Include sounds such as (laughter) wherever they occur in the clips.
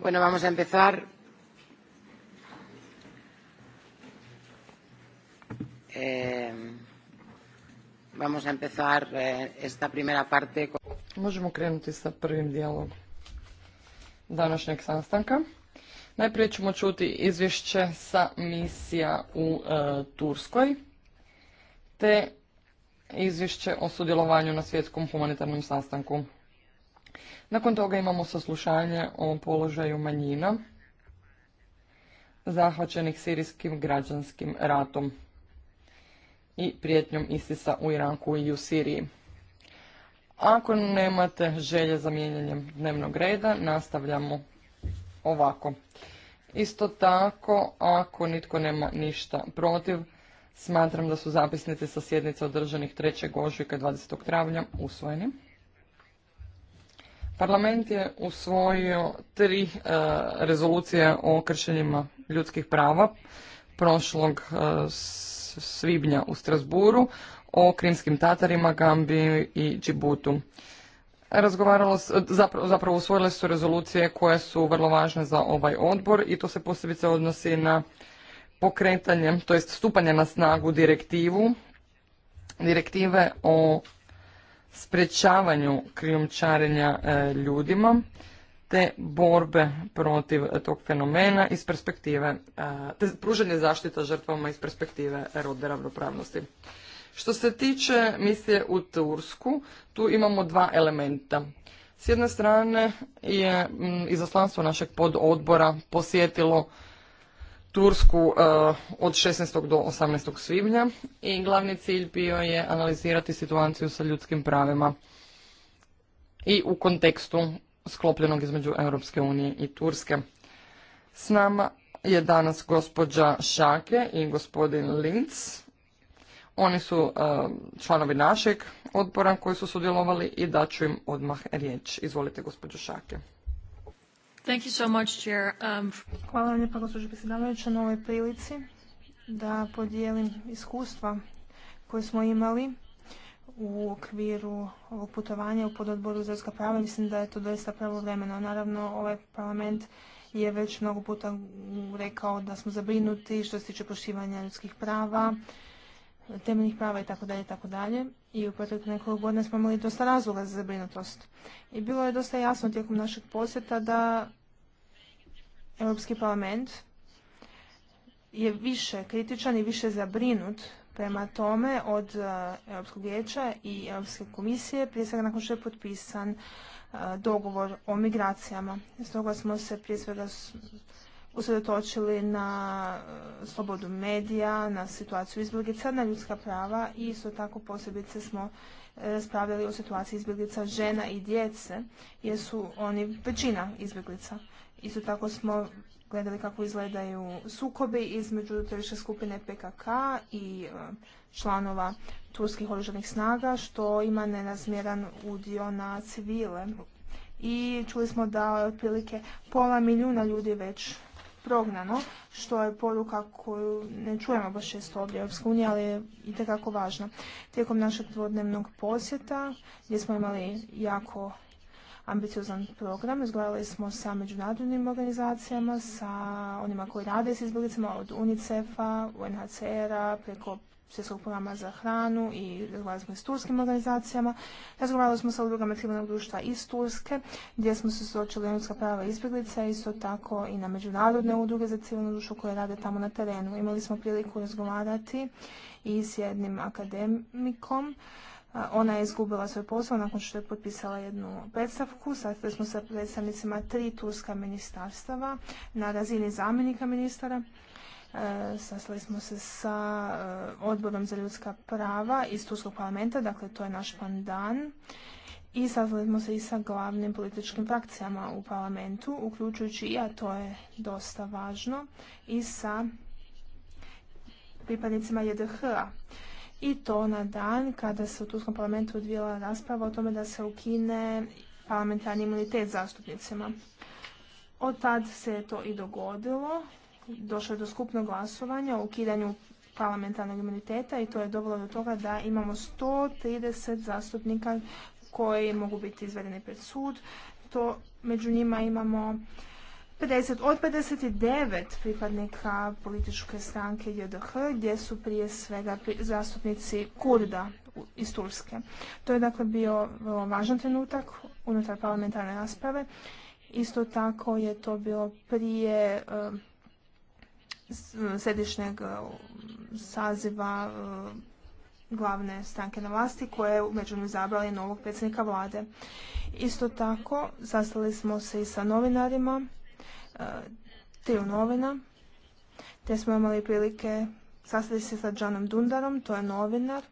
Bueno, vamos a empezar. Eh, vamos a empezar eh, esta primera parte. Možemo krenuti sa prvim dijelom današnjeg sastanka. Najprije ćemo čuti izvješće sa misija u e, Turskoj, te izvješće o sudjelovanju na svjetskom humanitarnom sastanku. Nakon toga imamo saslušanje o položaju manjina zahvaćenih sirijskim građanskim ratom i prijetnjom Isisa u iranku i u Siriji. Ako nemate želje za mijenjanjem dnevnog reda, nastavljamo ovako. Isto tako, ako nitko nema ništa protiv, smatram da su zapisnice sa sjednice održanih 3. ožujka 20. travnja usvojeni. Parlament je usvojio tri e, rezolucije o kršenjima ljudskih prava prošlog e, svibnja u Strasburu o krimskim tatarima, Gambi i Džibutu. Razgovaralo, zapravo, zapravo usvojile su rezolucije koje su vrlo važne za ovaj odbor i to se posebice odnosi na pokretanje, to jest stupanje na snagu direktivu, direktive o sprečavanju krijumčarenja e, ljudima te borbe protiv tog fenomena iz perspektive, e, te pružanje zaštita žrtvama iz perspektive rodne ravnopravnosti. Što se tiče misije u Tursku, tu imamo dva elementa. S jedne strane je izaslanstvo našeg pododbora posjetilo Tursku e, od 16. do 18. svibnja i glavni cilj bio je analizirati situaciju sa ljudskim pravima i u kontekstu sklopljenog između Europske unije i Turske. S nama je danas gospođa Šake i gospodin Linz. Oni su e, članovi našeg odbora koji su sudjelovali i daću im odmah riječ. Izvolite gospođo Šake. Thank you so much, Chair. Um... Hvala vam lijepa, gospođo predsjedavajuća, na ovoj prilici da podijelim iskustva koje smo imali u okviru ovog putovanja u pododboru za ljudska prava. Mislim da je to doista pravovremeno. Naravno, ovaj parlament je već mnogo puta rekao da smo zabrinuti što se tiče poštivanja ljudskih prava, temeljnih prava i tako dalje i tako dalje. I u proteklih nekoliko godina smo imali dosta razloga za zabrinutost. I bilo je dosta jasno tijekom našeg posjeta da Europski parlament je više kritičan i više zabrinut prema tome od e, Europskog vijeća i Europske komisije, prije svega nakon što je potpisan e, dogovor o migracijama. Stoga smo se prije svega usredotočili na e, slobodu medija, na situaciju izbjeglica, na ljudska prava i isto tako posebice smo raspravljali o situaciji izbjeglica žena i djece, jer su oni većina izbjeglica. Isto tako smo gledali kako izgledaju sukobi između terorističke skupine PKK i e, članova turskih oružanih snaga, što ima nenazmjeran udio na civile. I čuli smo da je otprilike pola milijuna ljudi već prognano, što je poruka koju ne čujemo baš često ovdje Europske ali je itekako važna. Tijekom našeg dvodnevnog posjeta, gdje smo imali jako ambiciozan program. Razgovarali smo sa međunarodnim organizacijama, sa onima koji rade s izbjeglicama od UNICEF-a, UNHCR-a, preko svjetskog programa za hranu i razgovarali smo s turskim organizacijama. Razgovarali smo sa udrugama civilnog društva iz Turske, gdje smo se suočili ljudska prava izbjeglica, isto tako i na međunarodne udruge za civilno društvo koje rade tamo na terenu. Imali smo priliku razgovarati i s jednim akademikom ona je izgubila svoj posao nakon što je potpisala jednu predstavku. Sastali smo sa predstavnicima tri turska ministarstava na razini zamjenika ministara. E, sastali smo se sa e, odborom za ljudska prava iz Turskog parlamenta, dakle to je naš pandan. I sastali smo se i sa glavnim političkim frakcijama u parlamentu, uključujući i, a to je dosta važno, i sa pripadnicima JDH-a i to na dan kada se u Turskom parlamentu odvijela rasprava o tome da se ukine parlamentarni imunitet zastupnicima. Od tad se je to i dogodilo. Došlo je do skupnog glasovanja o ukidanju parlamentarnog imuniteta i to je dovelo do toga da imamo 130 zastupnika koji mogu biti izvedeni pred sud. To među njima imamo 50, od 59 pripadnika političke stranke JDH gdje su prije svega zastupnici Kurda iz Turske. To je dakle bio vrlo važan trenutak unutar parlamentarne rasprave. Isto tako je to bilo prije eh, središnjeg eh, saziva eh, glavne stranke na vlasti koje je umeđu zabrali novog predsjednika vlade. Isto tako, zastali smo se i sa novinarima E, triju novina, te smo imali prilike sastaviti se sa Džanom Dundarom, to je novinar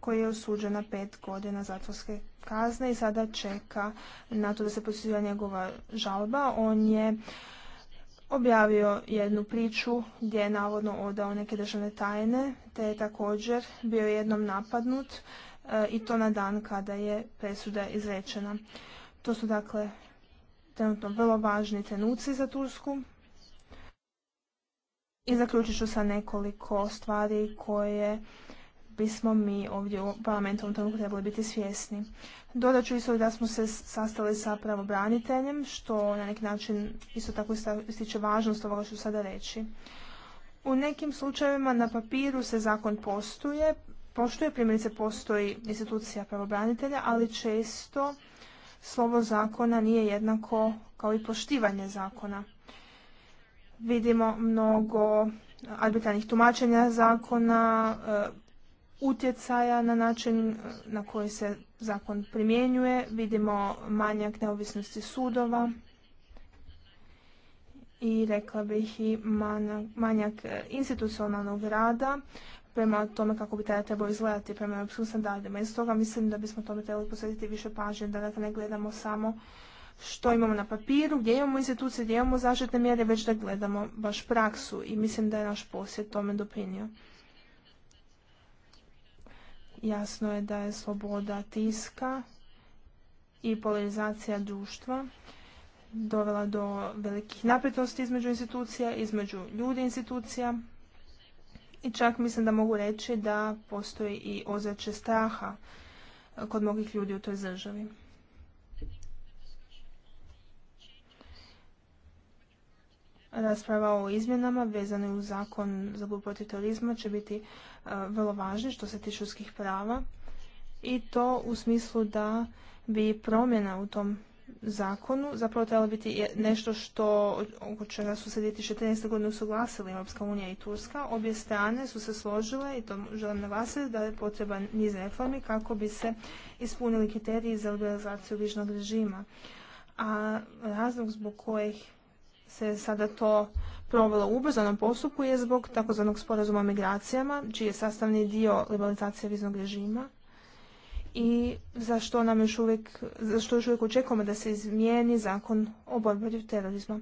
koji je osuđen na pet godina zatvorske kazne i sada čeka na to da se posjeduje njegova žalba. On je objavio jednu priču gdje je navodno odao neke državne tajne, te je također bio jednom napadnut e, i to na dan kada je presuda izrečena. To su dakle trenutno vrlo važni trenuci za Tursku. I zaključit ću sa nekoliko stvari koje bismo mi ovdje u parlamentu trenutku trebali biti svjesni. Dodat ću isto da smo se sastali sa pravobraniteljem, što na neki način isto tako ističe važnost ovoga što sada reći. U nekim slučajevima na papiru se zakon postuje, poštuje, primjerice postoji institucija pravobranitelja, ali često slovo zakona nije jednako kao i poštivanje zakona. Vidimo mnogo eh, arbitranih tumačenja zakona, eh, utjecaja na način eh, na koji se zakon primjenjuje, vidimo manjak neovisnosti sudova i rekla bih i manjak institucionalnog rada prema tome kako bi taj trebao izgledati prema europskim standardima. I toga mislim da bismo tome trebali posvetiti više pažnje, da dakle ne gledamo samo što imamo na papiru, gdje imamo institucije, gdje imamo zaštitne mjere, već da gledamo baš praksu i mislim da je naš posjet tome doprinio. Jasno je da je sloboda tiska i polarizacija društva dovela do velikih napetosti između institucija, između ljudi institucija i čak mislim da mogu reći da postoji i ozračje straha e, kod mnogih ljudi u toj državi. Rasprava o izmjenama vezane u zakon za borbu će biti e, vrlo važna što se tiče ljudskih prava i to u smislu da bi promjena u tom zakonu zapravo trebalo biti nešto što oko čega su se 2014. godine usuglasili Europska unija i Turska. Obje strane su se složile i to želim naglasiti da je potreban niz reformi kako bi se ispunili kriteriji za liberalizaciju vižnog režima. A razlog zbog kojih se sada to provelo u ubrzanom postupku je zbog takozvanog sporazuma o migracijama, čiji je sastavni dio liberalizacije viznog režima i za što nam još uvijek, za što još uvijek očekujemo da se izmijeni zakon o borbi protiv terorizma.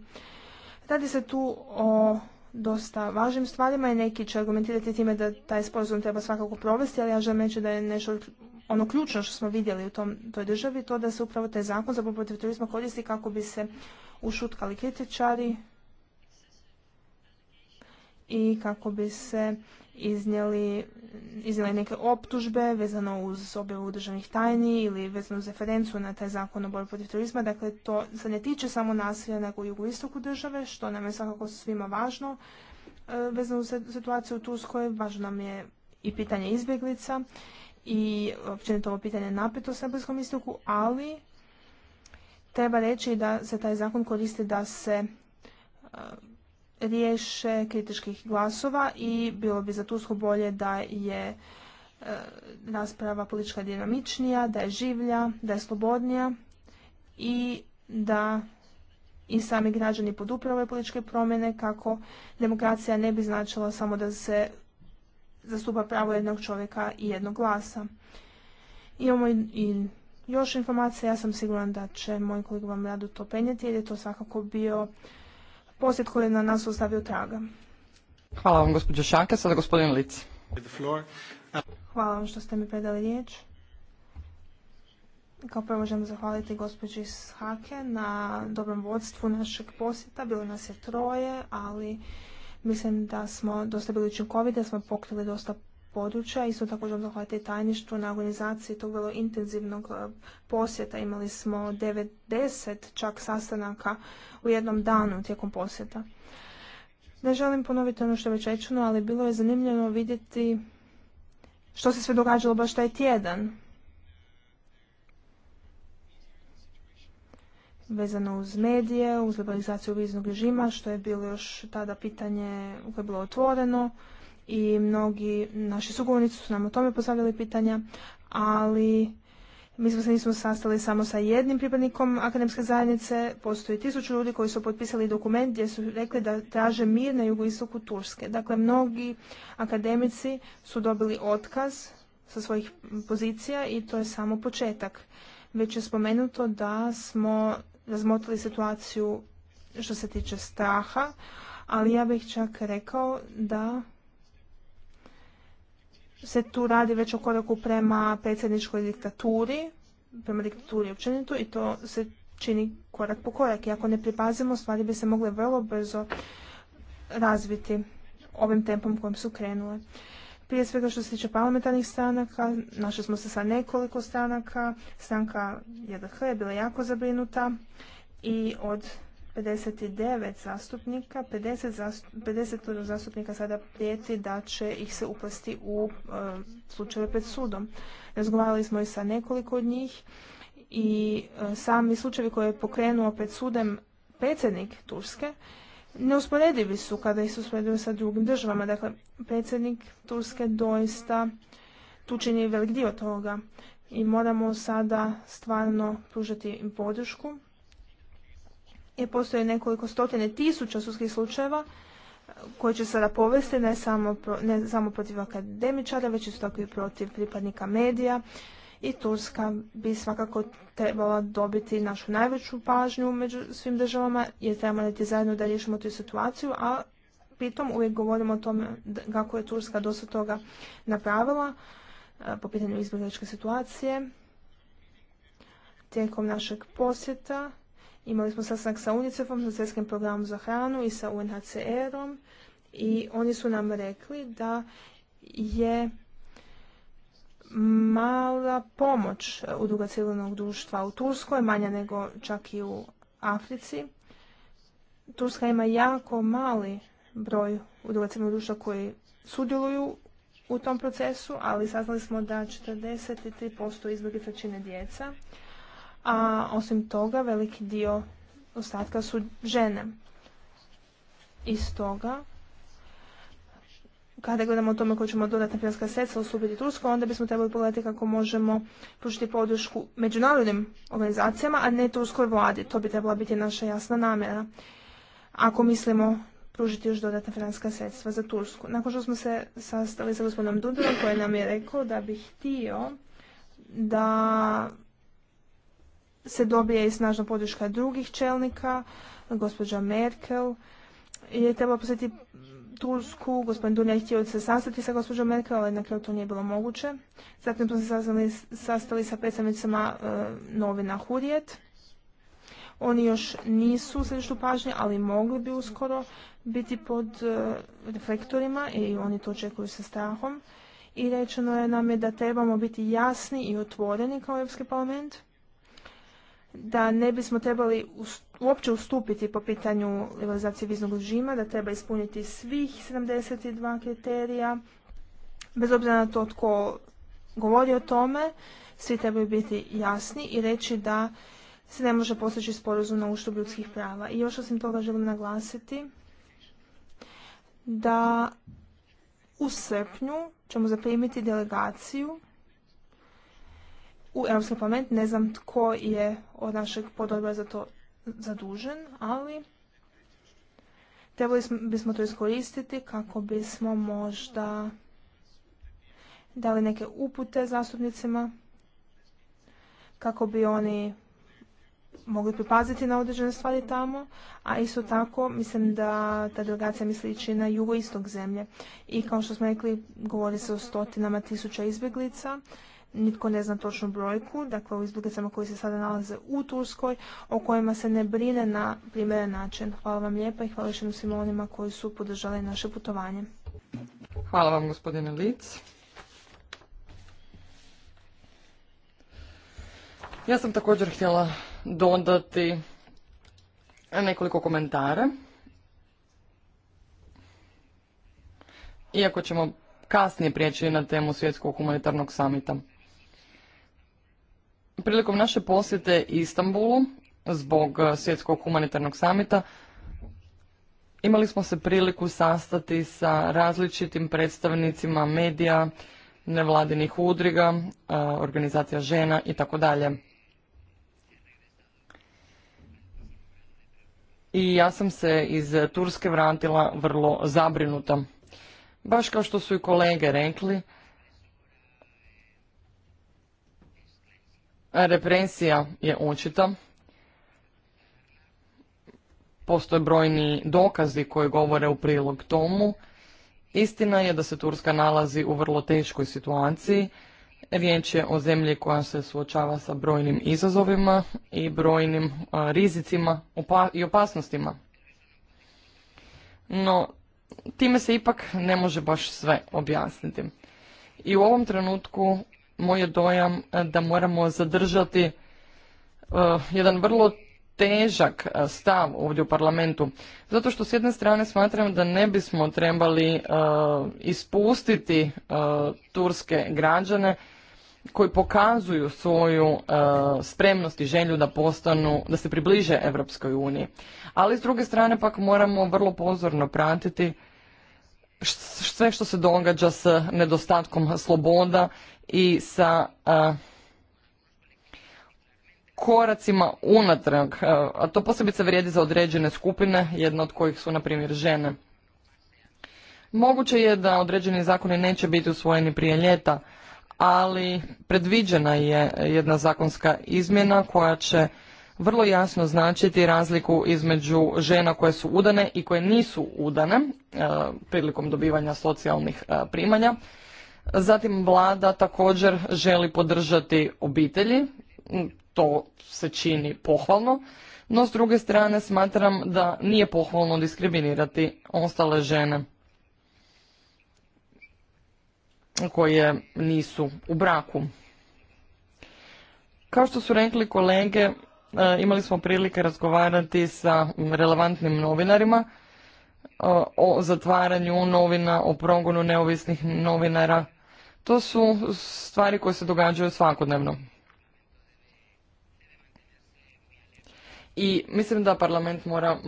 Radi se tu o dosta važnim stvarima i neki će argumentirati time da taj sporazum treba svakako provesti, ali ja želim reći da je nešto ono ključno što smo vidjeli u tom, toj državi, to da se upravo taj zakon za borbu protiv terorizma koristi kako bi se ušutkali kritičari i kako bi se iznijeli, iznijeli neke optužbe vezano uz objavu državnih tajni ili vezano uz referencu na taj zakon o borbi protiv terorizma. Dakle, to se ne tiče samo nasilja nego u jugoistoku države, što nam je svakako svima važno. E, vezano uz situaciju u Turskoj, važno nam je i pitanje izbjeglica i općenito ovo pitanje napetosti na Bliskom istoku, ali treba reći da se taj zakon koristi da se e, riješe kritičkih glasova i bilo bi za Tursku bolje da je e, rasprava politička dinamičnija, da je življa, da je slobodnija i da i sami građani podupre ove političke promjene kako demokracija ne bi značila samo da se zastupa pravo jednog čovjeka i jednog glasa. Imamo i još informacija, ja sam sigurna da će moj kolega vam rado to penjeti jer je to svakako bio posjet koji je na nas ostavio traga. Hvala vam gospođo Šanka, sada gospodin Hvala vam što ste mi predali riječ. Kao prvo želim zahvaliti gospođi Hake na dobrom vodstvu našeg posjeta. Bilo nas je troje, ali mislim da smo dosta bili učinkoviti, da smo pokrili dosta područja. Isto tako želim tajništvo na organizaciji tog vrlo intenzivnog e, posjeta. Imali smo 90 čak sastanaka u jednom danu tijekom posjeta. Ne želim ponoviti ono što je već rečeno, ali bilo je zanimljivo vidjeti što se sve događalo baš taj tjedan. vezano uz medije, uz liberalizaciju viznog režima, što je bilo još tada pitanje koje je bilo otvoreno i mnogi naši sugovornici su nam o tome postavljali pitanja, ali mi smo se nismo sastali samo sa jednim pripadnikom akademske zajednice, postoji tisuću ljudi koji su potpisali dokument gdje su rekli da traže mir na jugoistoku Turske. Dakle, mnogi akademici su dobili otkaz sa svojih pozicija i to je samo početak. Već je spomenuto da smo razmotili situaciju što se tiče straha, ali ja bih čak rekao da se tu radi već o koraku prema predsjedničkoj diktaturi, prema diktaturi općenito i to se čini korak po korak. I ako ne pripazimo, stvari bi se mogle vrlo brzo razviti ovim tempom kojim su krenule. Prije svega što se tiče parlamentarnih stranaka, našli smo se sa nekoliko stranaka. Stranka JDH je bila jako zabrinuta i od 59 zastupnika, 50, zastupnika sada prijeti da će ih se upasti u e, slučajeve pred sudom. Razgovarali smo i sa nekoliko od njih i e, sami slučajevi koje je pokrenuo pred sudem predsjednik Turske neusporedivi su kada ih se usporedili sa drugim državama. Dakle, predsjednik Turske doista tu čini velik dio toga i moramo sada stvarno pružati im podršku jer postoje nekoliko stotine tisuća sudskih slučajeva e, koji će sada povesti ne samo, ne samo protiv akademičara, već isto tako i protiv pripadnika medija i Turska bi svakako trebala dobiti našu najveću pažnju među svim državama jer trebamo raditi zajedno da riješimo tu situaciju, a pritom uvijek govorimo o tome kako je Turska dosta toga napravila e, po pitanju izbjegličke situacije tijekom našeg posjeta Imali smo sastanak sa UNICEF-om, sa Svjetskim programom za hranu i sa UNHCR-om i oni su nam rekli da je mala pomoć e, udruga civilnog društva u Turskoj, manja nego čak i u Africi. Turska ima jako mali broj udruga civilnog društva koji sudjeluju u tom procesu, ali saznali smo da 43% izbjeglica čine djeca a osim toga veliki dio ostatka su žene. I stoga, kada gledamo o tome koji ćemo dodatna finanska sredstva usubiti Tursku, onda bismo trebali pogledati kako možemo pružiti podršku međunarodnim organizacijama, a ne Turskoj vladi. To bi trebala biti naša jasna namjera. Ako mislimo pružiti još dodatna financijska sredstva za Tursku. Nakon što smo se sastali sa gospodinom Dudorom koji nam je rekao da bi htio da se dobije i snažna podrška drugih čelnika, gospođa Merkel je trebala posjetiti Tursku, gospodin Dunja je htio se sastati sa gospođom Merkel, ali na kraju to nije bilo moguće. Zatim smo se sastali, sastali sa predstavnicama e, novina Hurijet. Oni još nisu u središtu pažnje, ali mogli bi uskoro biti pod e, reflektorima i oni to očekuju sa strahom. I rečeno je nam je da trebamo biti jasni i otvoreni kao Europski parlament da ne bismo trebali uopće ustupiti po pitanju legalizacije viznog režima, da treba ispuniti svih 72 kriterija, bez obzira na to tko govori o tome, svi trebaju biti jasni i reći da se ne može postići sporazum na uštub ljudskih prava. I još osim toga želim naglasiti da u srpnju ćemo zaprimiti delegaciju u Europski parlament. Ne znam tko je od našeg pododbora za to zadužen, ali trebali bismo to iskoristiti kako bismo možda dali neke upute zastupnicima kako bi oni mogli pripaziti na određene stvari tamo, a isto tako mislim da ta delegacija misli ići na jugoistog zemlje. I kao što smo rekli, govori se o stotinama tisuća izbjeglica nitko ne zna točnu brojku, dakle o izbjeglicama koji se sada nalaze u Turskoj, o kojima se ne brine na primjeren način. Hvala vam lijepa i hvala svima onima koji su podržali naše putovanje. Hvala vam gospodine Lic. Ja sam također htjela dodati nekoliko komentara. Iako ćemo kasnije prijeći na temu svjetskog humanitarnog samita. Prilikom naše posjete Istanbulu, zbog e, svjetskog humanitarnog samita, imali smo se priliku sastati sa različitim predstavnicima medija, nevladinih udriga, e, organizacija žena i tako dalje. I ja sam se iz Turske vratila vrlo zabrinuta. Baš kao što su i kolege rekli, Represija je očita. Postoje brojni dokazi koji govore u prilog tomu. Istina je da se Turska nalazi u vrlo teškoj situaciji. Riječ je o zemlji koja se suočava sa brojnim izazovima i brojnim rizicima i opasnostima. No, time se ipak ne može baš sve objasniti. I u ovom trenutku moj je dojam e, da moramo zadržati e, jedan vrlo težak e, stav ovdje u parlamentu. Zato što s jedne strane smatram da ne bismo trebali ispustiti turske građane koji pokazuju svoju spremnost i želju da postanu, da se približe Europskoj uniji. Ali s druge strane pak moramo vrlo pozorno pratiti sve što se događa s nedostatkom sloboda i sa koracima unatrag, a to posebice vrijedi za određene skupine, jedna od kojih su, na primjer, žene. Moguće je da određeni zakoni neće biti usvojeni prije ljeta, ali predviđena je jedna zakonska izmjena koja će vrlo jasno značiti razliku između žena koje su udane i koje nisu udane prilikom dobivanja socijalnih primanja Zatim vlada također želi podržati obitelji, to se čini pohvalno, no s druge strane smatram da nije pohvalno diskriminirati ostale žene koje nisu u braku. Kao što su rekli kolege, e, imali smo prilike razgovarati sa relevantnim novinarima e, o zatvaranju novina, o progonu neovisnih novinara to su stvari koje se događaju svakodnevno. I mislim da parlament mora mm,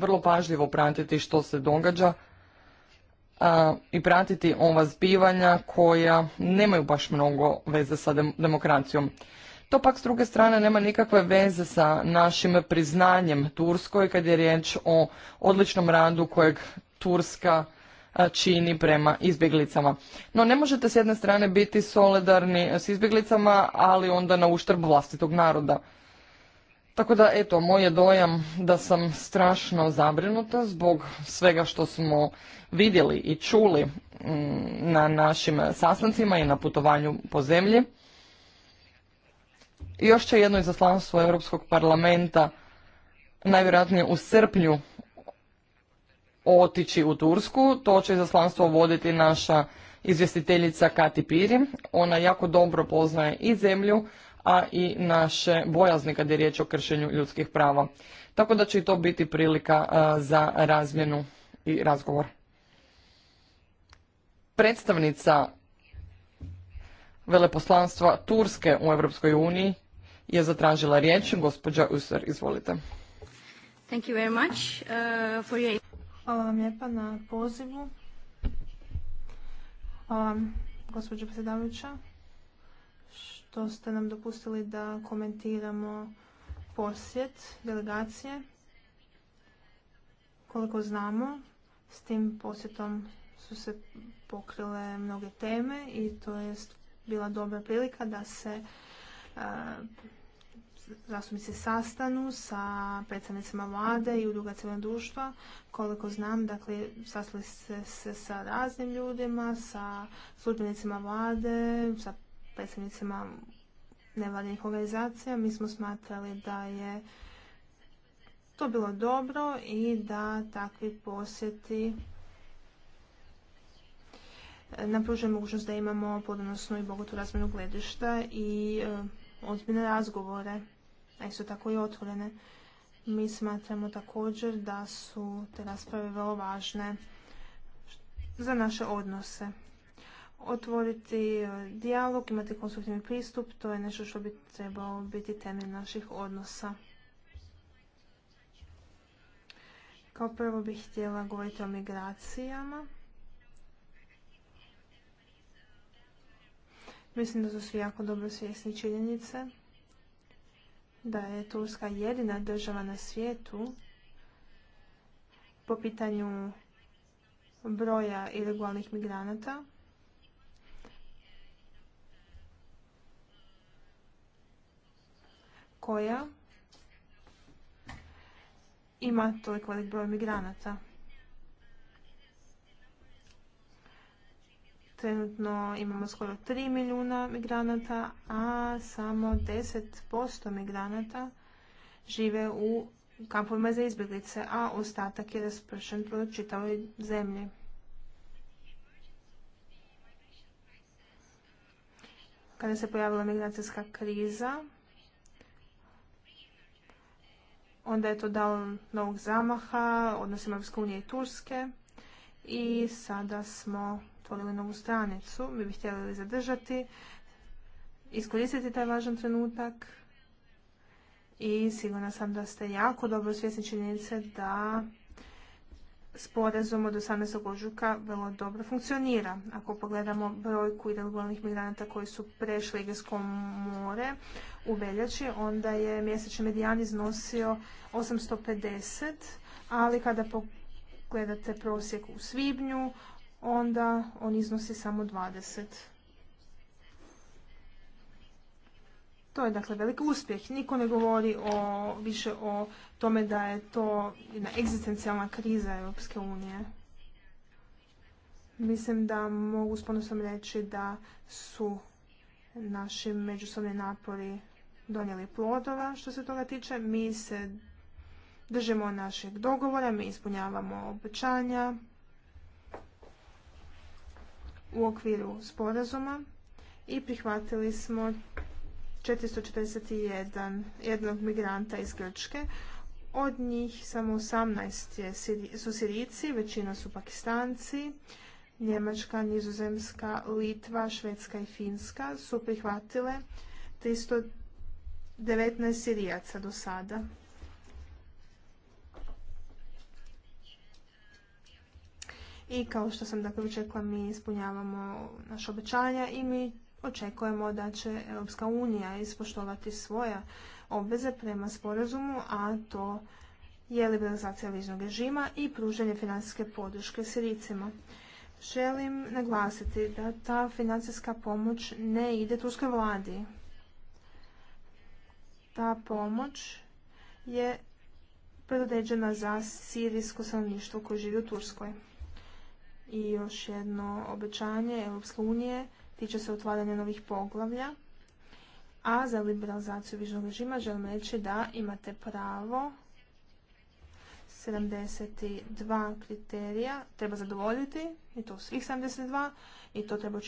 vrlo pažljivo pratiti što se događa i pratiti ova zbivanja koja nemaju baš mnogo veze sa demokracijom. To pak s druge strane nema nikakve veze sa našim priznanjem Turskoj kad je riječ o odličnom radu kojeg Turska čini prema izbjeglicama. No ne možete s jedne strane biti solidarni s izbjeglicama, ali onda na uštrb vlastitog naroda. Tako da, eto, moj je dojam da sam strašno zabrinuta zbog svega što smo vidjeli i čuli na našim sastancima i na putovanju po zemlji. Još će jedno izaslanstvo Europskog parlamenta najvjerojatnije u srpnju otići u Tursku. To će izaslanstvo voditi naša izvjestiteljica Kati Piri. Ona jako dobro poznaje i zemlju, a i naše bojazne, kad je riječ o kršenju ljudskih prava. Tako da će i to biti prilika za razmjenu i razgovor. Predstavnica veleposlanstva Turske u Europskoj uniji je zatražila riječ. Gospođa Usar, izvolite. Thank you very much, uh, for your... Hvala vam lijepa na pozivu. Hvala vam, gospođo predsjedavajuća, što ste nam dopustili da komentiramo posjet delegacije. Koliko znamo, s tim posjetom su se pokrile mnoge teme i to je bila dobra prilika da se zastupnici sastanu sa predstavnicima vlade i udruga civilnog društva. Koliko znam, dakle, sastali se, se sa raznim ljudima, sa službenicima vlade, sa predstavnicima nevladinih organizacija. Mi smo smatrali da je to bilo dobro i da takvi posjeti eh, nam mogućnost da imamo podonosnu i bogatu razmjenu gledišta i eh, ozbiljne razgovore a isto tako i otvorene. Mi smatramo također da su te rasprave vrlo važne za naše odnose. Otvoriti e, dijalog, imati konstruktivni pristup, to je nešto što bi trebalo biti temelj naših odnosa. Kao prvo bih htjela govoriti o migracijama. Mislim da su svi jako dobro svjesni činjenice da je Turska jedina država na svijetu po pitanju broja ilegalnih migranata. koja ima toliko velik broj migranata. Trenutno imamo skoro 3 milijuna migranata, a samo 10% migranata žive u kampovima za izbjeglice, a ostatak je raspršen po čitavoj zemlji. Kada se pojavila migracijska kriza, onda je to dao novog zamaha odnosima Evropske unije i Turske i sada smo otvorili novu stranicu. Mi bi htjeli zadržati, iskoristiti taj važan trenutak i sigurna sam da ste jako dobro svjesni činjenice da sporazum od 18. ožujka vrlo dobro funkcionira. Ako pogledamo brojku ilegalnih migranata koji su prešli Egejsko more u veljači, onda je mjesečni medijan iznosio 850, ali kada pogledate prosjek u svibnju, onda on iznosi samo 20. To je dakle velik uspjeh. Niko ne govori o, više o tome da je to jedna egzistencijalna kriza Europske unije. Mislim da mogu s ponosom reći da su naši međusobni napori donijeli plodova što se toga tiče. Mi se držimo našeg dogovora, mi ispunjavamo obećanja, u okviru sporazuma i prihvatili smo 441 jednog migranta iz Grčke. Od njih samo 18 su Sirijci, većina su Pakistanci, Njemačka, Nizozemska, Litva, Švedska i Finska su prihvatile 319 Sirijaca do sada. i kao što sam dakle očekla mi ispunjavamo naše obećanja i mi očekujemo da će Europska unija ispoštovati svoje obveze prema sporazumu, a to je liberalizacija viznog režima i pružanje financijske podrške Siricima. Želim naglasiti da ta financijska pomoć ne ide turskoj vladi. Ta pomoć je predodeđena za sirijsko stanovništvo koje živi u Turskoj. I još jedno obećanje Europske unije tiče se otvaranja novih poglavlja. A za liberalizaciju vižnog režima želim reći da imate pravo 72 kriterija treba zadovoljiti, i to svih 72, i to treba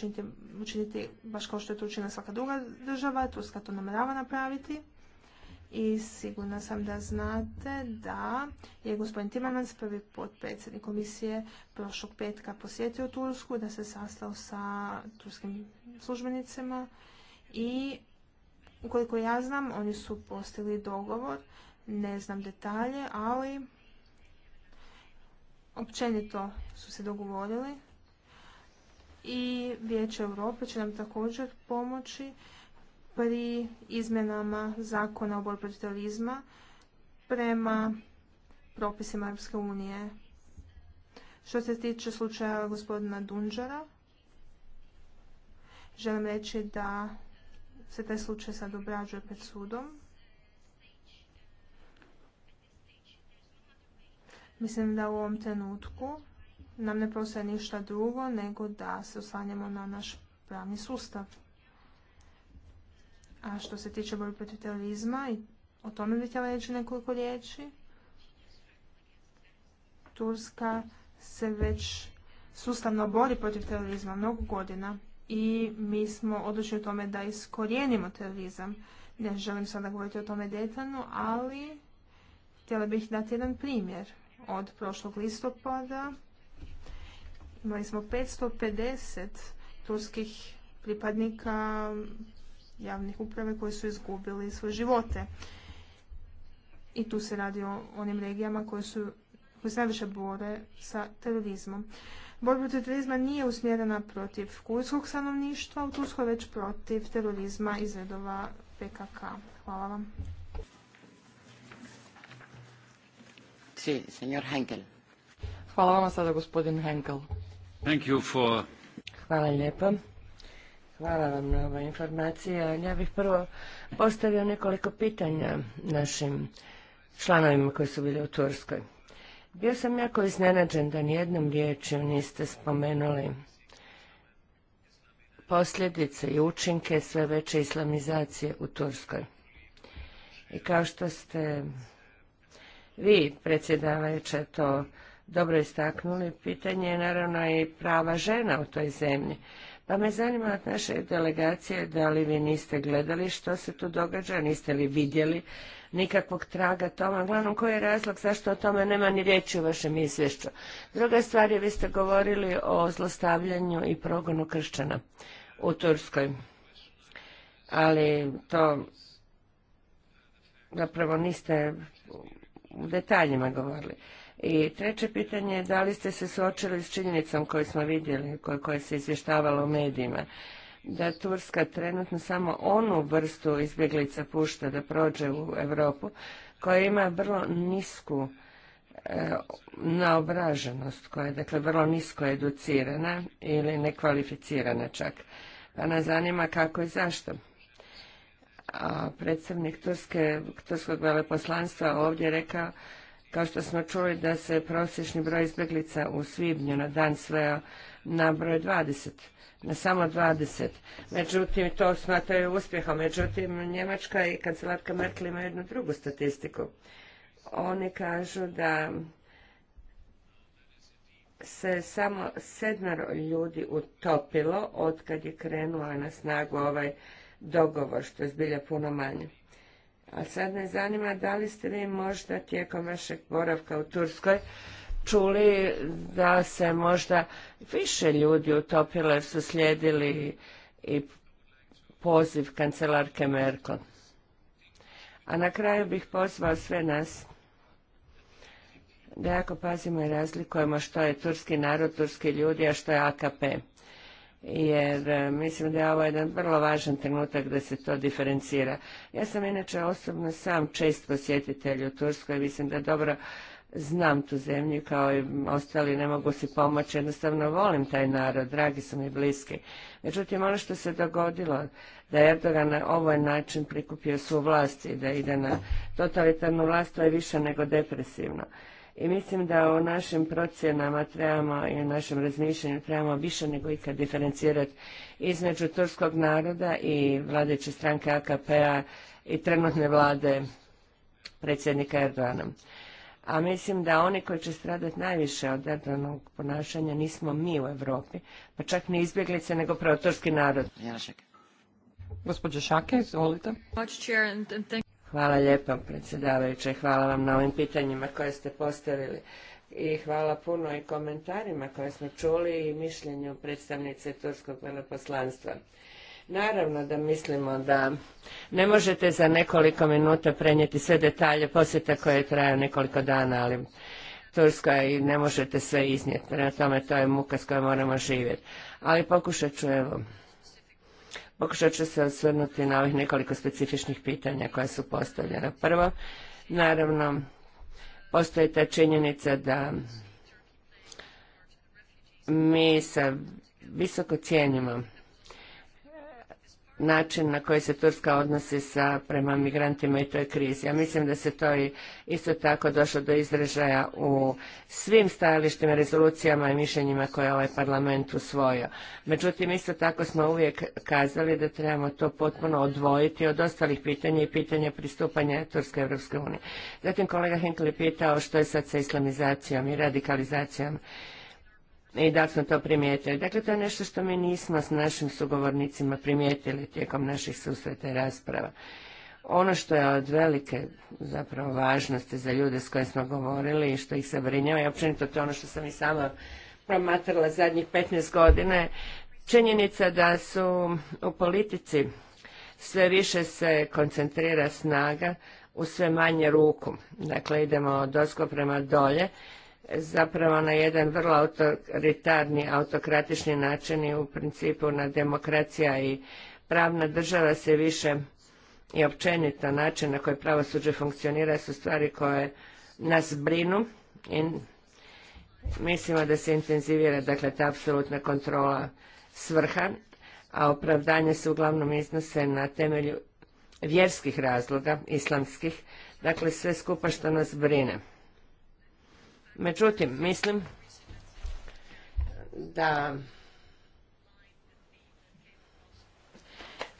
učiniti, baš kao što je to učinila svaka druga država, Turska to namerava napraviti i sigurna sam da znate da je gospodin Timmermans, prvi potpredsjednik komisije, prošlog petka posjetio Tursku, da se sastao sa turskim službenicima i ukoliko ja znam, oni su postigli dogovor, ne znam detalje, ali općenito su se dogovorili i Vijeće Europe će nam također pomoći pri izmjenama zakona o borbi terorizma prema propisima Europske unije. Što se tiče slučaja gospodina Dunđara, želim reći da se taj slučaj sad obrađuje pred sudom. Mislim da u ovom trenutku nam ne postoje ništa drugo nego da se oslanjamo na naš pravni sustav. A što se tiče borbe protiv terorizma, i o tome bih htjela reći nekoliko riječi. Turska se već sustavno bori protiv terorizma mnogo godina i mi smo odlučili u tome da iskorijenimo terorizam. Ne želim sada govoriti o tome detaljno, ali htjela bih dati jedan primjer. Od prošlog listopada imali smo 550 turskih pripadnika javnih uprave koji su izgubili svoje živote. I tu se radi o onim regijama koje, su, koje se najviše bore sa terorizmom. Borba protiv terorizma nije usmjerena protiv kurskog stanovništva u Turskoj, već protiv terorizma iz redova PKK. Hvala vam. Henkel. Hvala vam sada gospodin Henkel. Hvala lijepa. Hvala vam na ovoj informaciji. Ja bih prvo postavio nekoliko pitanja našim članovima koji su bili u Turskoj. Bio sam jako iznenađen da nijednom riječju niste spomenuli posljedice i učinke sve veće islamizacije u Turskoj. I kao što ste vi, predsjedavajuće, to dobro istaknuli, pitanje je naravno i prava žena u toj zemlji. Pa me zanima od naše delegacije da li vi niste gledali što se tu događa, niste li vidjeli nikakvog traga toma. Uglavnom, koji je razlog zašto o tome nema ni riječi u vašem izvješću? Druga stvar je, vi ste govorili o zlostavljanju i progonu kršćana u Turskoj. Ali to zapravo niste u detaljima govorili. I treće pitanje je da li ste se suočili s činjenicom koju smo vidjeli, koja koje se izvještavalo u medijima, da Turska trenutno samo onu vrstu izbjeglica pušta da prođe u Europu koja ima vrlo nisku e, naobraženost, koja je dakle vrlo nisko educirana ili nekvalificirana čak. Pa nas zanima kako i zašto. A predstavnik Turske, Turskog veleposlanstva ovdje rekao kao što smo čuli da se prosječni broj izbjeglica u svibnju na dan sveo na broj 20, na samo 20. Međutim, to smatraju uspjehom. Međutim, Njemačka i kancelarka Merkel imaju jednu drugu statistiku. Oni kažu da se samo sedmar ljudi utopilo od kad je krenula na snagu ovaj dogovor, što je zbilja puno manje. A sad me zanima da li ste vi možda tijekom vašeg boravka u Turskoj čuli da se možda više ljudi utopilo jer su slijedili i poziv kancelarke Merkel. A na kraju bih pozvao sve nas da jako pazimo i razlikujemo što je turski narod, turski ljudi, a što je AKP jer e, mislim da je ovo jedan vrlo važan trenutak da se to diferencira. Ja sam inače osobno sam čest posjetitelj u Turskoj, mislim da dobro znam tu zemlju kao i ostali, ne mogu si pomoći, jednostavno volim taj narod, dragi su mi bliski. Međutim, ono što se dogodilo, da je Erdogan na ovaj način prikupio svu vlast i da ide na totalitarnu vlast, to je više nego depresivno. I mislim da u našim procjenama trebamo i u našem razmišljanju trebamo više nego ikad diferencirati između turskog naroda i vladeće stranke AKP-a i trenutne vlade predsjednika Erdogana. A mislim da oni koji će stradati najviše od Erdoganog ponašanja nismo mi u Europi, pa čak ni izbjeglice, nego pravo turski narod. Gospodje Šake, izvolite. Hvala lijepa predsjedavajuće, hvala vam na ovim pitanjima koje ste postavili i hvala puno i komentarima koje smo čuli i mišljenju predstavnice Turskog veleposlanstva. Naravno da mislimo da ne možete za nekoliko minuta prenijeti sve detalje posjeta koje je trajao nekoliko dana, ali Turska i ne možete sve iznijeti. Prema tome to je muka s kojom moramo živjeti. Ali pokušat ću evo Pokušat ću se osvrnuti na ovih nekoliko specifičnih pitanja koja su postavljena. Prvo, naravno, postoji ta činjenica da mi sa visoko cijenimo način na koji se Turska odnosi sa prema migrantima i toj krizi. Ja mislim da se to i isto tako došlo do izražaja u svim stajalištima, rezolucijama i mišljenjima koje je ovaj parlament usvojio. Međutim, isto tako smo uvijek kazali da trebamo to potpuno odvojiti od ostalih pitanja i pitanja pristupanja Turske Evropske unije. Zatim kolega Henkel je pitao što je sad sa islamizacijom i radikalizacijom i da smo to primijetili. Dakle, to je nešto što mi nismo s našim sugovornicima primijetili tijekom naših susreta i rasprava. Ono što je od velike zapravo važnosti za ljude s kojim smo govorili i što ih se brinjava i općenito to je ono što sam i sama promatrala zadnjih 15 godina činjenica da su u politici sve više se koncentrira snaga u sve manje ruku. Dakle, idemo dosko prema dolje zapravo na jedan vrlo autoritarni, autokratični način i u principu na demokracija i pravna država se više i općenito način na koji pravosuđe funkcionira su stvari koje nas brinu i mislimo da se intenzivira dakle ta apsolutna kontrola svrha, a opravdanje se uglavnom iznose na temelju vjerskih razloga, islamskih, dakle sve skupa što nas brine. Međutim, mislim da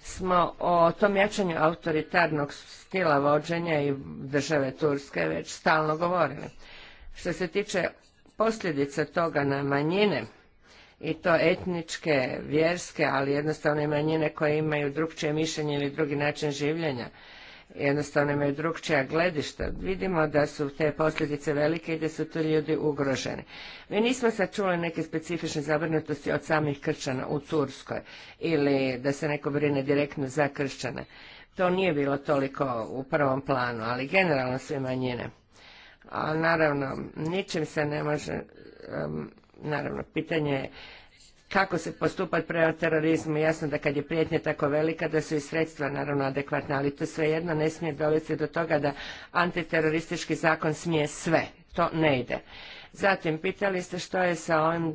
smo o tom jačanju autoritarnog stila vođenja i države Turske već stalno govorili. Što se tiče posljedica toga na manjine, i to etničke, vjerske, ali jednostavno manjine koje imaju drugčije mišljenje ili drugi način življenja, jednostavno imaju drugčija gledišta. Vidimo da su te posljedice velike i da su tu ljudi ugroženi. Mi nismo sad čuli neke specifične zabrinutosti od samih kršćana u Turskoj ili da se neko brine direktno za kršćane. To nije bilo toliko u prvom planu, ali generalno sve manjine. naravno, ničim se ne može, naravno, pitanje je kako se postupati prema terorizmu. Jasno da kad je prijetnja tako velika da su i sredstva naravno adekvatna, ali to svejedno ne smije dovesti do toga da antiteroristički zakon smije sve. To ne ide. Zatim, pitali ste što je sa ovim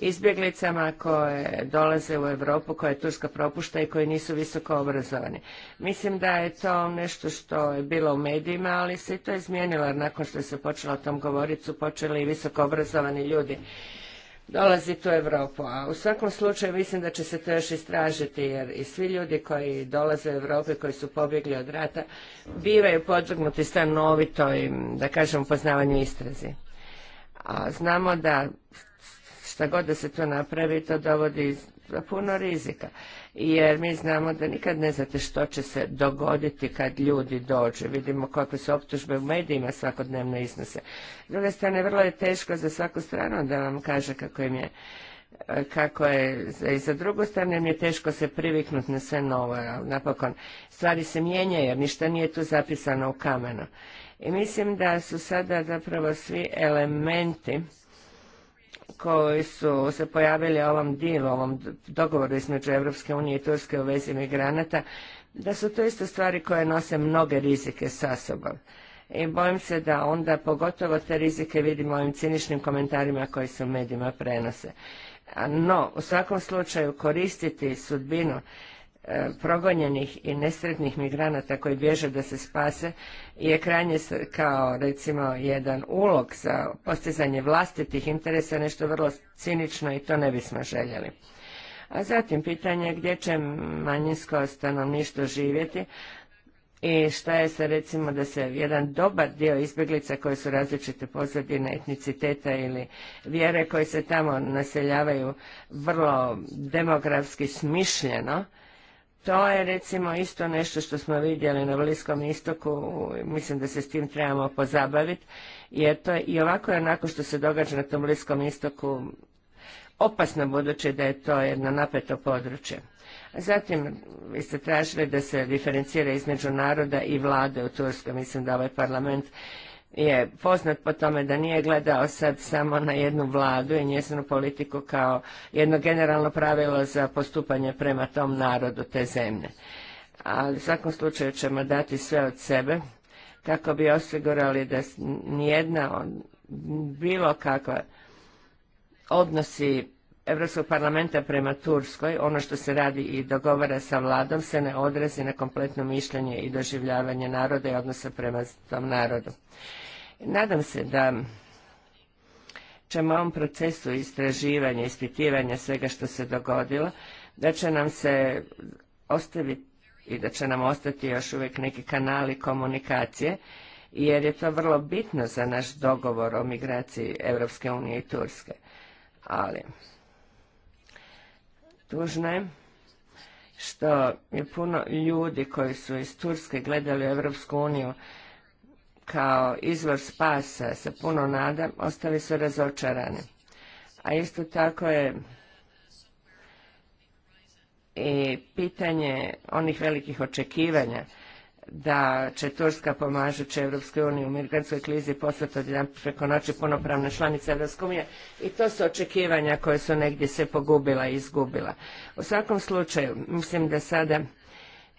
izbjeglicama koje dolaze u Europu, koje Turska propušta i koji nisu visoko obrazovani. Mislim da je to nešto što je bilo u medijima, ali se i to izmijenilo, jer nakon što se počelo o tom govoriti su počeli i visoko obrazovani ljudi Dolazi u Europu. A u svakom slučaju mislim da će se to još istražiti jer i svi ljudi koji dolaze u Europu koji su pobjegli od rata bivaju podvrgnuti stanovitoj, da kažem, poznavanju istrazi. A znamo da šta god da se to napravi, to dovodi do puno rizika jer mi znamo da nikad ne znate što će se dogoditi kad ljudi dođu. Vidimo kakve su optužbe u medijima svakodnevno iznose. S druge strane, vrlo je teško za svaku stranu da vam kaže kako im je kako je, i za drugu stranu mi je teško se priviknuti na sve novo, ali napokon stvari se mijenjaju jer ništa nije tu zapisano u kamenu. I mislim da su sada zapravo svi elementi koji su se pojavili ovom dilu, ovom dogovoru između Europske unije i Turske u vezi migranata, da su to isto stvari koje nose mnoge rizike sa sobom. I bojim se da onda pogotovo te rizike vidimo ovim ciničnim komentarima koji se u medijima prenose. No, u svakom slučaju koristiti sudbinu E, progonjenih i nesretnih migranata koji bježe da se spase je krajnje kao recimo jedan ulog za postizanje vlastitih interesa nešto vrlo cinično i to ne bismo željeli. A zatim pitanje gdje će manjinsko stanovništvo živjeti i šta je se recimo da se jedan dobar dio izbjeglica koje su različite pozadine etniciteta ili vjere koji se tamo naseljavaju vrlo demografski smišljeno to je recimo isto nešto što smo vidjeli na Bliskom istoku, mislim da se s tim trebamo pozabaviti, jer to je i ovako je onako što se događa na tom Bliskom istoku opasno budući da je to jedno napeto područje. Zatim, vi ste tražili da se diferencira između naroda i vlade u Turskoj. Mislim da ovaj parlament je poznat po tome da nije gledao sad samo na jednu vladu i njezinu politiku kao jedno generalno pravilo za postupanje prema tom narodu te zemlje. Ali u svakom slučaju ćemo dati sve od sebe kako bi osigurali da nijedna bilo kakva odnosi Europskog parlamenta prema Turskoj, ono što se radi i dogovara sa vladom, se ne odrazi na kompletno mišljenje i doživljavanje naroda i odnosa prema tom narodu. Nadam se da ćemo ovom procesu istraživanja, ispitivanja svega što se dogodilo, da će nam se ostaviti i da će nam ostati još uvijek neki kanali komunikacije, jer je to vrlo bitno za naš dogovor o migraciji Europske unije i Turske. Ali, tužno je što je puno ljudi koji su iz Turske gledali Europsku uniju kao izvor spasa sa puno nada, ostali su razočarani. A isto tako je i pitanje onih velikih očekivanja da će Turska pomažući Evropskoj uniji u migrantskoj klizi postati od jedan preko noći punopravna članica Evropske unije i to su očekivanja koje su negdje se pogubila i izgubila. U svakom slučaju, mislim da sada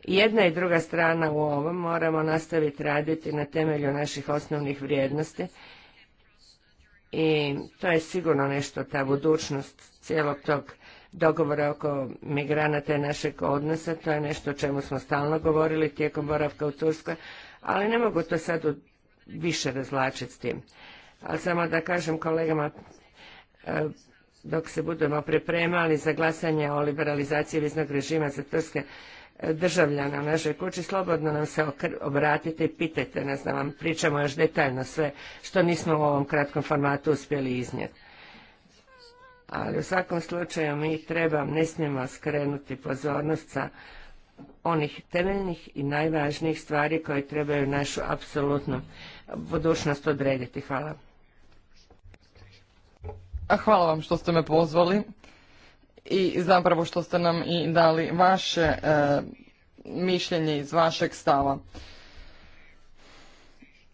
jedna i druga strana u ovom moramo nastaviti raditi na temelju naših osnovnih vrijednosti i to je sigurno nešto ta budućnost cijelog tog dogovora oko migranata i našeg odnosa, to je nešto o čemu smo stalno govorili tijekom boravka u Turskoj, ali ne mogu to sad više razlačiti s tim. Ali samo da kažem kolegama, e, dok se budemo pripremali za glasanje o liberalizaciji viznog režima za Turske, državljana u našoj kući, slobodno nam se obratite i pitajte nas da vam pričamo još detaljno sve što nismo u ovom kratkom formatu uspjeli iznijeti. Ali u svakom slučaju mi treba, ne smijemo skrenuti pozornost sa onih temeljnih i najvažnijih stvari koje trebaju našu apsolutnu budućnost odrediti. Hvala. Hvala vam što ste me pozvali i zapravo što ste nam i dali vaše e, mišljenje iz vašeg stava.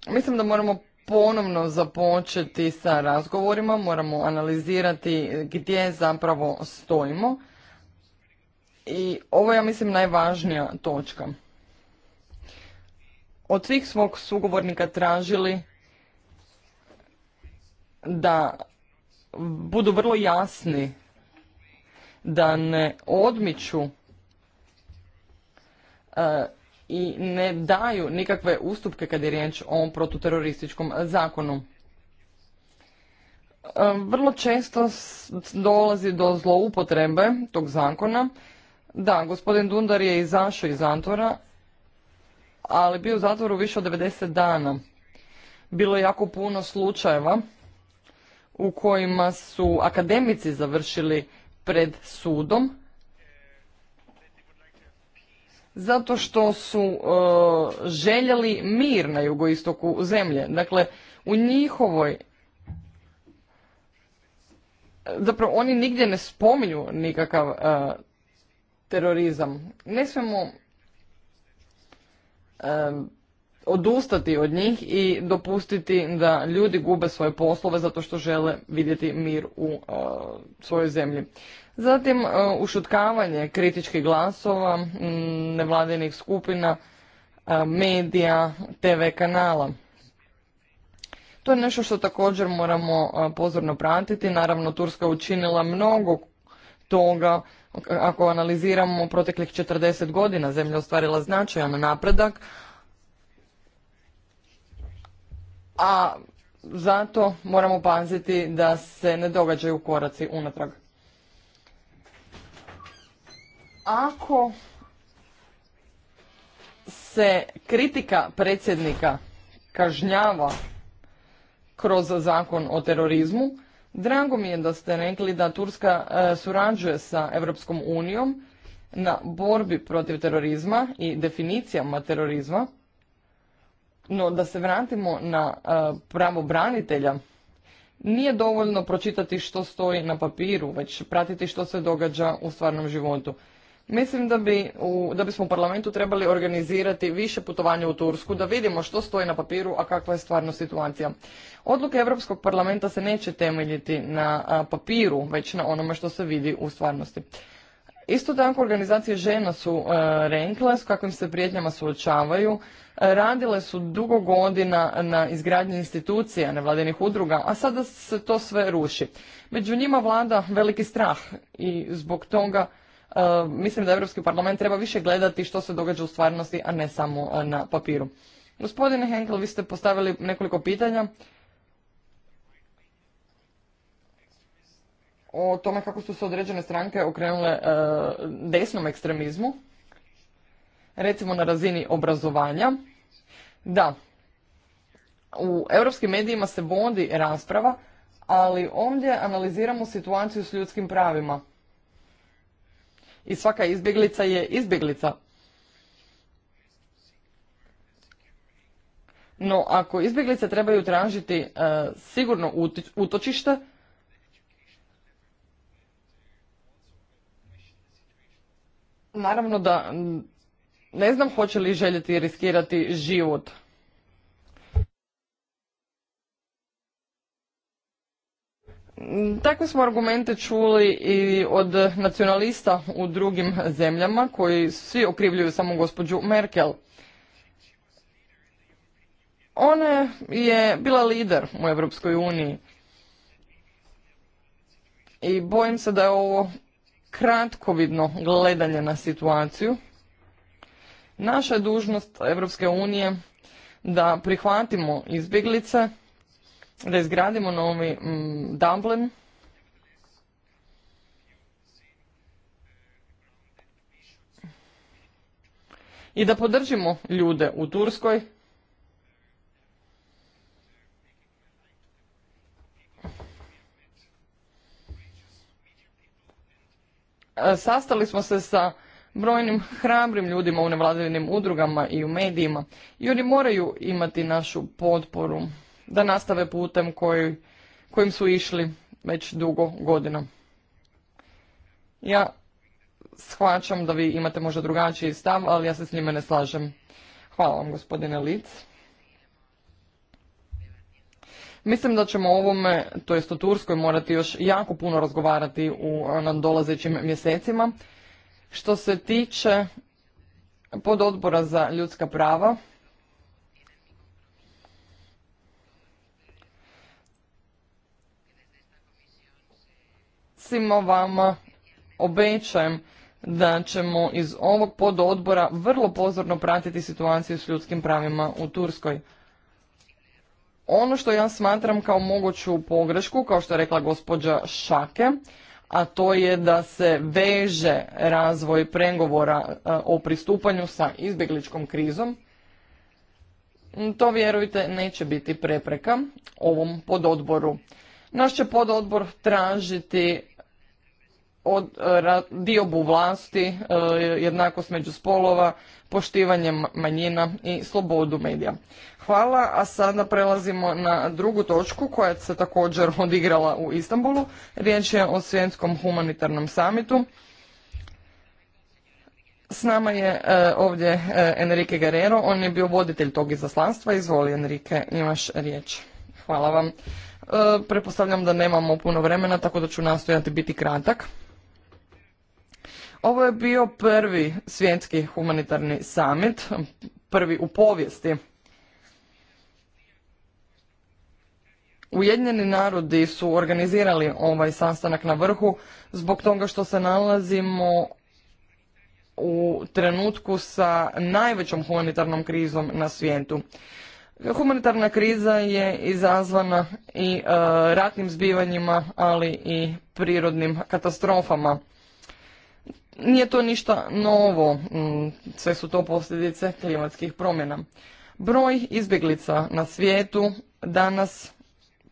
Mislim da moramo ponovno započeti sa razgovorima, moramo analizirati gdje zapravo stojimo i ovo je, ja mislim, najvažnija točka. Od svih svog sugovornika tražili da budu vrlo jasni da ne odmiču e, i ne daju nikakve ustupke kad je riječ o protuterorističkom zakonu. E, vrlo često dolazi do zloupotrebe tog zakona. Da, gospodin Dundar je izašao iz zatvora, ali bio u zatvoru više od 90 dana. Bilo je jako puno slučajeva u kojima su akademici završili pred sudom zato što su e, željeli mir na jugoistoku zemlje. Dakle, u njihovoj zapravo oni nigdje ne spominju nikakav e, terorizam. Ne smemo e, odustati od njih i dopustiti da ljudi gube svoje poslove zato što žele vidjeti mir u e, svojoj zemlji. Zatim uh, ušutkavanje kritičkih glasova, m, mm, nevladinih skupina, e, medija, TV kanala. To je nešto što također moramo pozorno pratiti. Naravno, Turska učinila mnogo toga ako analiziramo proteklih 40 godina zemlja ostvarila značajan napredak, a zato moramo paziti da se ne događaju koraci unatrag. Ako se kritika predsjednika kažnjava kroz zakon o terorizmu, drago mi je da ste rekli da Turska e, surađuje sa Europskom unijom na borbi protiv terorizma i definicijama terorizma no, da se vratimo na e, pravo branitelja, nije dovoljno pročitati što stoji na papiru, već pratiti što se događa u stvarnom životu. Mislim da, bi u, da bismo u parlamentu trebali organizirati više putovanja u Tursku da vidimo što stoji na papiru, a kakva je stvarno situacija. Odluke Europskog parlamenta se neće temeljiti na papiru, već na onome što se vidi u stvarnosti. Isto tako organizacije žena su e, renkle s kakvim se prijetnjama suočavaju, radile su dugo godina na izgradnji institucija, nevladinih udruga, a sada se to sve ruši. Među njima vlada veliki strah i zbog toga e, mislim da Europski parlament treba više gledati što se događa u stvarnosti, a ne samo e, na papiru. Gospodine Henkel, vi ste postavili nekoliko pitanja o tome kako su se određene stranke okrenule e, desnom ekstremizmu recimo na razini obrazovanja, da, u europskim medijima se vodi rasprava, ali ovdje analiziramo situaciju s ljudskim pravima. I svaka izbjeglica je izbjeglica. No, ako izbjeglice trebaju tražiti e, sigurno utočište, naravno da ne znam hoće li željeti riskirati život. Takve smo argumente čuli i od nacionalista u drugim zemljama koji svi okrivljuju samo gospođu Merkel. Ona je bila lider u Europskoj uniji i bojim se da je ovo kratkovidno gledanje na situaciju Naša je dužnost Europske unije da prihvatimo izbjeglice, da izgradimo novi mm, Dublin, i da podržimo ljude u Turskoj Sastali smo se sa brojnim hrabrim ljudima u nevladinim udrugama i u medijima i oni moraju imati našu potporu da nastave putem koji, kojim su išli već dugo godina. Ja shvaćam da vi imate možda drugačiji stav, ali ja se s njime ne slažem. Hvala vam gospodine Lic. Mislim da ćemo o ovome, to jest o Turskoj, morati još jako puno razgovarati u nadolazećim mjesecima. Što se tiče pododbora za ljudska prava, svima vama obećajem da ćemo iz ovog pododbora vrlo pozorno pratiti situaciju s ljudskim pravima u Turskoj. Ono što ja smatram kao moguću pogrešku, kao što je rekla gospođa Šake, a to je da se veže razvoj pregovora e, o pristupanju sa izbjegličkom krizom. Mm, to vjerujte neće biti prepreka ovom pododboru. Naš će pododbor tražiti od e, diobu vlasti, e, jednakost među spolova, poštivanje manjina i slobodu medija. Hvala, a sada prelazimo na drugu točku koja se također (laughs) odigrala u Istanbulu. Riječ je o svjetskom humanitarnom samitu. S nama je e, ovdje Enrique Guerrero, on je bio voditelj tog izaslanstva. Izvoli Enrique, imaš riječ. Hvala vam. Prepostavljam da nemamo puno vremena, tako da ću nastojati biti kratak. Ovo je bio prvi svjetski humanitarni summit, prvi u povijesti. Ujedinjeni narodi su organizirali ovaj sastanak na vrhu zbog toga što se nalazimo u trenutku sa najvećom humanitarnom krizom na svijetu. Humanitarna kriza je izazvana i e, ratnim zbivanjima, ali i prirodnim katastrofama. Nije to ništa novo, mm, sve su to posljedice klimatskih promjena. Broj izbjeglica na svijetu danas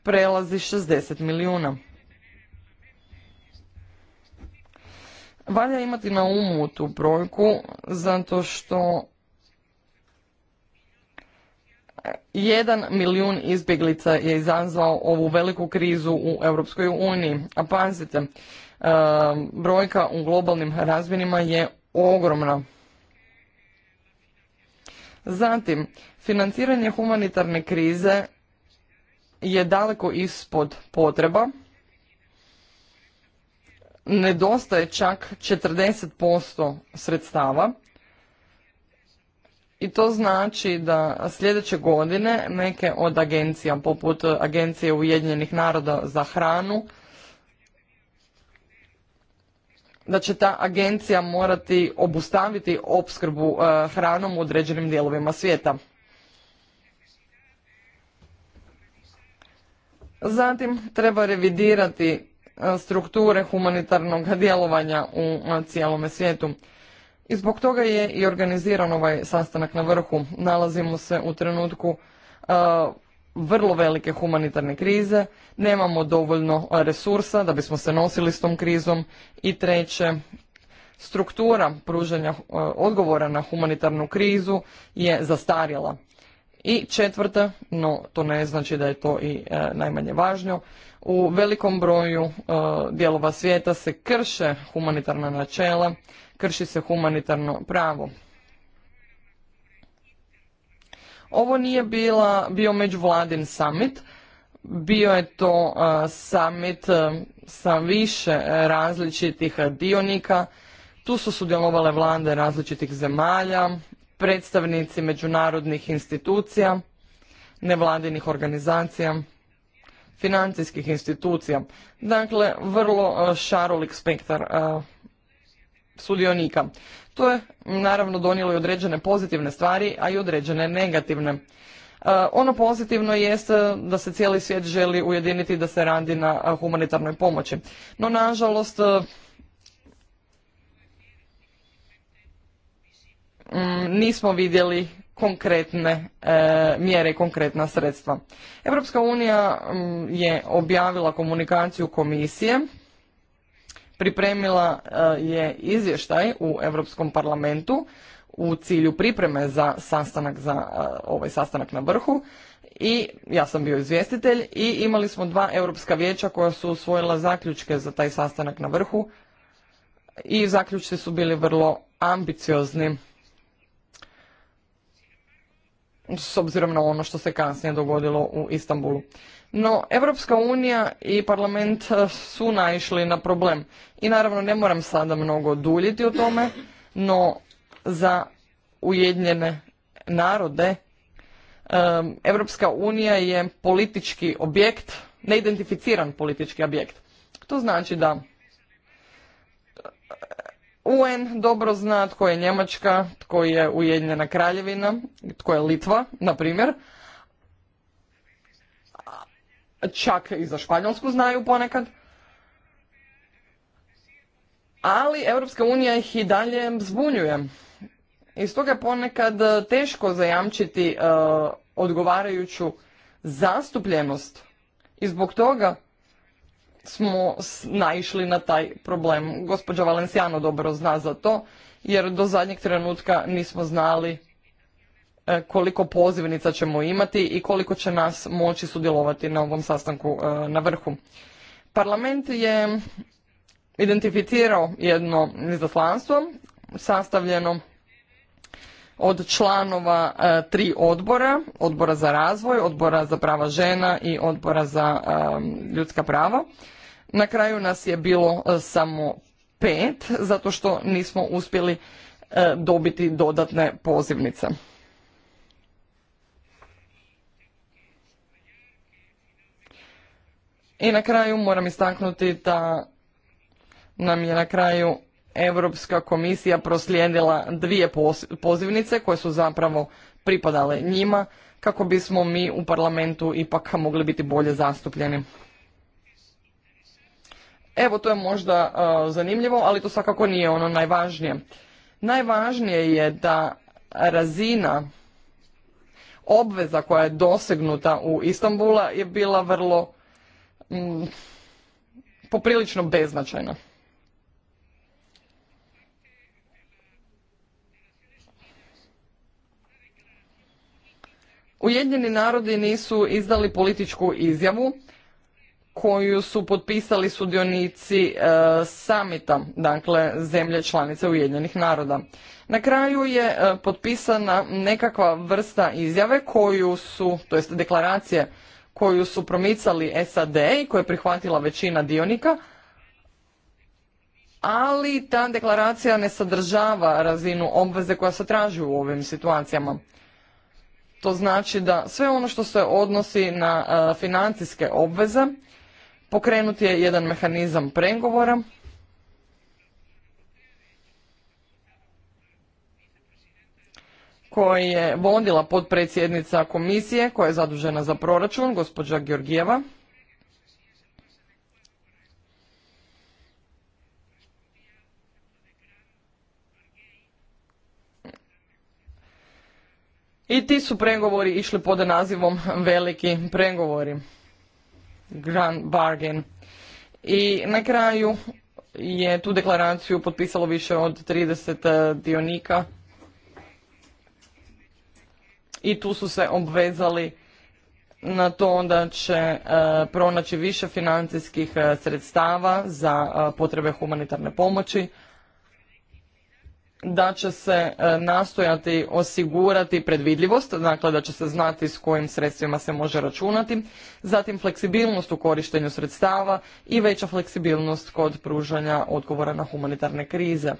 prelazi 60 milijuna. Valja imati na umu tu brojku zato što jedan milijun izbjeglica je izazvao ovu veliku krizu u Europskoj uniji. A pazite, Ehm, brojka u globalnim razvinima je ogromna. Zatim, financiranje humanitarne krize je daleko ispod potreba. Nedostaje čak 40% sredstava. I to znači da sljedeće godine neke od agencija, poput Agencije Ujedinjenih naroda za hranu, da će ta agencija morati obustaviti opskrbu e, hranom u određenim dijelovima svijeta. Zatim treba revidirati e, strukture humanitarnog djelovanja u e, cijelome svijetu. I zbog toga je i organiziran ovaj sastanak na vrhu. Nalazimo se u trenutku vrlo velike humanitarne krize, nemamo dovoljno e, resursa da bismo se nosili s tom krizom i treće, struktura pružanja e, odgovora na humanitarnu krizu je zastarjela. I četvrta, no to ne znači da je to i e, najmanje važno, u velikom broju dijelova svijeta se krše humanitarna načela, krši se humanitarno pravo. Ovo nije bila, bio međuvladin summit, bio je to uh, summit uh, sa više različitih dionika. Tu su sudjelovale vlade različitih zemalja, predstavnici međunarodnih institucija, nevladinih organizacija, financijskih institucija. Dakle, vrlo uh, šarolik spektar sudionika. To je naravno donijelo i određene pozitivne stvari, a i određene negativne. E, ono pozitivno jest e, da se cijeli svijet želi ujediniti da se radi na e, humanitarnoj pomoći. No, nažalost, nismo vidjeli konkretne mjere i konkretna sredstva. Europska unija je objavila komunikaciju komisije Pripremila eh, je izvještaj u Europskom parlamentu u cilju pripreme za sastanak za eh, ovaj sastanak na vrhu i ja sam bio izvjestitelj i imali smo dva europska vijeća koja su usvojila zaključke za taj sastanak na vrhu i zaključci su bili vrlo ambiciozni s obzirom na ono što se kasnije dogodilo u Istanbulu. No, Europska unija i parlament e, su naišli na problem. I naravno ne moram sada mnogo duljiti o tome, no za ujedinjene narode Europska unija je politički objekt, neidentificiran politički objekt. To znači da e, UN dobro zna tko je Njemačka, tko je Ujedinjena kraljevina, tko je Litva, na primjer, čak i za Španjolsku znaju ponekad. Ali Europska unija ih i dalje zbunjuje. I stoga je ponekad e, teško zajamčiti e, odgovarajuću zastupljenost. I zbog toga smo naišli na taj problem. Gospođa Valenciano dobro zna za to, jer do zadnjeg trenutka nismo znali E, koliko pozivnica ćemo imati i koliko će nas moći sudjelovati na ovom sastanku e, na vrhu. Parlament je identificirao jedno izaslanstvo sastavljeno od članova e, tri odbora, odbora za razvoj, odbora za prava žena i odbora za ljudska prava. Na kraju nas je bilo samo pet, zato što nismo uspjeli dobiti dodatne pozivnice. I na kraju moram istaknuti da nam je na kraju Europska komisija proslijedila dvije pozivnice koje su zapravo pripadale njima kako bismo mi u parlamentu ipak mogli biti bolje zastupljeni. Evo, to je možda e, zanimljivo, ali to svakako nije ono najvažnije. Najvažnije je da razina obveza koja je dosegnuta u Istambula je bila vrlo Mm, poprilično beznačajna. Ujedinjeni narodi nisu izdali političku izjavu koju su potpisali sudionici e, samita, dakle zemlje članice Ujedinjenih naroda. Na kraju je e, potpisana nekakva vrsta izjave koju su, to jest deklaracije koju su promicali SAD i koju je prihvatila većina dionika, ali ta deklaracija ne sadržava razinu obveze koja se traži u ovim situacijama. To znači da sve ono što se odnosi na e, financijske obveze, pokrenut je jedan mehanizam pregovora koji je vodila potpredsjednica komisije koja je zadužena za proračun, gospođa Georgijeva. I ti su pregovori išli pod nazivom veliki pregovori. Grand bargain. I na kraju je tu deklaraciju potpisalo više od 30 dionika i tu su se obvezali na to da će e, pronaći više financijskih e, sredstava za e, potrebe humanitarne pomoći, da će se nastojati osigurati predvidljivost, dakle da će se znati s kojim sredstvima se može računati, zatim fleksibilnost u korištenju sredstava i veća fleksibilnost kod pružanja odgovora na humanitarne krize.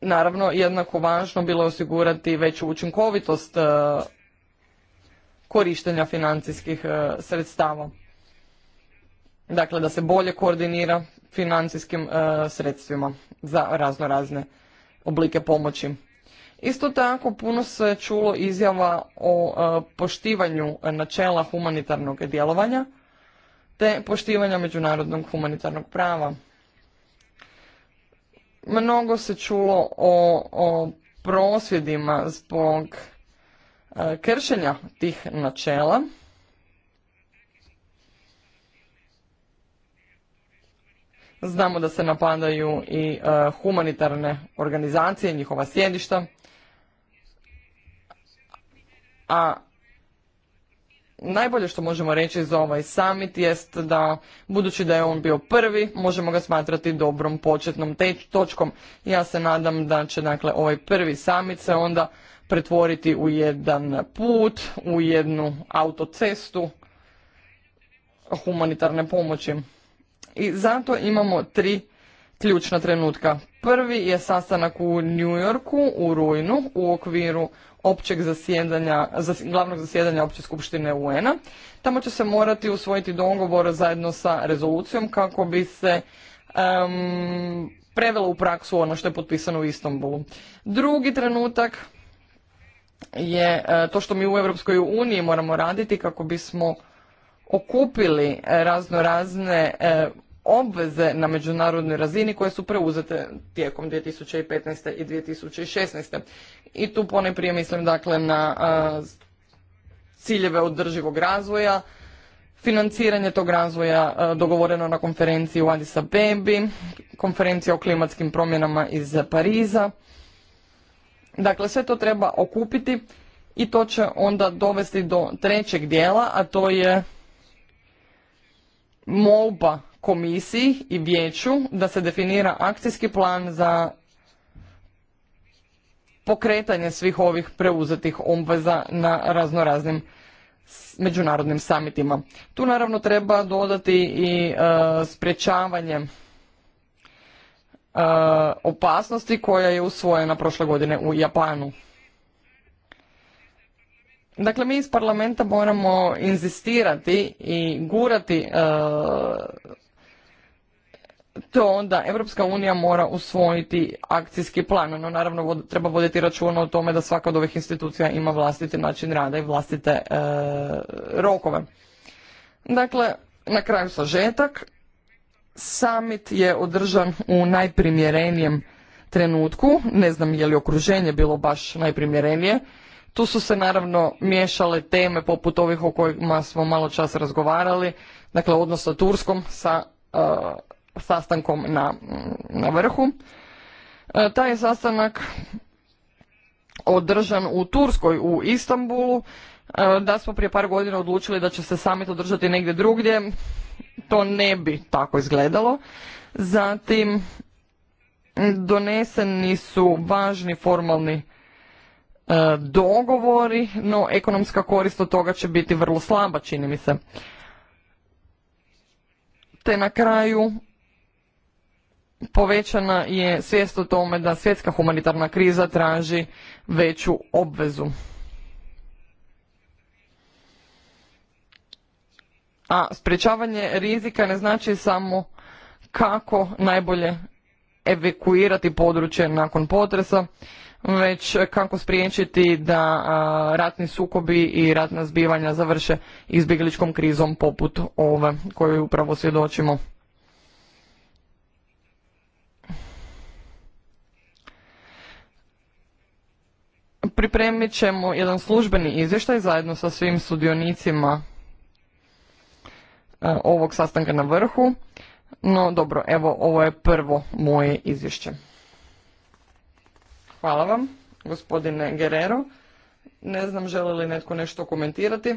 Naravno, jednako važno bilo je osigurati veću učinkovitost e, korištenja financijskih e, sredstava. Dakle, da se bolje koordinira financijskim e, sredstvima za razno razne oblike pomoći. Isto tako puno se čulo izjava o poštivanju načela humanitarnog djelovanja te poštivanja međunarodnog humanitarnog prava. Mnogo se čulo o, prosvjedima zbog e, kršenja tih načela. Znamo da se napadaju i e, humanitarne organizacije, njihova sjedišta. A najbolje što možemo reći za ovaj summit jest da, budući da je on bio prvi, možemo ga smatrati dobrom početnom točkom. Ja se nadam da će dakle, ovaj prvi summit se onda pretvoriti u jedan put, u jednu autocestu humanitarne pomoći. I zato imamo tri ključna trenutka. Prvi je sastanak u New Yorku u rujnu u okviru općeg zasjedanja, glavnog zasjedanja opće skupštine UN-a. Tamo će se morati usvojiti dogovor zajedno sa rezolucijom kako bi se prevelo u praksu ono što je potpisano u Istanbulu. Drugi trenutak je e, to što mi u Europskoj uniji moramo raditi kako bismo okupili razno razne e, obveze na međunarodnoj razini koje su preuzete tijekom 2015. i 2016. I tu pone prije mislim dakle na ciljeve održivog razvoja, financiranje tog razvoja dogovoreno na konferenciji u Addis Abebi, konferencija o klimatskim promjenama iz Pariza. Dakle, sve to treba okupiti i to će onda dovesti do trećeg dijela, a to je molba komisiji i vijeću da se definira akcijski plan za pokretanje svih ovih preuzetih obveza na raznoraznim međunarodnim samitima. Tu naravno treba dodati i e, sprječavanje e, opasnosti koja je usvojena prošle godine u Japanu. Dakle, mi iz parlamenta moramo inzistirati i gurati e, to da Europska unija mora usvojiti akcijski plan. No, naravno, treba voditi računa o tome da svaka od ovih institucija ima vlastiti način rada i vlastite e, rokove. Dakle, na kraju sažetak. Summit je održan u najprimjerenijem trenutku. Ne znam je li okruženje bilo baš najprimjerenije tu su se naravno miješale teme poput ovih o kojima smo malo čas razgovarali, dakle odnos sa Turskom, sa e, sastankom na, vrhu. E, taj je sastanak održan u Turskoj u Istanbulu, e, da smo prije par godina odlučili da će se samit održati negdje drugdje, to ne bi tako izgledalo. Zatim doneseni su važni formalni E, dogovori, no ekonomska korist od toga će biti vrlo slaba, čini mi se. Te na kraju povećana je svijest o tome da svjetska humanitarna kriza traži veću obvezu. A sprječavanje rizika ne znači samo kako najbolje evakuirati područje nakon potresa, već kako spriječiti da ratni sukobi i ratna zbivanja završe izbjegličkom krizom poput ove koju upravo svjedočimo. Pripremit ćemo jedan službeni izvještaj zajedno sa svim sudionicima ovog sastanka na vrhu. No dobro, evo ovo je prvo moje izvješće. Hvala vam, gospodine Guerrero. Ne znam želi li netko nešto komentirati.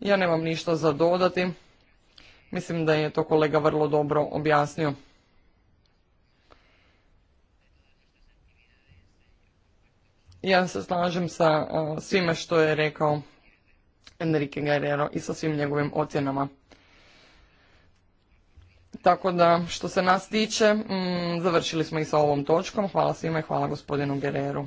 Ja nemam ništa za dodati. Mislim da je to kolega vrlo dobro objasnio. Ja se slažem sa svime što je rekao Enrique Guerrero i sa svim njegovim ocjenama. Tako da, što se nas tiče, mm, završili smo i sa ovom točkom. Hvala svima i hvala gospodinu Gereru.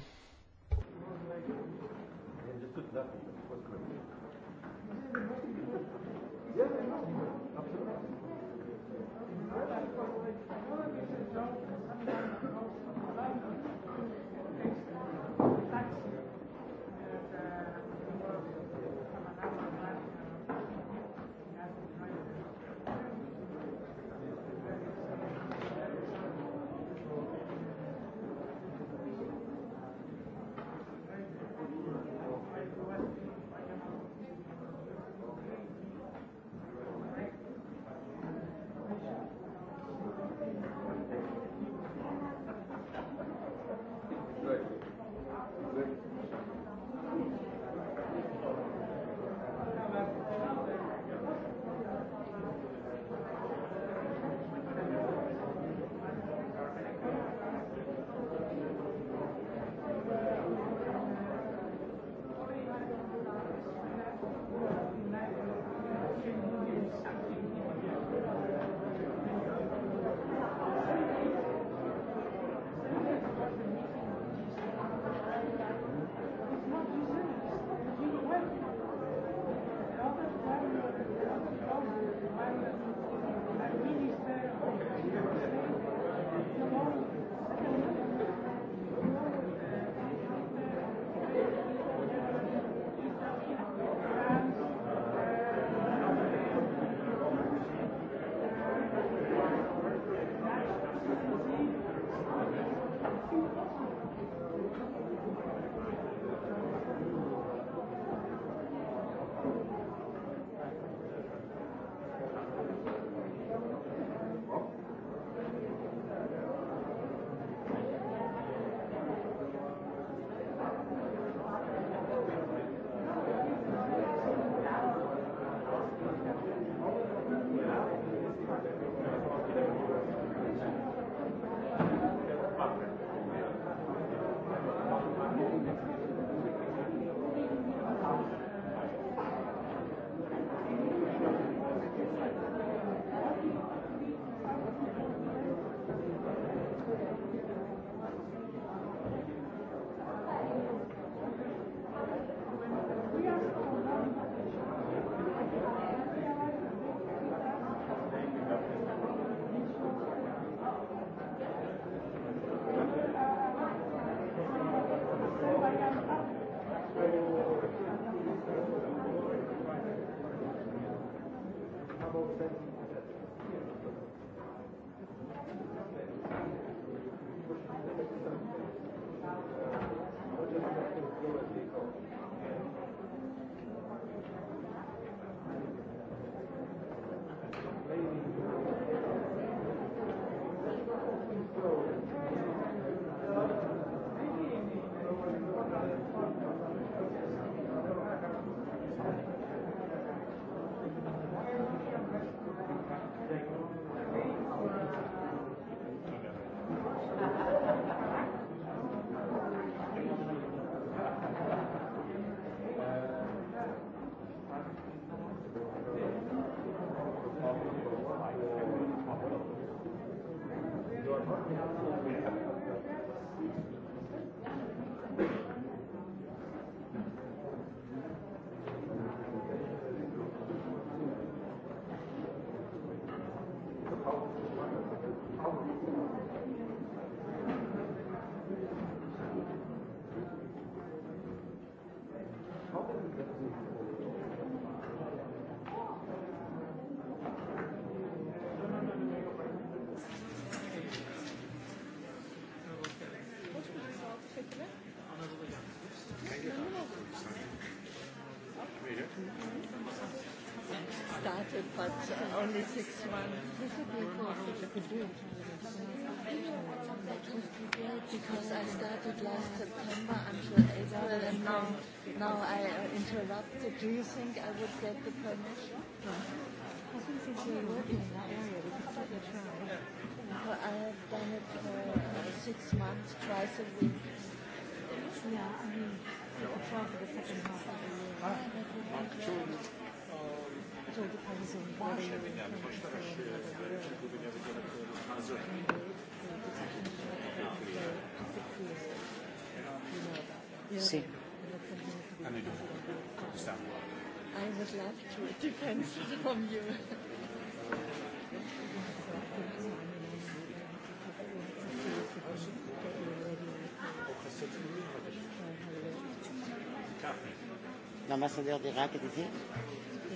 but only six months. Because I started last September until April and now, now I interrupted. Do you think I would get the permission? I think we have done it for six months, twice a week. Yeah, I mean, for the second half of the year. Sí. I would love to. from you.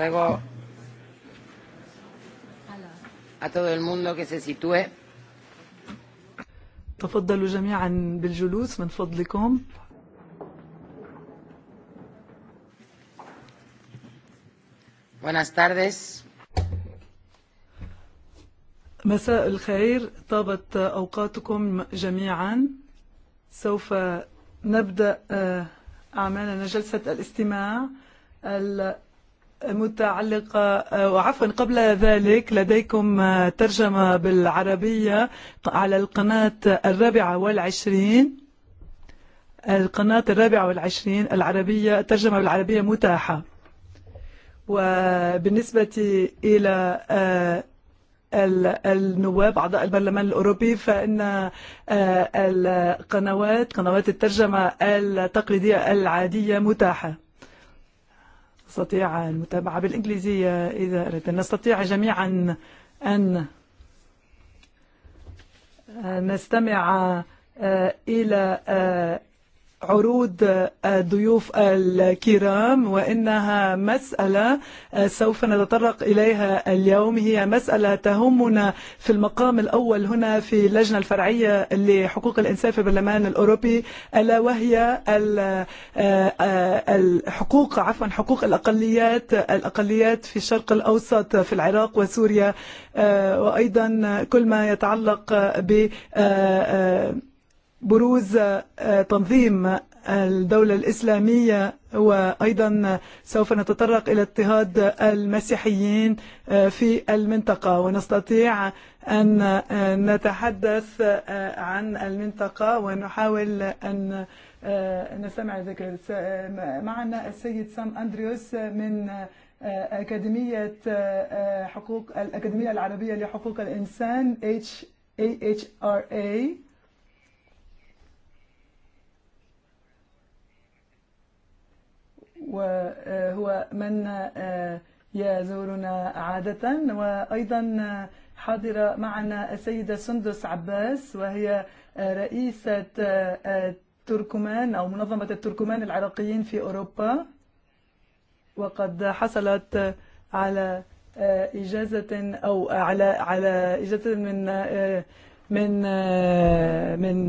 Ruego a todo el mundo que se sitúe. تفضلوا جميعا بالجلوس من فضلكم Buenas tardes. مساء الخير طابت أوقاتكم جميعا سوف نبدأ أعمالنا جلسة الاستماع متعلقة وعفوا قبل ذلك لديكم ترجمة بالعربية على القناة الرابعة والعشرين القناة الرابعة والعشرين العربية ترجمة بالعربية متاحة وبالنسبة إلى النواب أعضاء البرلمان الأوروبي فإن القنوات قنوات الترجمة التقليدية العادية متاحة نستطيع المتابعة بالإنجليزية إذا أردت نستطيع جميعا أن نستمع إلى عروض الضيوف الكرام وإنها مسألة سوف نتطرق إليها اليوم هي مسألة تهمنا في المقام الأول هنا في اللجنة الفرعية لحقوق الإنسان في البرلمان الأوروبي ألا وهي الحقوق عفوا حقوق الأقليات الأقليات في الشرق الأوسط في العراق وسوريا وأيضا كل ما يتعلق ب بروز تنظيم الدولة الإسلامية وأيضا سوف نتطرق إلى اضطهاد المسيحيين في المنطقة ونستطيع أن نتحدث عن المنطقة ونحاول أن نسمع ذكر معنا السيد سام أندريوس من أكاديمية حقوق الأكاديمية العربية لحقوق الإنسان HAHRA وهو من يزورنا عادة وأيضا حاضرة معنا السيدة سندس عباس وهي رئيسة تركمان أو منظمة التركمان العراقيين في أوروبا وقد حصلت على إجازة أو على على إجازة من من من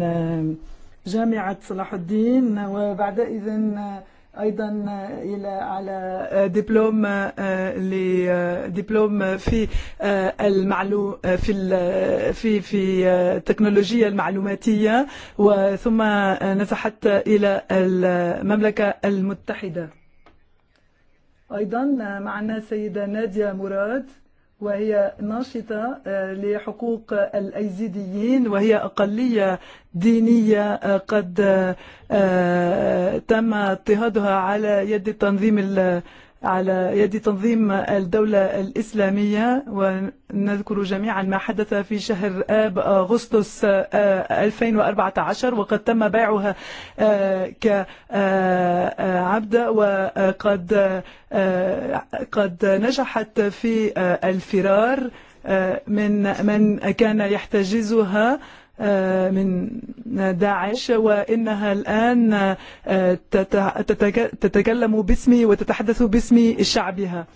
جامعة صلاح الدين وبعد إذن Aidan diplom alla diploma li diplom fi fi malu fil teknologia malu Matia wa Summa Nazhat illa el Mamlaka El Muttahida. Audon man وهي ناشطة لحقوق الأيزيديين وهي أقلية دينية قد تم اضطهادها على يد التنظيم على يد تنظيم الدولة الإسلامية ونذكر جميعا ما حدث في شهر آب أغسطس 2014 وقد تم بيعها كعبد وقد قد نجحت في الفرار من من كان يحتجزها من داعش وإنها الآن تتكلم باسمي وتتحدث باسم شعبها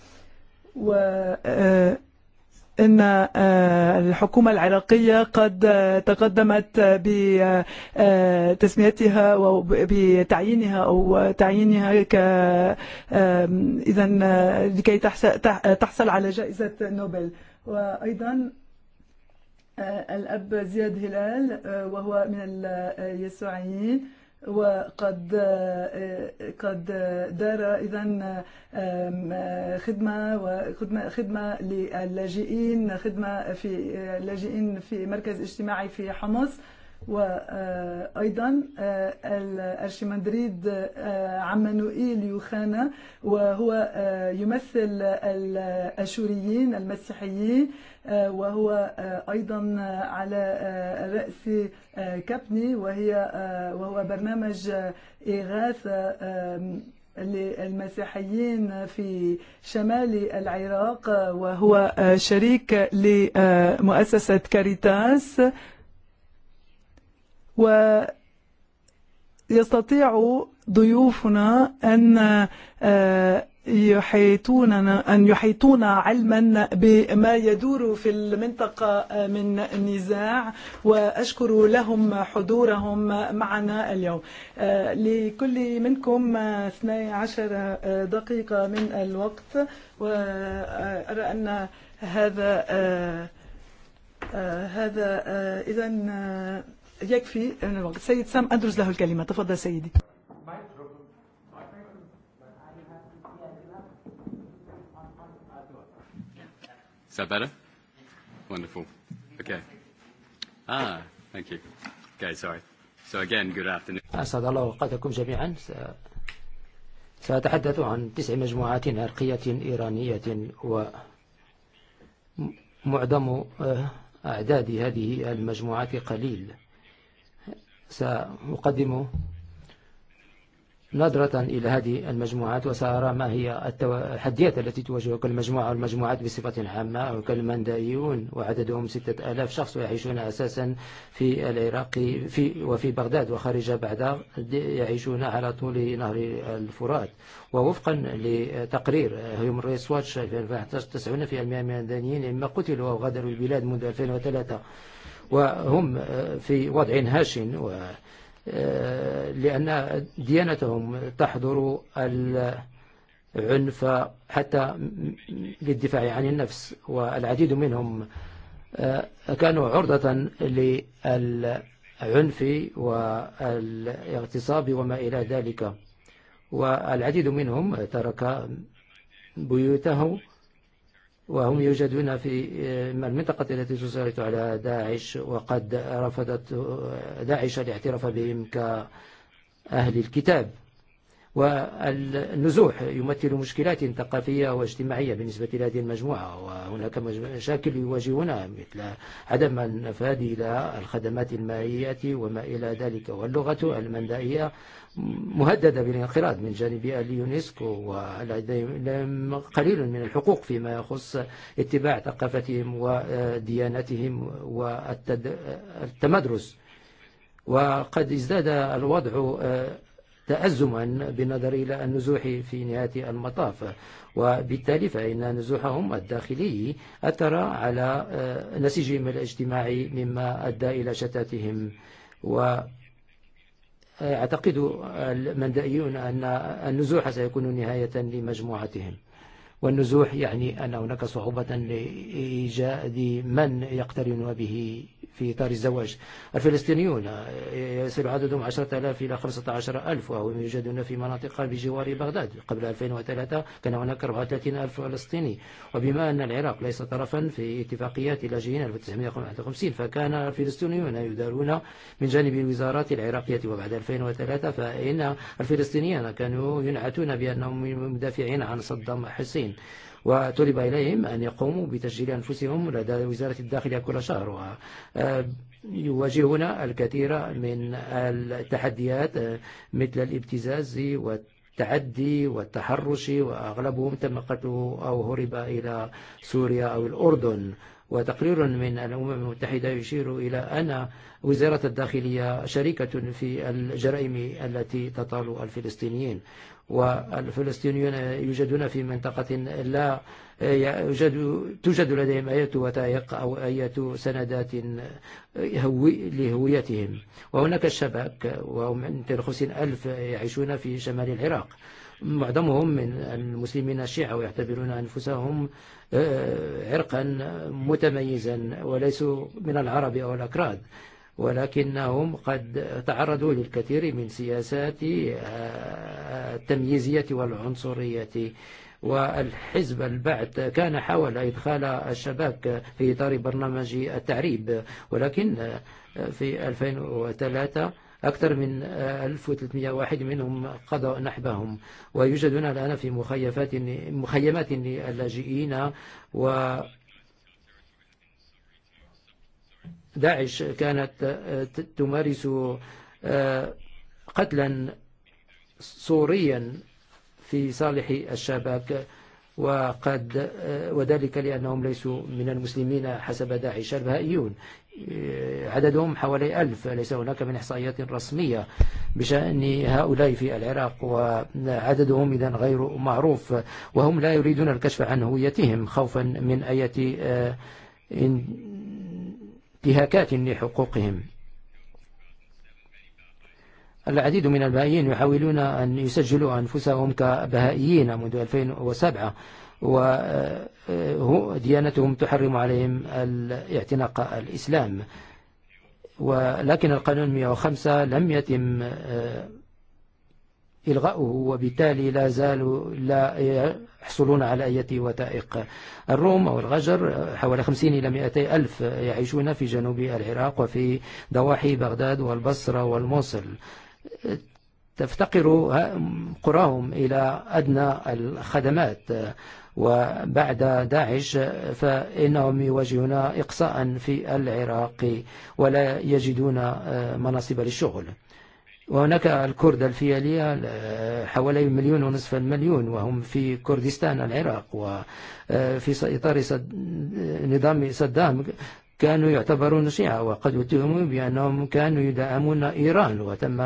إن الحكومة العراقية قد تقدمت بتسميتها وبتعيينها أو تعيينها ك اذا لكي تحصل على جائزة نوبل وأيضا الأب زياد هلال وهو من اليسوعيين وقد قد دار اذا خدمه وخدمه خدمه للاجئين خدمه في اللاجئين في مركز اجتماعي في حمص وايضا الارشمندريد عمانوئيل يوخانا وهو يمثل الاشوريين المسيحيين وهو أيضا على رأس كابني وهي وهو برنامج إغاثة للمسيحيين في شمال العراق وهو شريك لمؤسسة كاريتاس ويستطيع ضيوفنا أن يحيطوننا أن يحيطون علما بما يدور في المنطقة من نزاع وأشكر لهم حضورهم معنا اليوم لكل منكم 12 دقيقة من الوقت وأرى أن هذا هذا إذا يكفي الوقت سيد سام أدرس له الكلمة تفضل سيدي Is that better? Wonderful. Okay. Ah, thank you. Okay, sorry. So again, good afternoon. أسعد الله أوقاتكم جميعا. سأتحدث عن تسع مجموعات عرقية إيرانية ومعظم أعداد هذه المجموعات قليل سأقدم نظرة إلى هذه المجموعات وسأرى ما هي التحديات التي تواجه كل مجموعة والمجموعات بصفة عامة كالمندائيون وعددهم ستة آلاف شخص ويعيشون أساسا في العراق في وفي بغداد وخارج بغداد يعيشون على طول نهر الفرات ووفقا لتقرير هيوم ريس واتش 2014 90% من الدانيين إما قتلوا أو غادروا البلاد منذ 2003 وهم في وضع هاشم و لأن ديانتهم تحضر العنف حتى للدفاع عن النفس والعديد منهم كانوا عرضة للعنف والاغتصاب وما إلى ذلك والعديد منهم ترك بيوتهم وهم يوجدون في المنطقة التي تسيطر على داعش وقد رفضت داعش الاعتراف بهم كأهل الكتاب والنزوح يمثل مشكلات ثقافية واجتماعية بالنسبة لهذه المجموعة وهناك مشاكل يواجهونها مثل عدم النفاذ إلى الخدمات المائية وما إلى ذلك واللغة المندائية مهددة بالانقراض من جانب اليونسكو ولديهم قليل من الحقوق فيما يخص اتباع ثقافتهم وديانتهم والتمدرس وقد ازداد الوضع تأزما بالنظر إلى النزوح في نهاية المطاف وبالتالي فإن نزوحهم الداخلي أثر على نسيجهم الاجتماعي مما أدى إلى شتاتهم و يعتقد المندائيون أن النزوح سيكون نهاية لمجموعتهم والنزوح يعني أن هناك صعوبة لإيجاد من يقترن به في إطار الزواج الفلسطينيون يصل عددهم 10000 إلى 15000 وهم يوجدون في مناطق بجوار بغداد قبل 2003 كان هناك 34000 فلسطيني وبما أن العراق ليس طرفا في اتفاقيات اللاجئين 1951 فكان الفلسطينيون يدارون من جانب الوزارات العراقية وبعد 2003 فإن الفلسطينيين كانوا ينعتون بأنهم مدافعين عن صدام حسين وطلب إليهم أن يقوموا بتسجيل أنفسهم لدى وزارة الداخلية كل شهر ويواجهون الكثير من التحديات مثل الابتزاز والتعدي والتحرش وأغلبهم تم قتله أو هرب إلى سوريا أو الأردن وتقرير من الأمم المتحدة يشير إلى أن وزارة الداخلية شريكة في الجرائم التي تطال الفلسطينيين والفلسطينيون يوجدون في منطقة لا يوجد توجد لديهم أي وثائق أو أي سندات لهويتهم وهناك الشباك وهم من خمسين ألف يعيشون في شمال العراق معظمهم من المسلمين الشيعة ويعتبرون أنفسهم عرقا متميزا وليسوا من العرب أو الأكراد ولكنهم قد تعرضوا للكثير من سياسات التمييزية والعنصرية والحزب البعث كان حاول إدخال الشباك في إطار برنامج التعريب ولكن في 2003 أكثر من 1301 منهم قضى نحبهم ويوجدون الآن في مخيفات مخيمات للاجئين و داعش كانت تمارس قتلا صوريا في صالح الشباك وقد وذلك لأنهم ليسوا من المسلمين حسب داعش البهائيون عددهم حوالي ألف ليس هناك من إحصائيات رسمية بشأن هؤلاء في العراق وعددهم إذا غير معروف وهم لا يريدون الكشف عن هويتهم خوفا من أية انتهاكات لحقوقهم العديد من البهائيين يحاولون أن يسجلوا أنفسهم كبهائيين منذ 2007 وديانتهم تحرم عليهم الاعتناق الإسلام ولكن القانون 105 لم يتم إلغاؤه وبالتالي لا زالوا لا يحصلون على أي وثائق الروم أو الغجر حوالي 50 إلى 200 ألف يعيشون في جنوب العراق وفي ضواحي بغداد والبصرة والموصل تفتقر قراهم إلى أدنى الخدمات وبعد داعش فإنهم يواجهون إقصاء في العراق ولا يجدون مناصب للشغل وهناك الكرد الفيالية حوالي مليون ونصف المليون وهم في كردستان العراق وفي إطار نظام صدام كانوا يعتبرون شيعة وقد اتهموا بأنهم كانوا يدعمون إيران وتم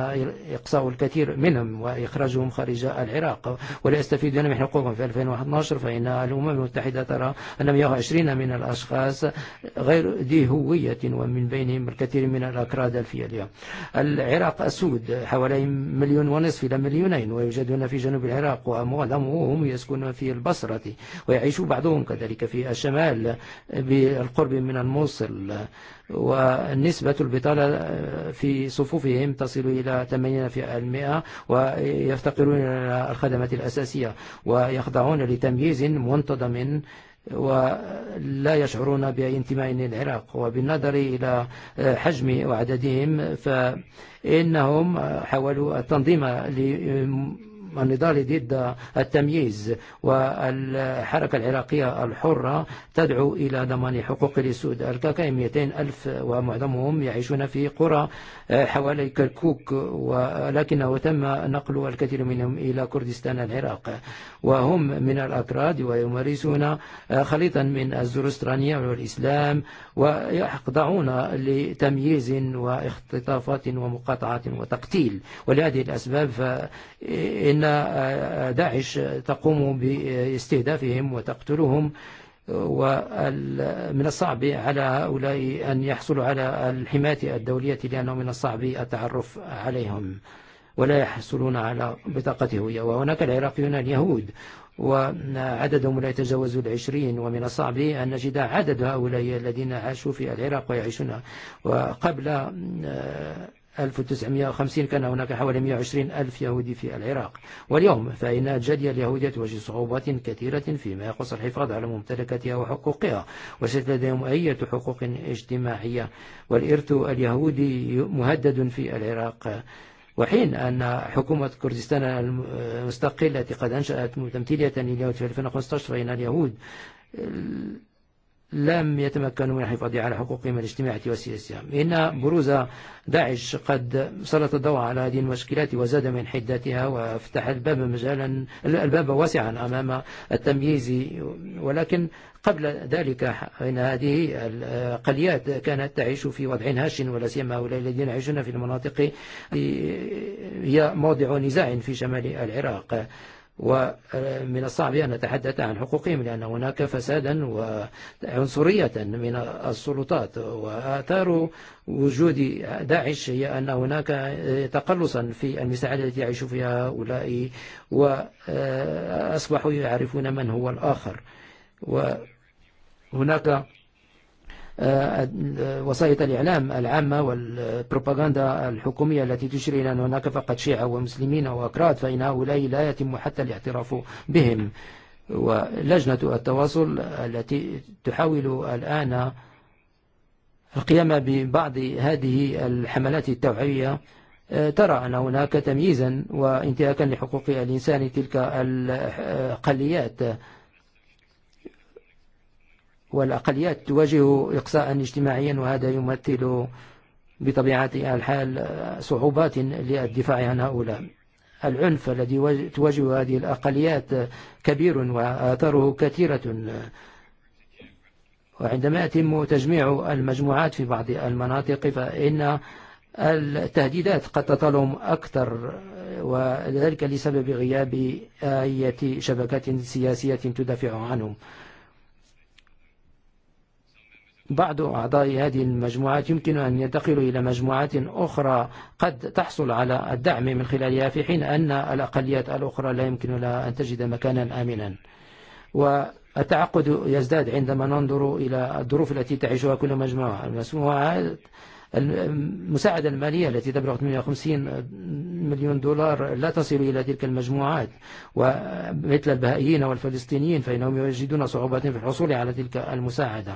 إقصاء الكثير منهم وإخراجهم خارج العراق ولا يستفيدون من حقوقهم في 2011 فإن الأمم المتحدة ترى أن 120 من الأشخاص غير ذي هوية ومن بينهم الكثير من الأكراد الفية العراق أسود حوالي مليون ونصف إلى مليونين ويوجدون في جنوب العراق ومعظمهم يسكنون في البصرة ويعيش بعضهم كذلك في الشمال بالقرب من الموصل الفصل ونسبة البطالة في صفوفهم تصل إلى 80% ويفتقرون إلى الخدمات الأساسية ويخضعون لتمييز منتظم ولا يشعرون بانتماء للعراق وبالنظر إلى حجم وعددهم فإنهم حاولوا التنظيم النضال ضد التمييز والحركة العراقية الحرة تدعو إلى ضمان حقوق السود الكاكاي 200 ألف ومعظمهم يعيشون في قرى حوالي كركوك ولكنه تم نقل الكثير منهم إلى كردستان العراق وهم من الأتراد ويمارسون خليطا من الزرسترانية والإسلام ويخضعون لتمييز واختطافات ومقاطعة وتقتيل ولهذه الأسباب فإن داعش تقوم باستهدافهم وتقتلهم ومن الصعب على هؤلاء أن يحصلوا على الحماية الدولية لأنه من الصعب التعرف عليهم ولا يحصلون على بطاقة هوية وهناك العراقيون اليهود وعددهم لا يتجاوز العشرين ومن الصعب أن نجد عدد هؤلاء الذين عاشوا في العراق ويعيشون وقبل 1950 كان هناك حوالي 120 ألف يهودي في العراق واليوم فإن جالية اليهودية تواجه صعوبات كثيرة فيما يخص الحفاظ على ممتلكاتها وحقوقها وليست لديهم أي حقوق اجتماعية والإرث اليهودي مهدد في العراق وحين أن حكومة كردستان المستقلة التي قد أنشأت تمثيلية لليهود في 2015 فإن اليهود لم يتمكنوا من الحفاظ على حقوقهم الاجتماعية والسياسية إن بروز داعش قد سلط الضوء على هذه المشكلات وزاد من حدتها وافتح الباب مجالا الباب واسعا أمام التمييز ولكن قبل ذلك إن هذه القليات كانت تعيش في وضع هاش ولا سيما هؤلاء الذين يعيشون في المناطق هي موضع نزاع في شمال العراق ومن الصعب أن نتحدث عن حقوقهم لأن هناك فسادا وعنصرية من السلطات وآثار وجود داعش هي أن هناك تقلصا في المساعدة التي يعيش فيها هؤلاء وأصبحوا يعرفون من هو الآخر وهناك وسائط الإعلام العامة والبروباغندا الحكومية التي تشير أن هناك فقط شيعة ومسلمين وأكراد فإن هؤلاء لا يتم حتى الاعتراف بهم ولجنة التواصل التي تحاول الآن القيام ببعض هذه الحملات التوعية ترى أن هناك تمييزا وانتهاكا لحقوق الإنسان تلك القليات والأقليات تواجه إقصاء اجتماعيا وهذا يمثل بطبيعة الحال صعوبات للدفاع عن هؤلاء العنف الذي تواجه هذه الأقليات كبير وآثاره كثيرة وعندما يتم تجميع المجموعات في بعض المناطق فإن التهديدات قد تطالهم أكثر وذلك لسبب غياب آية شبكات سياسية تدافع عنهم بعض أعضاء هذه المجموعات يمكن أن يدخلوا إلى مجموعات أخرى قد تحصل على الدعم من خلالها في حين أن الأقليات الأخرى لا يمكن لها أن تجد مكانا آمنا والتعقد يزداد عندما ننظر إلى الظروف التي تعيشها كل مجموعة المجموعات المساعدة المالية التي تبلغ 58 مليون دولار لا تصل إلى تلك المجموعات ومثل البهائيين والفلسطينيين فإنهم يجدون صعوبات في الحصول على تلك المساعدة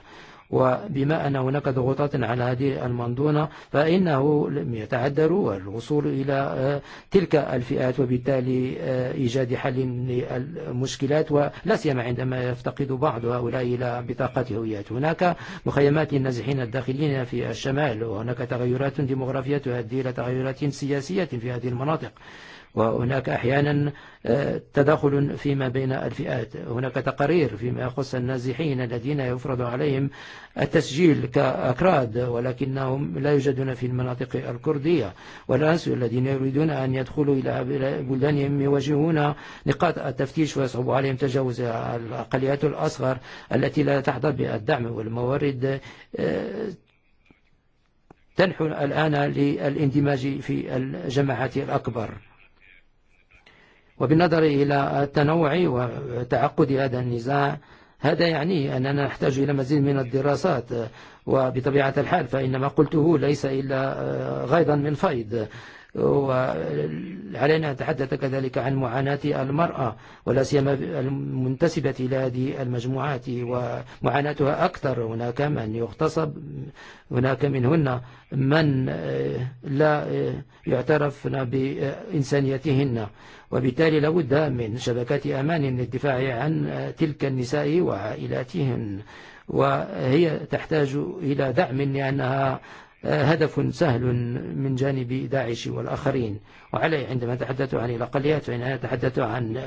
وبما أن هناك ضغوطات على هذه المنظومة فإنه لم يتعذروا الوصول إلى تلك الفئات وبالتالي إيجاد حل للمشكلات ولا سيما عندما يفتقد بعض هؤلاء إلى بطاقة هويات هناك مخيمات النازحين الداخلين في الشمال وهناك تغيرات ديمغرافية تؤدي إلى تغيرات سياسية في هذه المناطق وهناك أحيانا تدخل فيما بين الفئات هناك تقارير فيما يخص النازحين الذين يفرض عليهم التسجيل كأكراد ولكنهم لا يوجدون في المناطق الكردية والناس الذين يريدون أن يدخلوا إلى بلدانهم يواجهون نقاط التفتيش ويصعب عليهم تجاوز الأقليات الأصغر التي لا تحظى بالدعم والموارد تنحو الآن للاندماج في الجماعات الأكبر وبالنظر إلى التنوع وتعقد هذا النزاع هذا يعني أننا نحتاج إلى مزيد من الدراسات وبطبيعة الحال فإنما ما قلته ليس إلا غيظا من فيض وعلينا تحدث نتحدث كذلك عن معاناة المرأة ولا سيما المنتسبة إلى هذه المجموعات ومعاناتها أكثر هناك من يغتصب هناك منهن من لا يعترف بإنسانيتهن وبالتالي لابد من شبكات أمان للدفاع عن تلك النساء وعائلاتهن وهي تحتاج إلى دعم لأنها هدف سهل من جانب داعش والآخرين وعليه عندما تحدثوا عن الأقليات وإنها تحدثوا عن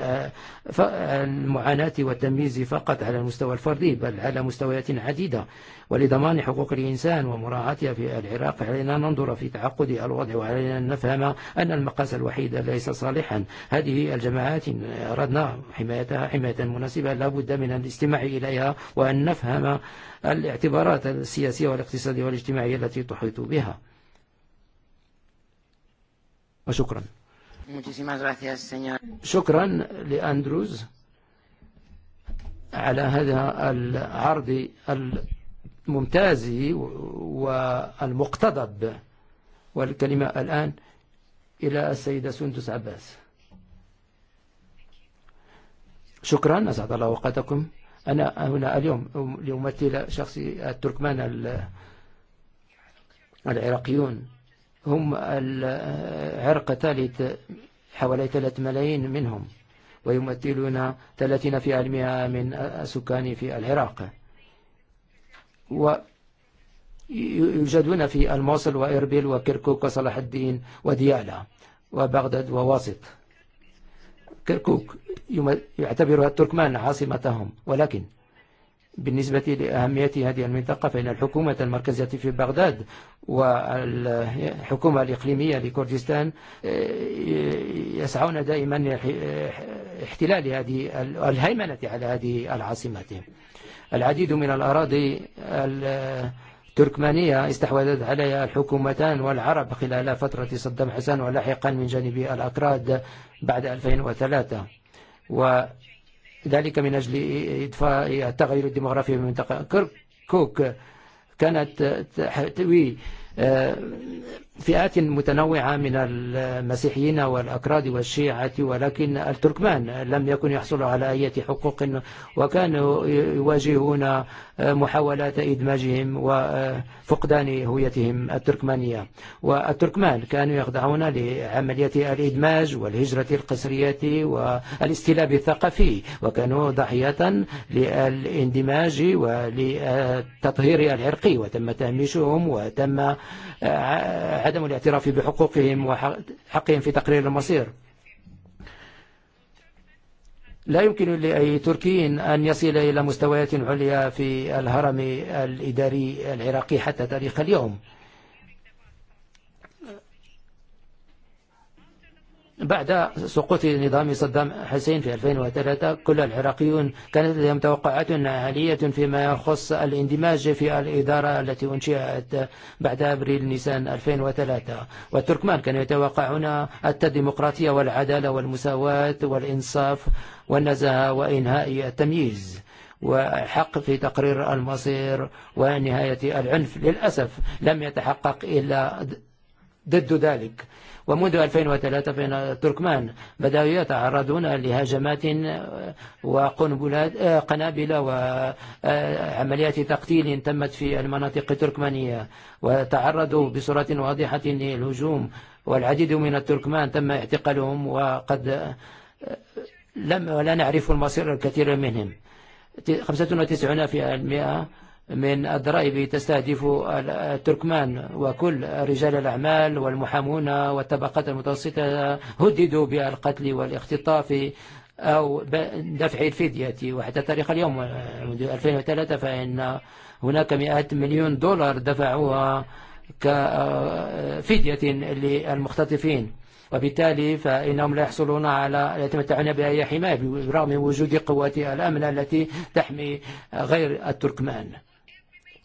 المعاناة والتمييز فقط على المستوى الفردي بل على مستويات عديدة ولضمان حقوق الإنسان ومراعاتها في العراق علينا ننظر في تعقد الوضع وعلينا نفهم أن المقاس الوحيد ليس صالحا هذه الجماعات أردنا حمايتها حماية مناسبة لا بد من الاستماع إليها وأن نفهم الاعتبارات السياسية والاقتصادية والاجتماعية التي تحيط بها وشكرا شكرا لأندروز على هذا العرض الممتاز والمقتضب والكلمة الآن إلى السيدة سندس عباس شكرا أسعد الله وقتكم أنا هنا اليوم لأمثل شخصي التركمان العراقيون هم عرق ثالث حوالي 3 ملايين منهم ويمثلون 30% من السكان في العراق ويوجدون في الموصل وإربيل وكركوك وصلاح الدين وديالا وبغداد وواسط كركوك يعتبرها التركمان عاصمتهم ولكن بالنسبة لأهمية هذه المنطقة فإن الحكومة المركزية في بغداد والحكومة الإقليمية لكردستان يسعون دائما احتلال هذه الهيمنة على هذه العاصمة العديد من الأراضي التركمانية استحوذت عليها الحكومتان والعرب خلال فترة صدام حسن ولاحقا من جانب الأكراد بعد 2003 و dalika mi nali i tva i taka ru demografijar kanat vi. فئات متنوعة من المسيحيين والأكراد والشيعة ولكن التركمان لم يكن يحصل على أي حقوق وكانوا يواجهون محاولات إدماجهم وفقدان هويتهم التركمانية والتركمان كانوا يخضعون لعملية الإدماج والهجرة القسرية والاستلاب الثقافي وكانوا ضحية للاندماج وللتطهير العرقي وتم تهميشهم وتم عدم الاعتراف بحقوقهم وحقهم في تقرير المصير لا يمكن لأي تركي أن يصل إلى مستويات عليا في الهرم الإداري العراقي حتى تاريخ اليوم بعد سقوط نظام صدام حسين في 2003 كل العراقيون كانت لديهم توقعات عالية فيما يخص الاندماج في الإدارة التي أنشئت بعد أبريل نيسان 2003 والتركمان كانوا يتوقعون الديمقراطية والعدالة والمساواة والإنصاف والنزاهة وإنهاء التمييز وحق في تقرير المصير ونهاية العنف للأسف لم يتحقق إلا ضد ذلك ومنذ 2003 فإن التركمان بدأوا يتعرضون لهجمات وقنبلات قنابل وعمليات تقتيل تمت في المناطق التركمانية وتعرضوا بصورة واضحة للهجوم والعديد من التركمان تم اعتقالهم وقد لم لا نعرف المصير الكثير منهم 95% من الضرائب تستهدف التركمان وكل رجال الأعمال والمحامون والطبقات المتوسطة هددوا بالقتل والاختطاف أو دفع الفدية وحتى تاريخ اليوم 2003 فإن هناك مئات مليون دولار دفعوها كفدية للمختطفين وبالتالي فإنهم لا يحصلون على لا يتمتعون بأي حماية برغم وجود قوات الأمن التي تحمي غير التركمان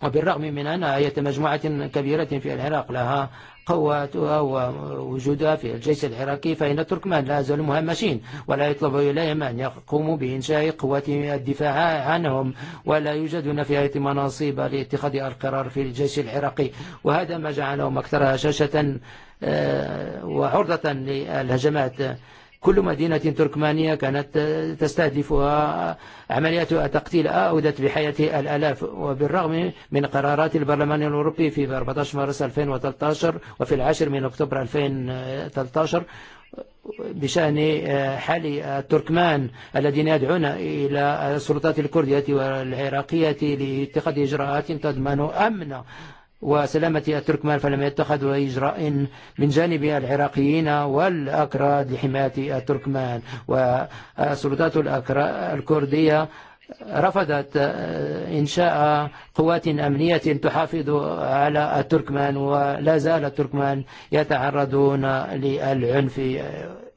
وبالرغم من أن هي مجموعة كبيرة في العراق لها قواتها ووجودها في الجيش العراقي فإن التركمان لا زالوا مهمشين ولا يطلب إليهم أن يقوموا بإنشاء قوات الدفاع عنهم ولا يوجدون في أي مناصب لاتخاذ القرار في الجيش العراقي وهذا ما جعلهم أكثر هشاشة وعرضة للهجمات كل مدينة تركمانية كانت تستهدفها عمليات تقتيل أودت بحياة الألاف وبالرغم من قرارات البرلمان الأوروبي في 14 مارس 2013 وفي العاشر من أكتوبر 2013 بشأن حال التركمان الذين يدعون إلى السلطات الكردية والعراقية لاتخاذ إجراءات تضمن أمن وسلامة التركمان فلم يتخذوا أي إجراء من جانب العراقيين والأكراد لحماية التركمان وسلطات الكردية رفضت إنشاء قوات أمنية تحافظ على التركمان ولا زال التركمان يتعرضون للعنف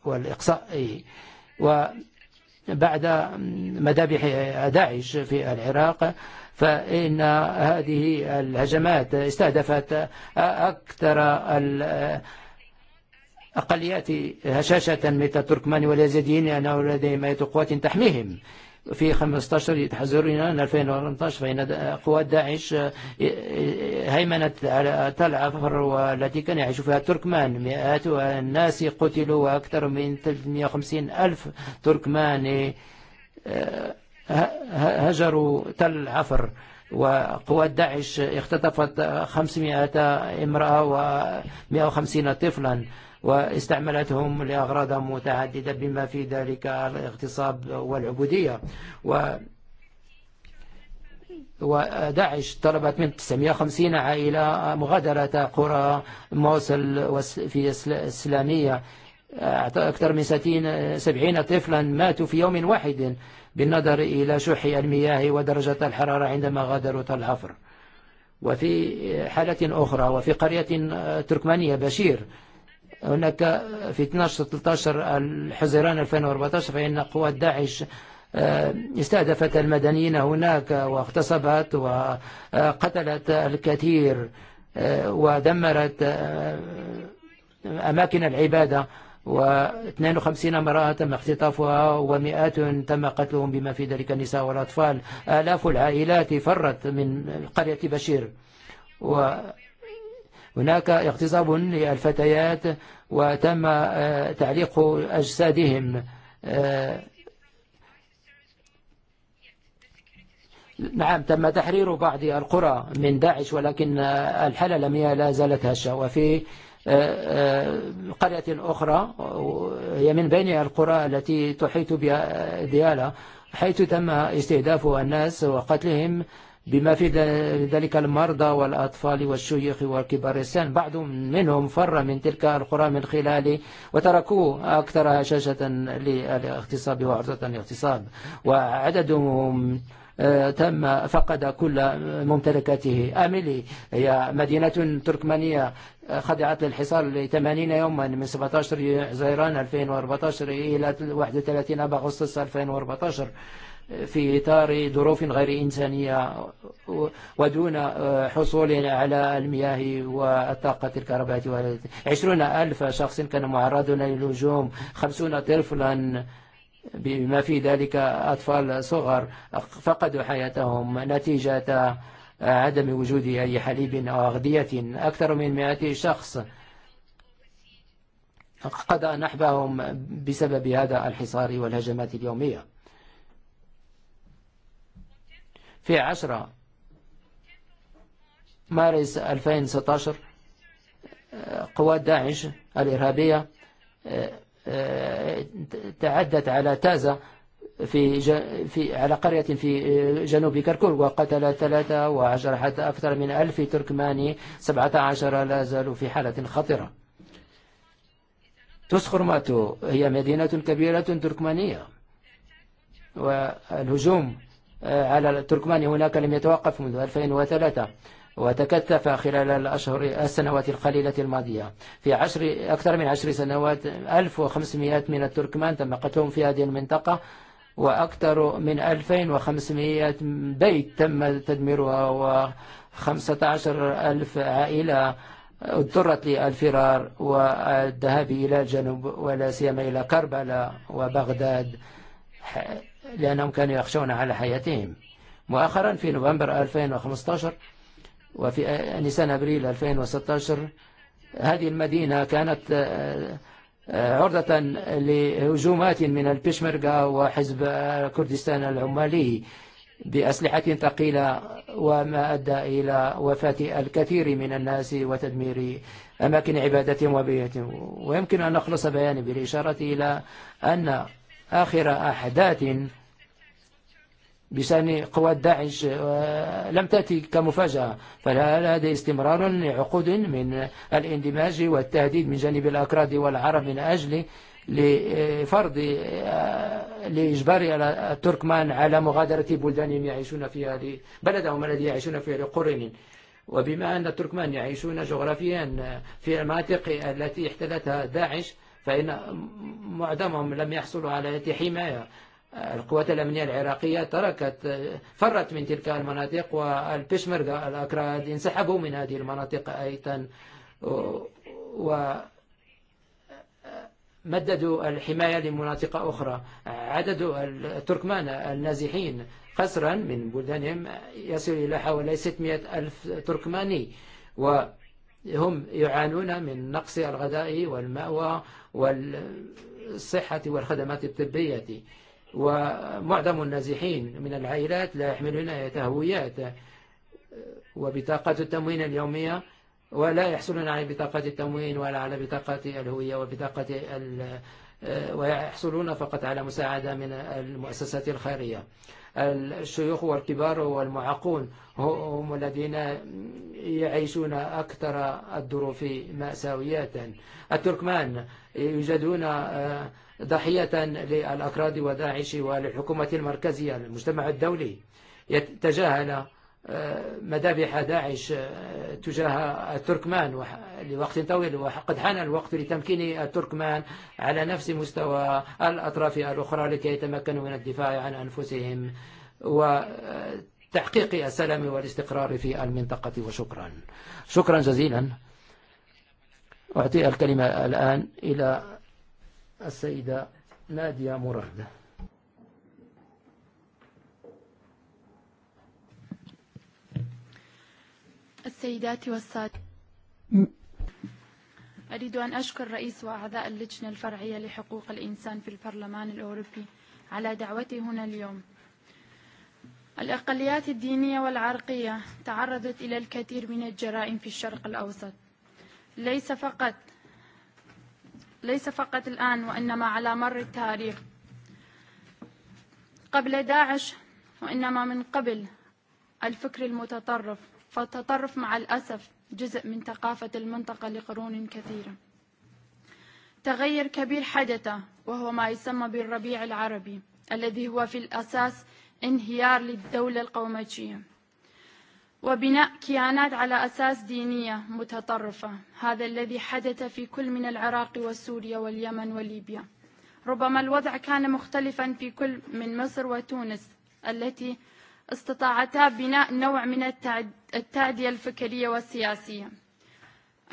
والإقصاء وبعد مذابح داعش في العراق فإن هذه الهجمات استهدفت أكثر الأقليات هشاشة مثل التركمان واليزيديين أنه لديهم أية قوات تحميهم في 15 تحذرنا 2018 فإن قوات داعش هيمنت على تل عفر والتي كان يعيش فيها التركمان مئات الناس قتلوا وأكثر من 350 ألف تركماني هجروا تل عفر وقوات داعش اختطفت 500 امرأة و150 طفلا واستعملتهم لأغراض متعددة بما في ذلك الاغتصاب والعبودية و وداعش طلبت من 950 عائلة مغادرة قرى موصل في الإسلامية أكثر من 70 طفلا ماتوا في يوم واحد بالنظر إلى شح المياه ودرجة الحرارة عندما غادروا الحفر وفي حالة أخرى وفي قرية تركمانية بشير هناك في 12-13 حزيران 2014 فإن قوات داعش استهدفت المدنيين هناك واغتصبت وقتلت الكثير ودمرت أماكن العبادة و52 امرأة تم اختطافها ومئات تم قتلهم بما في ذلك النساء والأطفال آلاف العائلات فرت من قرية بشير و هناك اغتصاب للفتيات وتم تعليق أجسادهم نعم تم تحرير بعض القرى من داعش ولكن الحاله الأمنية لا زالت هشة وفي قرية أخرى هي من بين القرى التي تحيط بها حيث تم استهداف الناس وقتلهم بما في ذلك المرضى والأطفال والشيوخ والكبار السن بعض منهم فر من تلك القرى من خلال وتركوا أكثر هشاشة للاغتصاب وعرضة للاغتصاب وعددهم تم فقد كل ممتلكاته أميلي هي مدينة تركمانية خضعت للحصار لثمانين يوما من 17 زيران 2014 إلى 31 أب أغسطس 2014 في إطار ظروف غير إنسانية ودون حصول على المياه والطاقة الكهربائية عشرون ألف شخص كانوا معرضون للهجوم خمسون طفلا بما في ذلك أطفال صغر فقدوا حياتهم نتيجة عدم وجود أي حليب أو أغذية أكثر من مئة شخص قضى نحبهم بسبب هذا الحصار والهجمات اليومية في عشرة مارس 2016 قوات داعش الإرهابية تعدت على تازا في, في على قرية في جنوب كركوك وقتل ثلاثة حتى أكثر من ألف تركماني سبعة عشر لا زالوا في حالة خطرة تسخرماتو هي مدينة كبيرة تركمانية والهجوم على التركمان هناك لم يتوقف منذ 2003 وتكثف خلال الأشهر السنوات القليلة الماضية في عشر أكثر من عشر سنوات 1500 من التركمان تم قتلهم في هذه المنطقة وأكثر من 2500 بيت تم تدميرها و15 ألف عائلة اضطرت للفرار والذهاب إلى الجنوب ولا سيما إلى كربلاء وبغداد لأنهم كانوا يخشون على حياتهم مؤخرا في نوفمبر 2015 وفي نيسان أبريل 2016 هذه المدينة كانت عرضة لهجومات من البشمركة وحزب كردستان العمالي بأسلحة ثقيلة وما أدى إلى وفاة الكثير من الناس وتدمير أماكن عبادتهم وبيتهم ويمكن أن نخلص بياني بالإشارة إلى أن آخر أحداث بشأن قوات داعش لم تأتي كمفاجأة فهذا استمرار لعقود من الاندماج والتهديد من جانب الأكراد والعرب من أجل لفرض لإجبار التركمان على مغادرة بلدانهم يعيشون فيها بلدهم الذي يعيشون فيها لقرن وبما أن التركمان يعيشون جغرافيا في المناطق التي احتلتها داعش فإن معظمهم لم يحصلوا على حماية القوات الأمنية العراقية تركت فرت من تلك المناطق والبشمركة الأكراد انسحبوا من هذه المناطق أيضا ومددوا الحماية لمناطق أخرى عدد التركمان النازحين قسرا من بلدانهم يصل إلى حوالي 600 ألف تركماني وهم يعانون من نقص الغذاء والمأوى والصحة والخدمات الطبية ومعظم النازحين من العائلات لا يحملون تهويات وبطاقات التموين اليومية ولا يحصلون على بطاقة التموين ولا على بطاقة الهوية وبطاقة ويحصلون فقط على مساعدة من المؤسسات الخيرية الشيوخ والكبار والمعاقون هم الذين يعيشون أكثر الظروف مأساوية التركمان يوجدون ضحية للأكراد وداعش والحكومة المركزية المجتمع الدولي يتجاهل مذابح داعش تجاه التركمان لوقت طويل وقد حان الوقت لتمكين التركمان على نفس مستوى الأطراف الأخرى لكي يتمكنوا من الدفاع عن أنفسهم وتحقيق السلام والاستقرار في المنطقة وشكرا شكرا جزيلا أعطي الكلمة الآن إلى السيدة نادية مراد السيدات والسادة أريد أن أشكر رئيس وأعضاء اللجنة الفرعية لحقوق الإنسان في البرلمان الأوروبي على دعوتي هنا اليوم الأقليات الدينية والعرقية تعرضت إلى الكثير من الجرائم في الشرق الأوسط ليس فقط ليس فقط الآن وإنما على مر التاريخ قبل داعش وإنما من قبل الفكر المتطرف فتطرف مع الأسف جزء من ثقافة المنطقة لقرون كثيرة تغير كبير حدث وهو ما يسمى بالربيع العربي الذي هو في الأساس انهيار للدولة القومية وبناء كيانات على أساس دينية متطرفة هذا الذي حدث في كل من العراق وسوريا واليمن وليبيا ربما الوضع كان مختلفا في كل من مصر وتونس التي استطاعتا بناء نوع من التعدية الفكرية والسياسية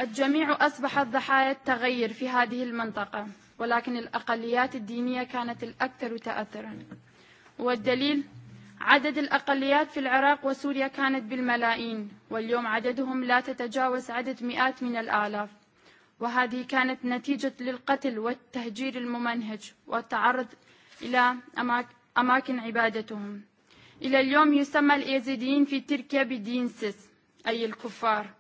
الجميع اصبح ضحايا التغير في هذه المنطقة ولكن الأقليات الدينية كانت الأكثر تأثرا والدليل عدد الأقليات في العراق وسوريا كانت بالملايين واليوم عددهم لا تتجاوز عدد مئات من الآلاف وهذه كانت نتيجة للقتل والتهجير الممنهج والتعرض إلى أماكن عبادتهم إلى اليوم يسمى الإيزيديين في تركيا بدينسس أي الكفار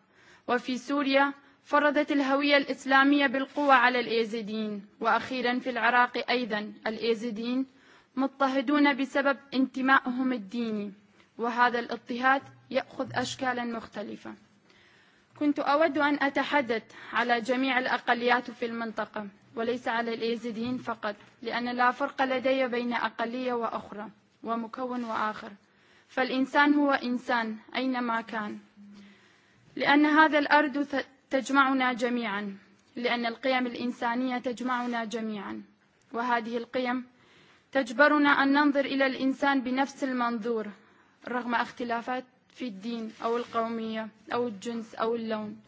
وفي سوريا فرضت الهوية الإسلامية بالقوة على الإيزيديين وأخيرا في العراق أيضا الإيزيديين مضطهدون بسبب انتمائهم الديني وهذا الاضطهاد يأخذ أشكالا مختلفة كنت أود أن أتحدث على جميع الأقليات في المنطقة وليس على الإيزيديين فقط لأن لا فرق لدي بين أقلية وأخرى ومكون وآخر فالإنسان هو إنسان أينما كان لأن هذا الأرض تجمعنا جميعا لأن القيم الإنسانية تجمعنا جميعا وهذه القيم تجبرنا أن ننظر إلى الإنسان بنفس المنظور رغم اختلافات في الدين أو القومية أو الجنس أو اللون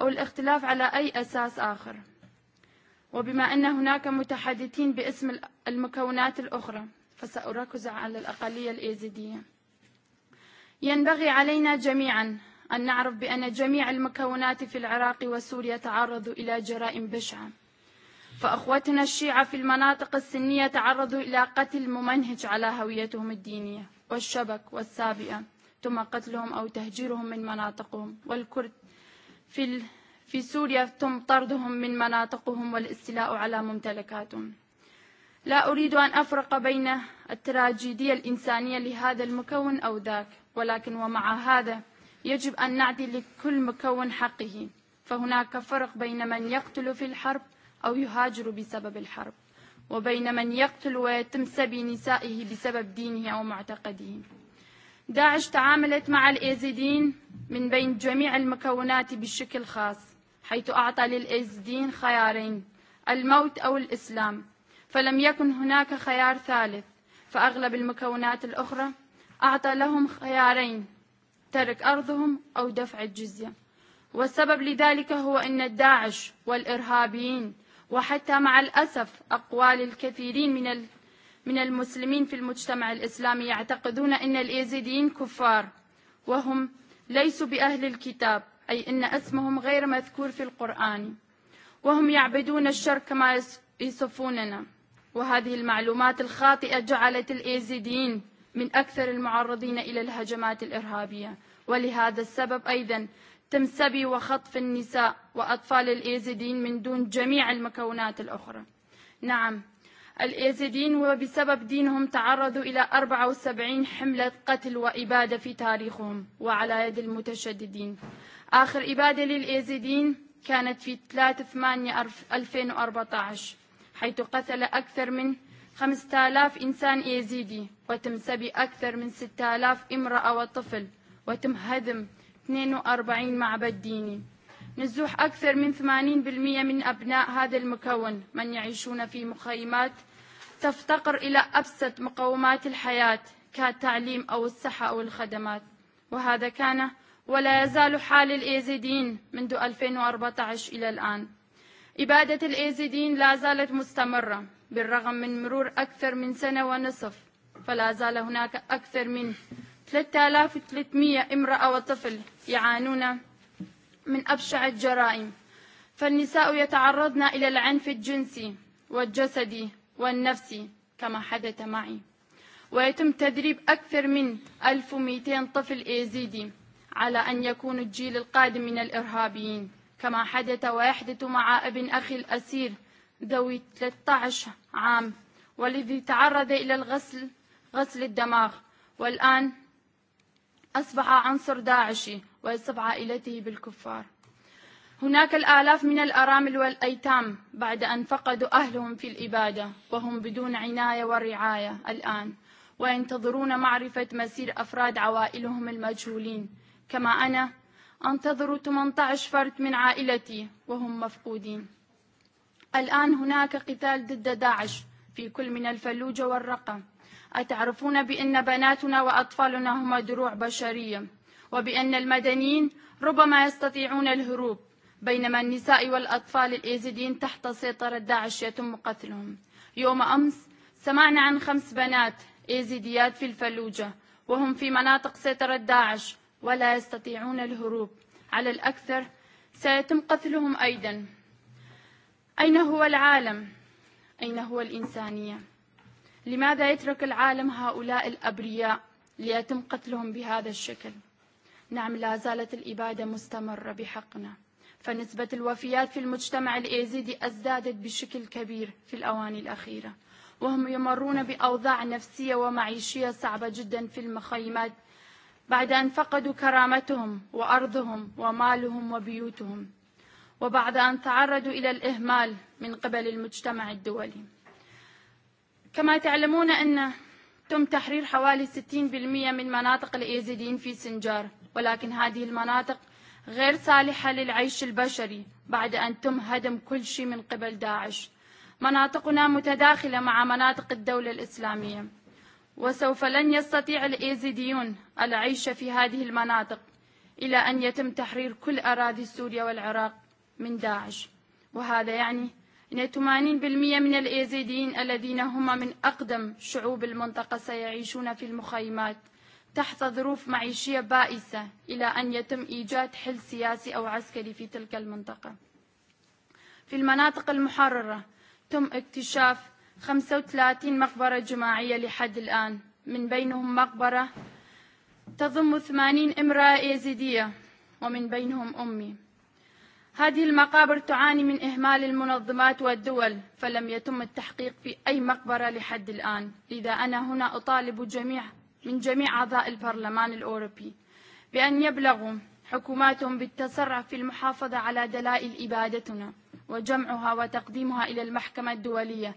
أو الاختلاف على أي أساس آخر وبما أن هناك متحدثين باسم المكونات الأخرى فسأركز على الأقلية الإيزيدية ينبغي علينا جميعا أن نعرف بأن جميع المكونات في العراق وسوريا تعرضوا إلى جرائم بشعة فأخوتنا الشيعة في المناطق السنية تعرضوا إلى قتل ممنهج على هويتهم الدينية والشبك والسابئة ثم قتلهم أو تهجيرهم من مناطقهم والكرد في, في سوريا تم طردهم من مناطقهم والاستيلاء على ممتلكاتهم لا أريد أن أفرق بين التراجيدية الإنسانية لهذا المكون أو ذاك ولكن ومع هذا يجب أن نعدي لكل مكون حقه فهناك فرق بين من يقتل في الحرب أو يهاجر بسبب الحرب وبين من يقتل ويتم سبي نسائه بسبب دينه أو معتقده داعش تعاملت مع الإيزيدين من بين جميع المكونات بشكل خاص حيث أعطى للإيزيدين خيارين الموت أو الإسلام فلم يكن هناك خيار ثالث فأغلب المكونات الأخرى أعطى لهم خيارين ترك أرضهم أو دفع الجزية والسبب لذلك هو أن الداعش والإرهابيين وحتى مع الأسف أقوال الكثيرين من من المسلمين في المجتمع الإسلامي يعتقدون أن الإيزيديين كفار وهم ليسوا بأهل الكتاب أي أن اسمهم غير مذكور في القرآن وهم يعبدون الشر كما يصفوننا وهذه المعلومات الخاطئة جعلت الإيزيديين من أكثر المعرضين إلى الهجمات الإرهابية ولهذا السبب أيضا تم سبي وخطف النساء وأطفال الإيزيديين من دون جميع المكونات الأخرى نعم الإيزيديين وبسبب دينهم تعرضوا إلى 74 حملة قتل وإبادة في تاريخهم وعلى يد المتشددين آخر إبادة للإيزيديين كانت في 3 8 2014 حيث قتل أكثر من 5000 إنسان يزيدي وتم سبي أكثر من 6000 امرأة وطفل وتم هدم 42 معبد ديني نزوح أكثر من 80% من أبناء هذا المكون من يعيشون في مخيمات تفتقر إلى أبسط مقومات الحياة كالتعليم أو الصحة أو الخدمات وهذا كان ولا يزال حال الإيزيدين منذ 2014 إلى الآن إبادة الإيزيدين لا زالت مستمرة بالرغم من مرور أكثر من سنة ونصف فلا زال هناك أكثر من 3300 امرأة وطفل يعانون من أبشع الجرائم فالنساء يتعرضن إلى العنف الجنسي والجسدي والنفسي كما حدث معي ويتم تدريب أكثر من 1200 طفل إيزيدي على أن يكون الجيل القادم من الإرهابيين كما حدث ويحدث مع ابن أخي الأسير ذوي 13 عام والذي تعرض إلى الغسل غسل الدماغ والآن أصبح عنصر داعشي ويصب عائلته بالكفار هناك الآلاف من الأرامل والأيتام بعد أن فقدوا أهلهم في الإبادة وهم بدون عناية ورعاية الآن وينتظرون معرفة مسير أفراد عوائلهم المجهولين كما أنا أنتظروا 18 فرد من عائلتي وهم مفقودين الآن هناك قتال ضد داعش في كل من الفلوجة والرقة أتعرفون بأن بناتنا وأطفالنا هم دروع بشرية وبأن المدنيين ربما يستطيعون الهروب بينما النساء والأطفال الإيزيديين تحت سيطرة داعش يتم قتلهم يوم أمس سمعنا عن خمس بنات إيزيديات في الفلوجة وهم في مناطق سيطرة داعش ولا يستطيعون الهروب على الأكثر سيتم قتلهم أيضا أين هو العالم؟ أين هو الإنسانية؟ لماذا يترك العالم هؤلاء الأبرياء ليتم قتلهم بهذا الشكل؟ نعم لا زالت الإبادة مستمرة بحقنا فنسبة الوفيات في المجتمع الإيزيدي أزدادت بشكل كبير في الأواني الأخيرة وهم يمرون بأوضاع نفسية ومعيشية صعبة جدا في المخيمات بعد أن فقدوا كرامتهم وأرضهم ومالهم وبيوتهم وبعد أن تعرضوا إلى الإهمال من قبل المجتمع الدولي كما تعلمون أن تم تحرير حوالي 60% من مناطق الإيزيديين في سنجار ولكن هذه المناطق غير صالحة للعيش البشري بعد أن تم هدم كل شيء من قبل داعش مناطقنا متداخلة مع مناطق الدولة الإسلامية وسوف لن يستطيع الإيزيديون العيش في هذه المناطق إلى أن يتم تحرير كل أراضي سوريا والعراق من داعش وهذا يعني أن 80% من الإيزيديين الذين هم من أقدم شعوب المنطقة سيعيشون في المخيمات تحت ظروف معيشية بائسة إلى أن يتم إيجاد حل سياسي أو عسكري في تلك المنطقة في المناطق المحررة تم اكتشاف 35 مقبرة جماعية لحد الآن من بينهم مقبرة تضم 80 امرأة يزيدية ومن بينهم أمي هذه المقابر تعاني من إهمال المنظمات والدول فلم يتم التحقيق في أي مقبرة لحد الآن لذا أنا هنا أطالب جميع من جميع أعضاء البرلمان الأوروبي بأن يبلغوا حكوماتهم بالتسرع في المحافظة على دلائل إبادتنا وجمعها وتقديمها إلى المحكمة الدولية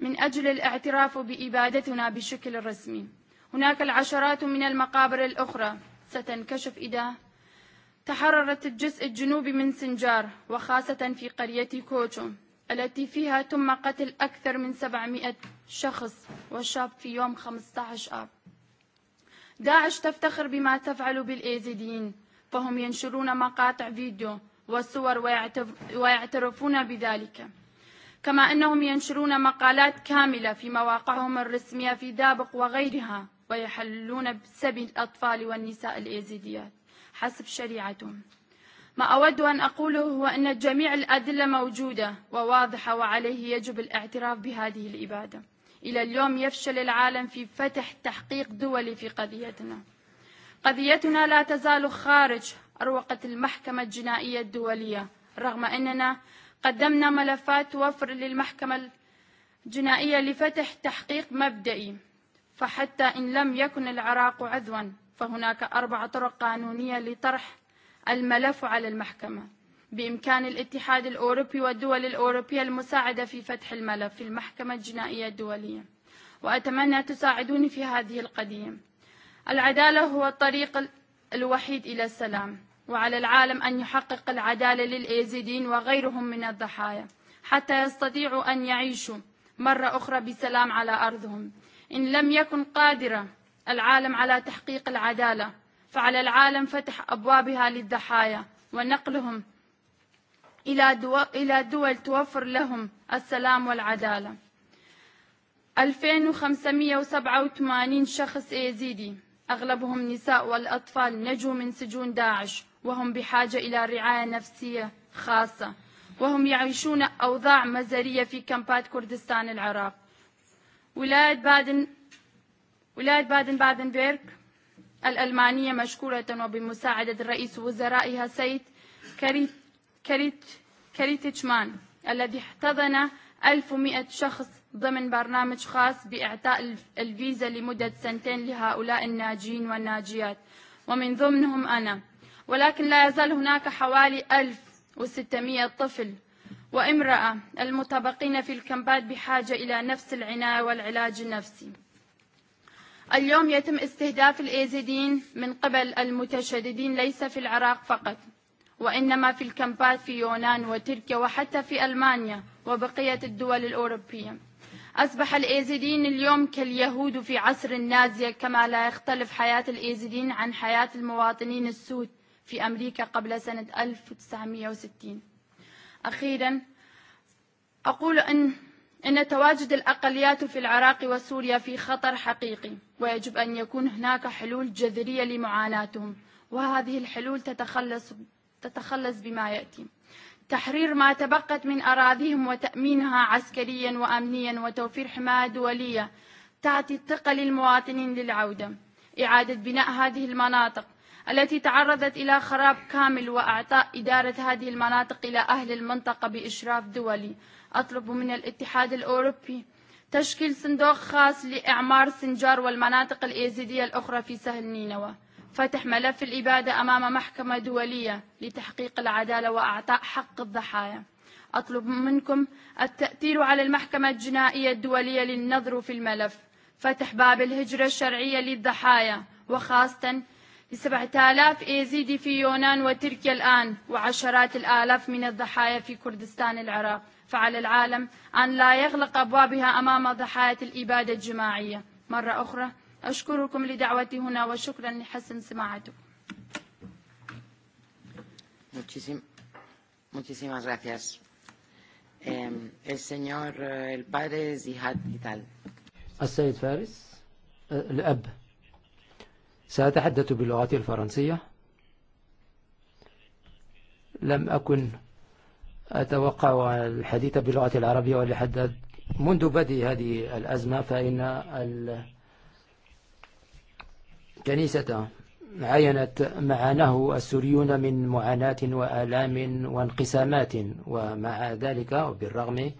من أجل الاعتراف بإبادتنا بشكل رسمي هناك العشرات من المقابر الأخرى ستنكشف إذا تحررت الجزء الجنوبي من سنجار وخاصة في قرية كوتشو التي فيها تم قتل أكثر من 700 شخص وشاب في يوم 15 آب داعش تفتخر بما تفعل بالإيزيديين فهم ينشرون مقاطع فيديو والصور ويعترفون بذلك كما أنهم ينشرون مقالات كاملة في مواقعهم الرسمية في دابق وغيرها ويحلون بسبي الأطفال والنساء الإيزيديات حسب شريعتهم ما أود أن أقوله هو أن جميع الأدلة موجودة وواضحة وعليه يجب الاعتراف بهذه الإبادة إلى اليوم يفشل العالم في فتح تحقيق دولي في قضيتنا قضيتنا لا تزال خارج أروقة المحكمة الجنائية الدولية رغم أننا قدمنا ملفات وفر للمحكمة الجنائية لفتح تحقيق مبدئي فحتى إن لم يكن العراق عذوا فهناك أربع طرق قانونية لطرح الملف على المحكمة بإمكان الاتحاد الأوروبي والدول الأوروبية المساعدة في فتح الملف في المحكمة الجنائية الدولية وأتمنى تساعدوني في هذه القضية العدالة هو الطريق الوحيد إلى السلام وعلى العالم أن يحقق العدالة للإيزيدين وغيرهم من الضحايا حتى يستطيعوا أن يعيشوا مرة أخرى بسلام على أرضهم إن لم يكن قادرة العالم على تحقيق العدالة فعلى العالم فتح أبوابها للضحايا ونقلهم إلى دول, دول توفر لهم السلام والعدالة 2587 شخص إيزيدي أغلبهم نساء والأطفال نجوا من سجون داعش وهم بحاجة إلى رعاية نفسية خاصة وهم يعيشون أوضاع مزرية في كامبات كردستان العراق ولاية بادن ولاية بادن بادن بيرك الألمانية مشكورة وبمساعدة الرئيس وزرائها سيد كريت كريت كريتشمان الذي احتضن 1100 شخص ضمن برنامج خاص بإعطاء الفيزا لمدة سنتين لهؤلاء الناجين والناجيات ومن ضمنهم أنا ولكن لا يزال هناك حوالي 1600 طفل وامرأة المتبقين في الكمباد بحاجة إلى نفس العناية والعلاج النفسي اليوم يتم استهداف الإيزيدين من قبل المتشددين ليس في العراق فقط وإنما في الكمبات في يونان وتركيا وحتى في ألمانيا وبقية الدول الأوروبية أصبح الإيزيدين اليوم كاليهود في عصر النازية كما لا يختلف حياة الإيزيدين عن حياة المواطنين السود في أمريكا قبل سنة 1960 أخيرا أقول أن إن تواجد الأقليات في العراق وسوريا في خطر حقيقي ويجب أن يكون هناك حلول جذرية لمعاناتهم وهذه الحلول تتخلص, تتخلص بما يأتي تحرير ما تبقت من أراضيهم وتأمينها عسكريا وأمنيا وتوفير حماية دولية تعطي الثقة للمواطنين للعودة إعادة بناء هذه المناطق التي تعرضت إلى خراب كامل وأعطاء إدارة هذه المناطق إلى أهل المنطقة بإشراف دولي أطلب من الاتحاد الأوروبي تشكيل صندوق خاص لإعمار سنجار والمناطق الإيزيدية الأخرى في سهل نينوى فتح ملف الإبادة أمام محكمة دولية لتحقيق العدالة وأعطاء حق الضحايا أطلب منكم التأثير على المحكمة الجنائية الدولية للنظر في الملف فتح باب الهجرة الشرعية للضحايا وخاصة بسبعة آلاف إيزيدي في يونان وتركيا الآن وعشرات الآلاف من الضحايا في كردستان العراق فعلى العالم أن لا يغلق أبوابها أمام ضحايا الإبادة الجماعية مرة أخرى أشكركم لدعوتي هنا وشكرا لحسن سماعتكم Muchisim, muchísimas gracias. Eh, el señor, el padre Zihad Gital. السيد فارس الأب سأتحدث باللغة الفرنسية لم أكن أتوقع الحديث باللغة العربية ولحدد منذ بدء هذه الأزمة فإن الكنيسة عينت معانه السوريون من معاناة وآلام وانقسامات ومع ذلك بالرغم.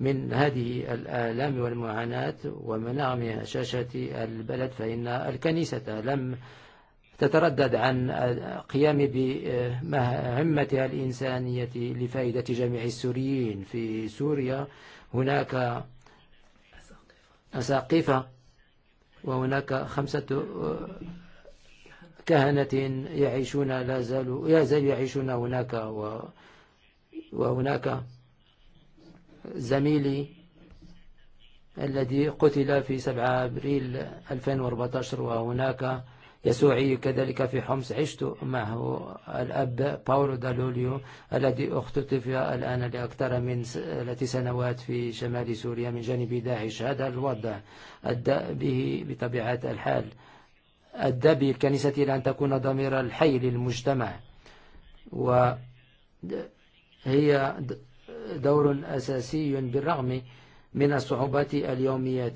من هذه الآلام والمعاناة ومنع من البلد فإن الكنيسة لم تتردد عن قيام بمهمتها الإنسانية لفائدة جميع السوريين في سوريا هناك أساقفة وهناك خمسة كهنة يعيشون لا زالوا يعيشون هناك وهناك زميلي الذي قتل في 7 أبريل 2014 وهناك يسوعي كذلك في حمص عشت معه الأب باولو دالوليو الذي اختطف الآن لأكثر من ثلاث سنوات في شمال سوريا من جانب داعش هذا الوضع أدى به بطبيعة الحال أدى بالكنيسة إلى أن تكون ضمير الحي للمجتمع وهي دور أساسي بالرغم من الصعوبات اليومية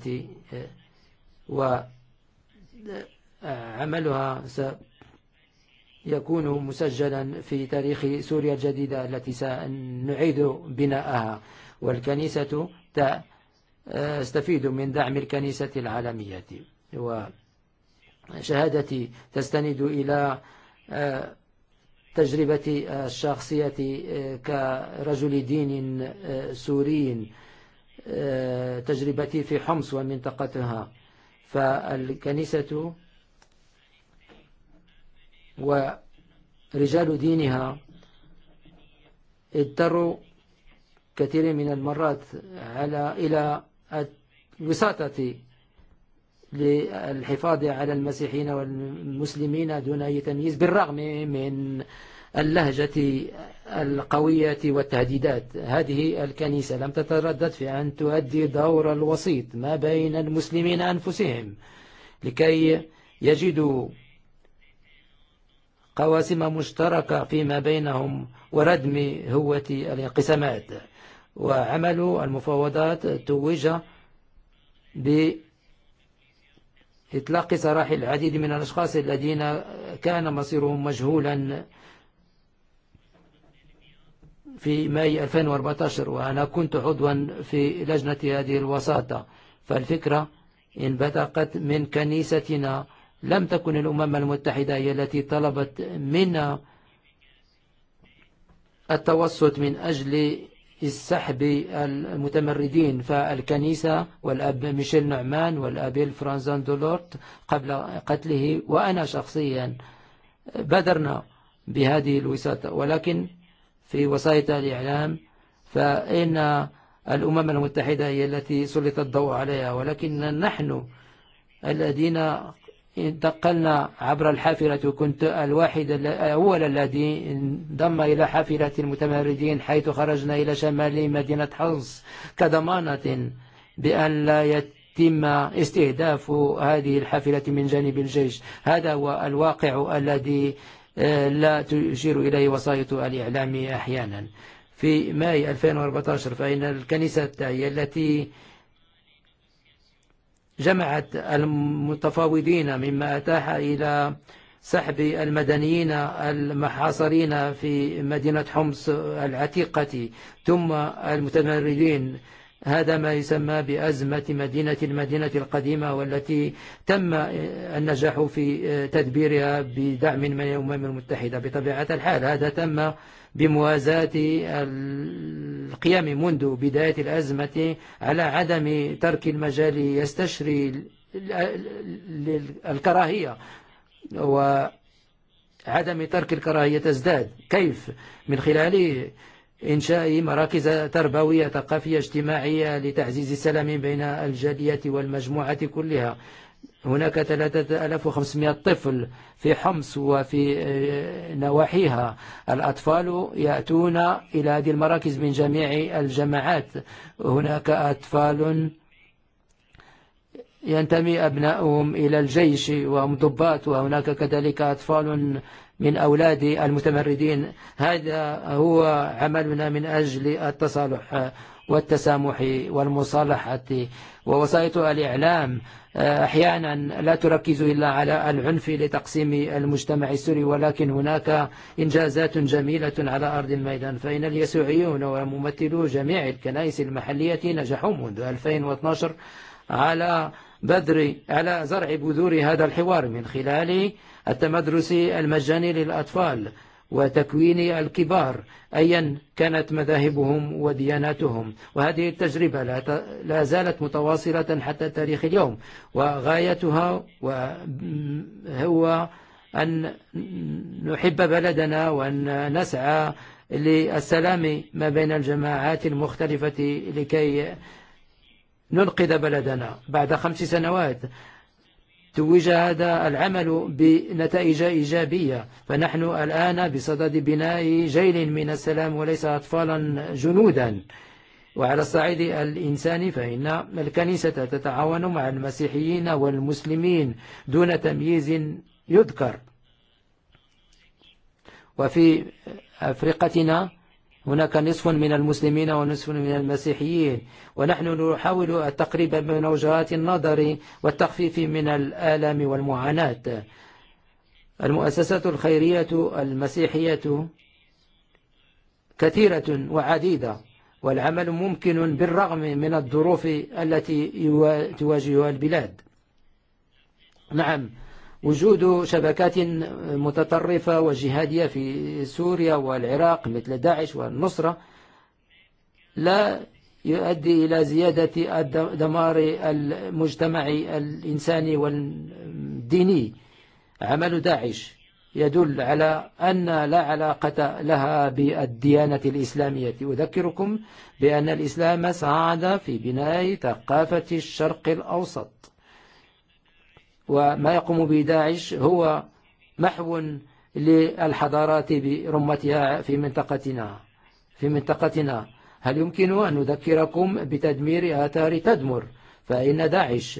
وعملها سيكون مسجلا في تاريخ سوريا الجديدة التي سنعيد بناءها والكنيسة تستفيد من دعم الكنيسة العالمية وشهادتي تستند إلى تجربتي الشخصية كرجل دين سوري تجربتي في حمص ومنطقتها فالكنيسة ورجال دينها اضطروا كثير من المرات على إلى الوساطة للحفاظ على المسيحيين والمسلمين دون أي تمييز بالرغم من اللهجة القوية والتهديدات هذه الكنيسة لم تتردد في أن تؤدي دور الوسيط ما بين المسلمين أنفسهم لكي يجدوا قواسم مشتركة فيما بينهم وردم هوة الانقسامات وعمل المفاوضات توج بإطلاق سراح العديد من الأشخاص الذين كان مصيرهم مجهولا في ماي 2014 وأنا كنت عضوا في لجنة هذه الوساطة فالفكرة انبثقت من كنيستنا لم تكن الأمم المتحدة هي التي طلبت منا التوسط من أجل السحب المتمردين فالكنيسة والأب ميشيل نعمان والأب فرانزان دولورت قبل قتله وأنا شخصيا بدرنا بهذه الوساطة ولكن في وسائط الإعلام فإن الأمم المتحدة هي التي سلط الضوء عليها ولكن نحن الذين انتقلنا عبر الحافرة وكنت الواحد الأول الذي انضم إلى حافرة المتمردين حيث خرجنا إلى شمال مدينة حمص كضمانة بأن لا يتم استهداف هذه الحافلة من جانب الجيش هذا هو الواقع الذي لا تشير إليه وصاية الإعلام أحيانا في ماي 2014 فإن الكنيسة التي جمعت المتفاوضين مما أتاح إلى سحب المدنيين المحاصرين في مدينة حمص العتيقة ثم المتمردين هذا ما يسمى بأزمة مدينة المدينة القديمة والتي تم النجاح في تدبيرها بدعم من الأمم المتحدة بطبيعة الحال هذا تم بموازاة القيام منذ بداية الأزمة على عدم ترك المجال يستشري الكراهية وعدم ترك الكراهية تزداد كيف من خلال إنشاء مراكز تربوية ثقافية اجتماعية لتعزيز السلام بين الجالية والمجموعة كلها هناك 3500 طفل في حمص وفي نواحيها الأطفال يأتون إلى هذه المراكز من جميع الجماعات هناك أطفال ينتمي أبناؤهم إلى الجيش وهم ضباط وهناك كذلك أطفال من أولاد المتمردين هذا هو عملنا من أجل التصالح والتسامح والمصالحة ووسائط الإعلام أحيانا لا تركز إلا على العنف لتقسيم المجتمع السوري ولكن هناك إنجازات جميلة على أرض الميدان فإن اليسوعيون وممثلو جميع الكنائس المحلية نجحوا منذ 2012 على بذر على زرع بذور هذا الحوار من خلال التمدرسي المجاني للأطفال وتكوين الكبار أيا كانت مذاهبهم ودياناتهم وهذه التجربة لا زالت متواصلة حتى تاريخ اليوم وغايتها هو أن نحب بلدنا وأن نسعى للسلام ما بين الجماعات المختلفة لكي ننقذ بلدنا بعد خمس سنوات توج هذا العمل بنتائج إيجابية فنحن الآن بصدد بناء جيل من السلام وليس أطفالا جنودا وعلى الصعيد الإنساني فإن الكنيسة تتعاون مع المسيحيين والمسلمين دون تمييز يذكر وفي أفريقتنا هناك نصف من المسلمين ونصف من المسيحيين ونحن نحاول التقريب من وجهات النظر والتخفيف من الآلام والمعاناة المؤسسات الخيرية المسيحية كثيرة وعديدة والعمل ممكن بالرغم من الظروف التي تواجهها البلاد نعم وجود شبكات متطرفة وجهادية في سوريا والعراق مثل داعش والنصرة لا يؤدي إلى زيادة دمار المجتمع الإنساني والديني عمل داعش يدل على أن لا علاقة لها بالديانة الإسلامية أذكركم بأن الإسلام ساعد في بناء ثقافة الشرق الأوسط وما يقوم به داعش هو محو للحضارات برمتها في منطقتنا في منطقتنا هل يمكن أن نذكركم بتدمير آثار تدمر فإن داعش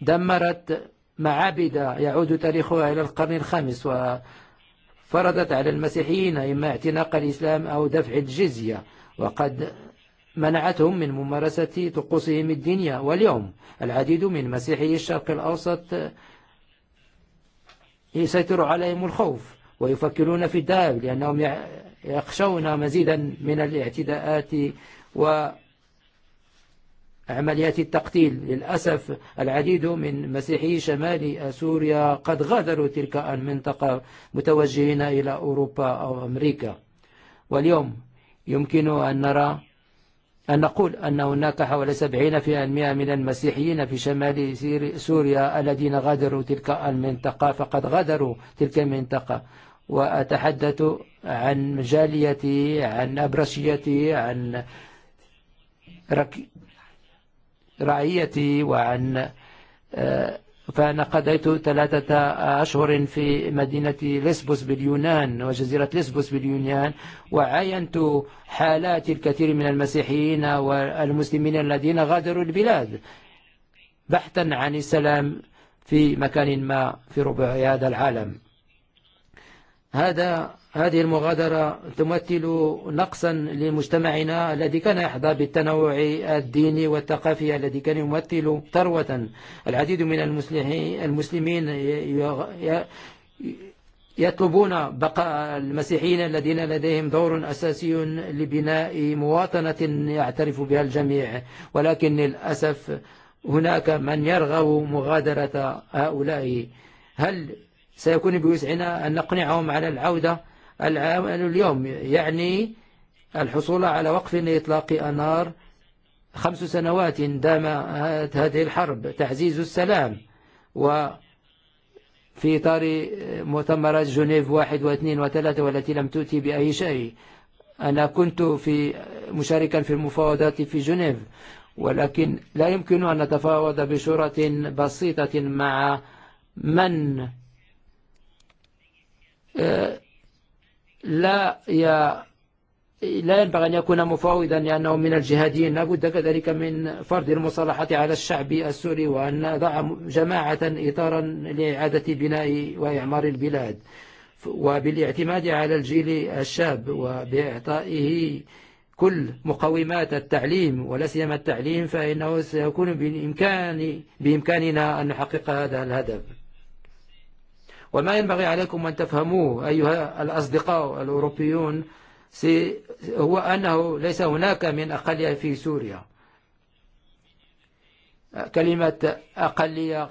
دمرت معابد يعود تاريخها إلى القرن الخامس وفرضت على المسيحيين إما اعتناق الإسلام أو دفع الجزية وقد منعتهم من ممارسة طقوسهم الدينية واليوم العديد من مسيحي الشرق الأوسط يسيطر عليهم الخوف ويفكرون في الذهاب لأنهم يخشون مزيدا من الاعتداءات وعمليات التقتيل للأسف العديد من مسيحي شمال سوريا قد غادروا تلك المنطقة متوجهين إلى أوروبا أو أمريكا واليوم يمكن أن نرى أن نقول أن هناك حوالي 70% من المسيحيين في شمال سوريا الذين غادروا تلك المنطقة فقد غادروا تلك المنطقة وأتحدث عن مجاليتي عن أبرشيتي عن رعيتي وعن فأنا قضيت ثلاثة أشهر في مدينة لسبوس باليونان وجزيرة لسبوس باليونان وعاينت حالات الكثير من المسيحيين والمسلمين الذين غادروا البلاد بحثا عن السلام في مكان ما في ربع هذا العالم هذا هذه المغادرة تمثل نقصا لمجتمعنا الذي كان يحظى بالتنوع الديني والثقافي الذي كان يمثل ثروة العديد من المسلمين يطلبون بقاء المسيحيين الذين لديهم دور أساسي لبناء مواطنة يعترف بها الجميع ولكن للأسف هناك من يرغب مغادرة هؤلاء هل سيكون بوسعنا أن نقنعهم على العودة؟ العمل اليوم يعني الحصول على وقف لإطلاق النار خمس سنوات دام هذه الحرب تعزيز السلام وفي إطار مؤتمرات جنيف واحد واثنين وثلاثة والتي لم تؤتي بأي شيء أنا كنت في مشاركا في المفاوضات في جنيف ولكن لا يمكن أن نتفاوض بشورة بسيطة مع من لا لا ينبغي أن يكون مفاوضا لأنه من الجهاديين لابد كذلك من فرض المصالحة على الشعب السوري وأن نضع جماعة إطارا لإعادة بناء وإعمار البلاد وبالاعتماد على الجيل الشاب وبإعطائه كل مقومات التعليم ولا سيما التعليم فإنه سيكون بإمكان بإمكاننا أن نحقق هذا الهدف وما ينبغي عليكم أن تفهموه أيها الأصدقاء الأوروبيون هو أنه ليس هناك من أقلية في سوريا كلمة أقلية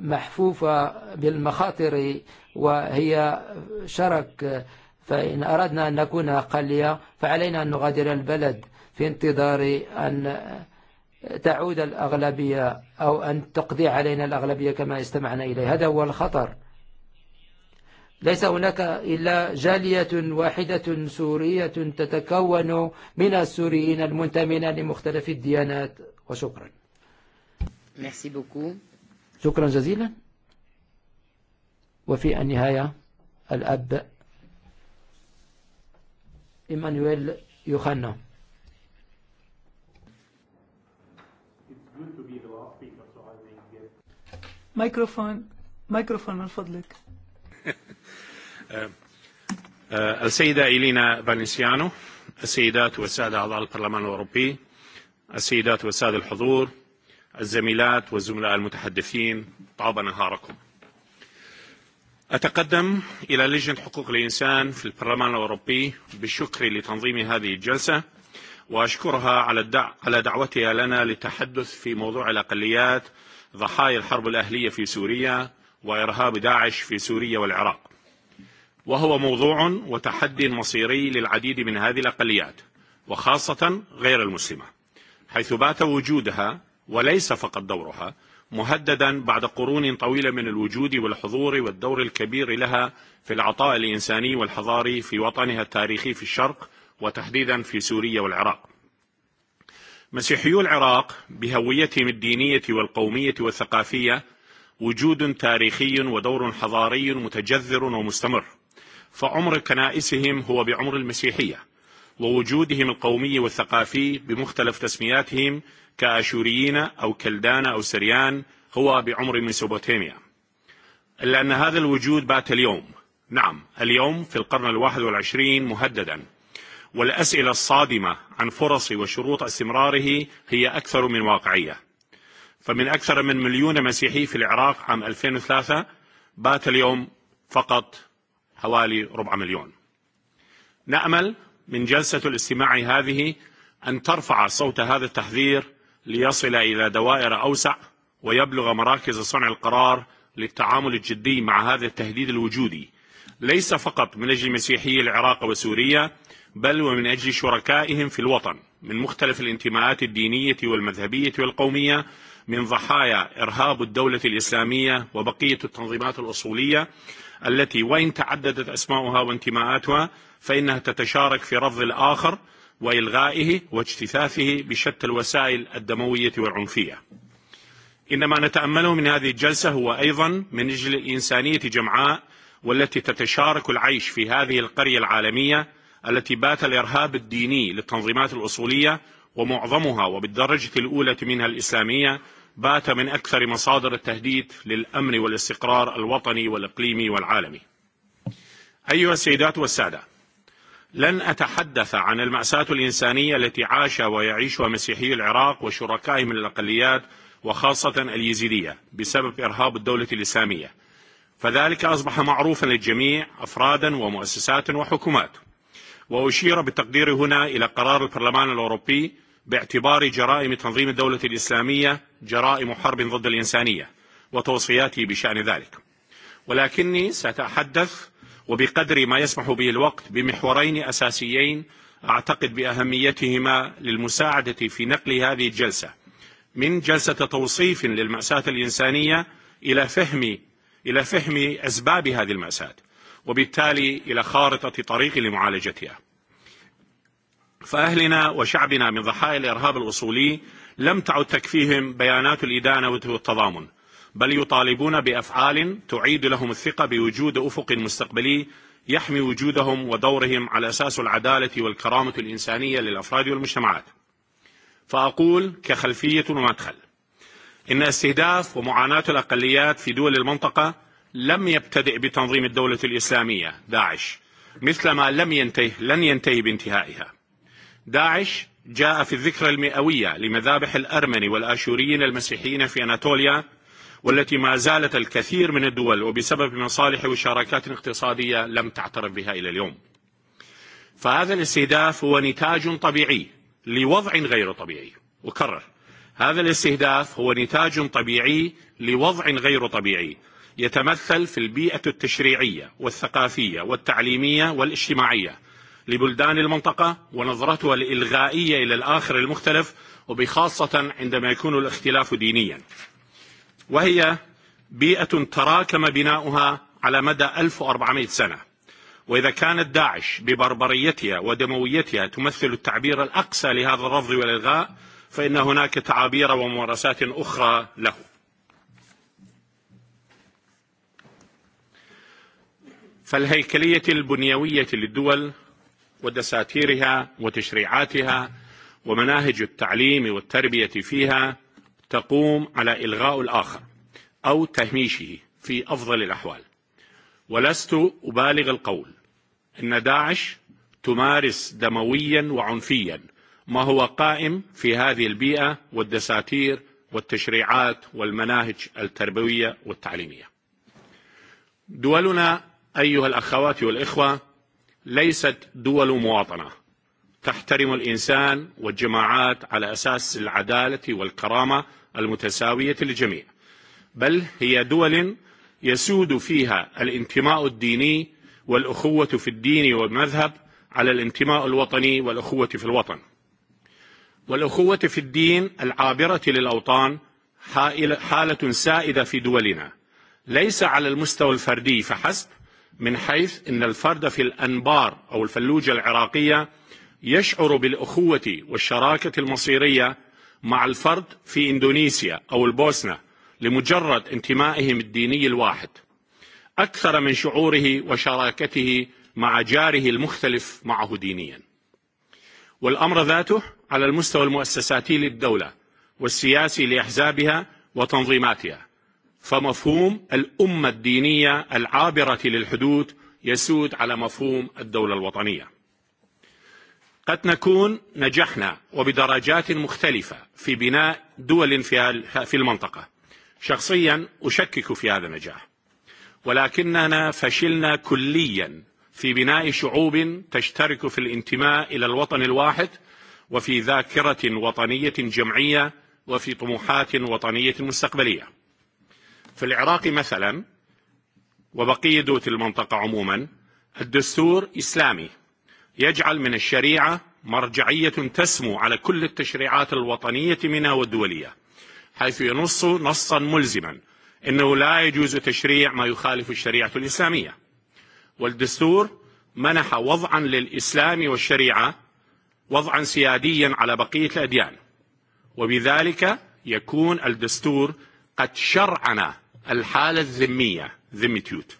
محفوفة بالمخاطر وهي شرك فإن أردنا أن نكون أقلية فعلينا أن نغادر البلد في انتظار أن تعود الأغلبية أو أن تقضي علينا الأغلبية كما استمعنا إليه هذا هو الخطر ليس هناك إلا جالية واحدة سورية تتكون من السوريين المنتمين لمختلف الديانات وشكرا شكرا جزيلا وفي النهاية الأب إيمانويل يوحنا ميكروفون ميكروفون من فضلك السيدة إلينا فالنسيانو السيدات والسادة أعضاء البرلمان الأوروبي السيدات والسادة الحضور الزميلات والزملاء المتحدثين طاب نهاركم أتقدم إلى لجنة حقوق الإنسان في البرلمان الأوروبي بالشكر لتنظيم هذه الجلسة وأشكرها على, الدع... على دعوتها لنا للتحدث في موضوع الأقليات ضحايا الحرب الأهلية في سوريا وإرهاب داعش في سوريا والعراق وهو موضوع وتحدي مصيري للعديد من هذه الأقليات وخاصة غير المسلمة حيث بات وجودها وليس فقط دورها مهددا بعد قرون طويلة من الوجود والحضور والدور الكبير لها في العطاء الإنساني والحضاري في وطنها التاريخي في الشرق وتحديدا في سوريا والعراق مسيحيو العراق بهويتهم الدينية والقومية والثقافية وجود تاريخي ودور حضاري متجذر ومستمر فعمر كنائسهم هو بعمر المسيحية ووجودهم القومي والثقافي بمختلف تسمياتهم كأشوريين أو كلدان أو سريان هو بعمر ميسوبوتاميا إلا أن هذا الوجود بات اليوم نعم اليوم في القرن الواحد والعشرين مهددا والأسئلة الصادمة عن فرص وشروط استمراره هي أكثر من واقعية فمن أكثر من مليون مسيحي في العراق عام 2003 بات اليوم فقط حوالي ربع مليون نأمل من جلسة الاستماع هذه أن ترفع صوت هذا التحذير ليصل إلى دوائر أوسع ويبلغ مراكز صنع القرار للتعامل الجدي مع هذا التهديد الوجودي ليس فقط من أجل مسيحي العراق وسوريا بل ومن أجل شركائهم في الوطن من مختلف الانتماءات الدينية والمذهبية والقومية من ضحايا إرهاب الدولة الإسلامية وبقية التنظيمات الأصولية التي وإن تعددت أسماؤها وانتماءاتها فإنها تتشارك في رفض الآخر وإلغائه واجتثاثه بشتى الوسائل الدموية والعنفية إن ما نتأمله من هذه الجلسة هو أيضا من أجل الإنسانية جمعاء والتي تتشارك العيش في هذه القرية العالمية التي بات الإرهاب الديني للتنظيمات الأصولية ومعظمها وبالدرجة الأولى منها الإسلامية بات من أكثر مصادر التهديد للأمن والاستقرار الوطني والإقليمي والعالمي أيها السيدات والسادة لن أتحدث عن المأساة الإنسانية التي عاش ويعيشها مسيحي العراق وشركائهم من الأقليات وخاصة اليزيدية بسبب إرهاب الدولة الإسلامية فذلك أصبح معروفا للجميع أفرادا ومؤسسات وحكومات وأشير بالتقدير هنا إلى قرار البرلمان الأوروبي باعتبار جرائم تنظيم الدولة الإسلامية جرائم حرب ضد الإنسانية وتوصياتي بشأن ذلك ولكني سأتحدث وبقدر ما يسمح به الوقت بمحورين أساسيين أعتقد بأهميتهما للمساعدة في نقل هذه الجلسة من جلسة توصيف للمأساة الإنسانية إلى فهم إلى فهم أسباب هذه المأساة وبالتالي إلى خارطة طريق لمعالجتها فأهلنا وشعبنا من ضحايا الإرهاب الأصولي لم تعد تكفيهم بيانات الإدانة والتضامن بل يطالبون بأفعال تعيد لهم الثقة بوجود أفق مستقبلي يحمي وجودهم ودورهم على أساس العدالة والكرامة الإنسانية للأفراد والمجتمعات فأقول كخلفية ومدخل إن استهداف ومعاناة الأقليات في دول المنطقة لم يبتدئ بتنظيم الدولة الإسلامية داعش مثلما لم ينتهي لن ينتهي بانتهائها داعش جاء في الذكرى المئوية لمذابح الأرمن والآشوريين المسيحيين في أناتوليا والتي ما زالت الكثير من الدول وبسبب مصالح وشراكات اقتصادية لم تعترف بها إلى اليوم فهذا الاستهداف هو نتاج طبيعي لوضع غير طبيعي وكرر هذا الاستهداف هو نتاج طبيعي لوضع غير طبيعي يتمثل في البيئة التشريعية والثقافية والتعليمية والاجتماعية لبلدان المنطقة ونظرتها الإلغائية إلى الآخر المختلف وبخاصة عندما يكون الاختلاف دينيا وهي بيئة تراكم بناؤها على مدى 1400 سنة وإذا كانت داعش ببربريتها ودمويتها تمثل التعبير الأقسى لهذا الرفض والإلغاء فإن هناك تعابير وممارسات أخرى له فالهيكلية البنيوية للدول ودساتيرها وتشريعاتها ومناهج التعليم والتربية فيها تقوم على إلغاء الآخر أو تهميشه في أفضل الأحوال ولست أبالغ القول إن داعش تمارس دمويا وعنفيا ما هو قائم في هذه البيئة والدساتير والتشريعات والمناهج التربوية والتعليمية دولنا أيها الأخوات والإخوة ليست دول مواطنة تحترم الإنسان والجماعات على أساس العدالة والكرامة المتساوية للجميع بل هي دول يسود فيها الانتماء الديني والأخوة في الدين والمذهب على الانتماء الوطني والأخوة في الوطن والأخوة في الدين العابرة للأوطان حالة سائدة في دولنا ليس على المستوى الفردي فحسب من حيث ان الفرد في الانبار او الفلوجه العراقيه يشعر بالاخوه والشراكه المصيريه مع الفرد في اندونيسيا او البوسنه لمجرد انتمائهم الديني الواحد اكثر من شعوره وشراكته مع جاره المختلف معه دينيا والامر ذاته على المستوى المؤسساتي للدوله والسياسي لاحزابها وتنظيماتها فمفهوم الأمة الدينية العابرة للحدود يسود على مفهوم الدولة الوطنية قد نكون نجحنا وبدرجات مختلفة في بناء دول في المنطقة شخصيا أشكك في هذا النجاح ولكننا فشلنا كليا في بناء شعوب تشترك في الانتماء إلى الوطن الواحد وفي ذاكرة وطنية جمعية وفي طموحات وطنية مستقبلية في العراق مثلا وبقية دول المنطقة عموما الدستور إسلامي يجعل من الشريعة مرجعية تسمو على كل التشريعات الوطنية منها والدولية حيث ينص نصا ملزما انه لا يجوز تشريع ما يخالف الشريعة الإسلامية والدستور منح وضعا للإسلام والشريعة وضعا سياديا على بقية الأديان وبذلك يكون الدستور قد شرعنا الحالة الذمية ذمتيوت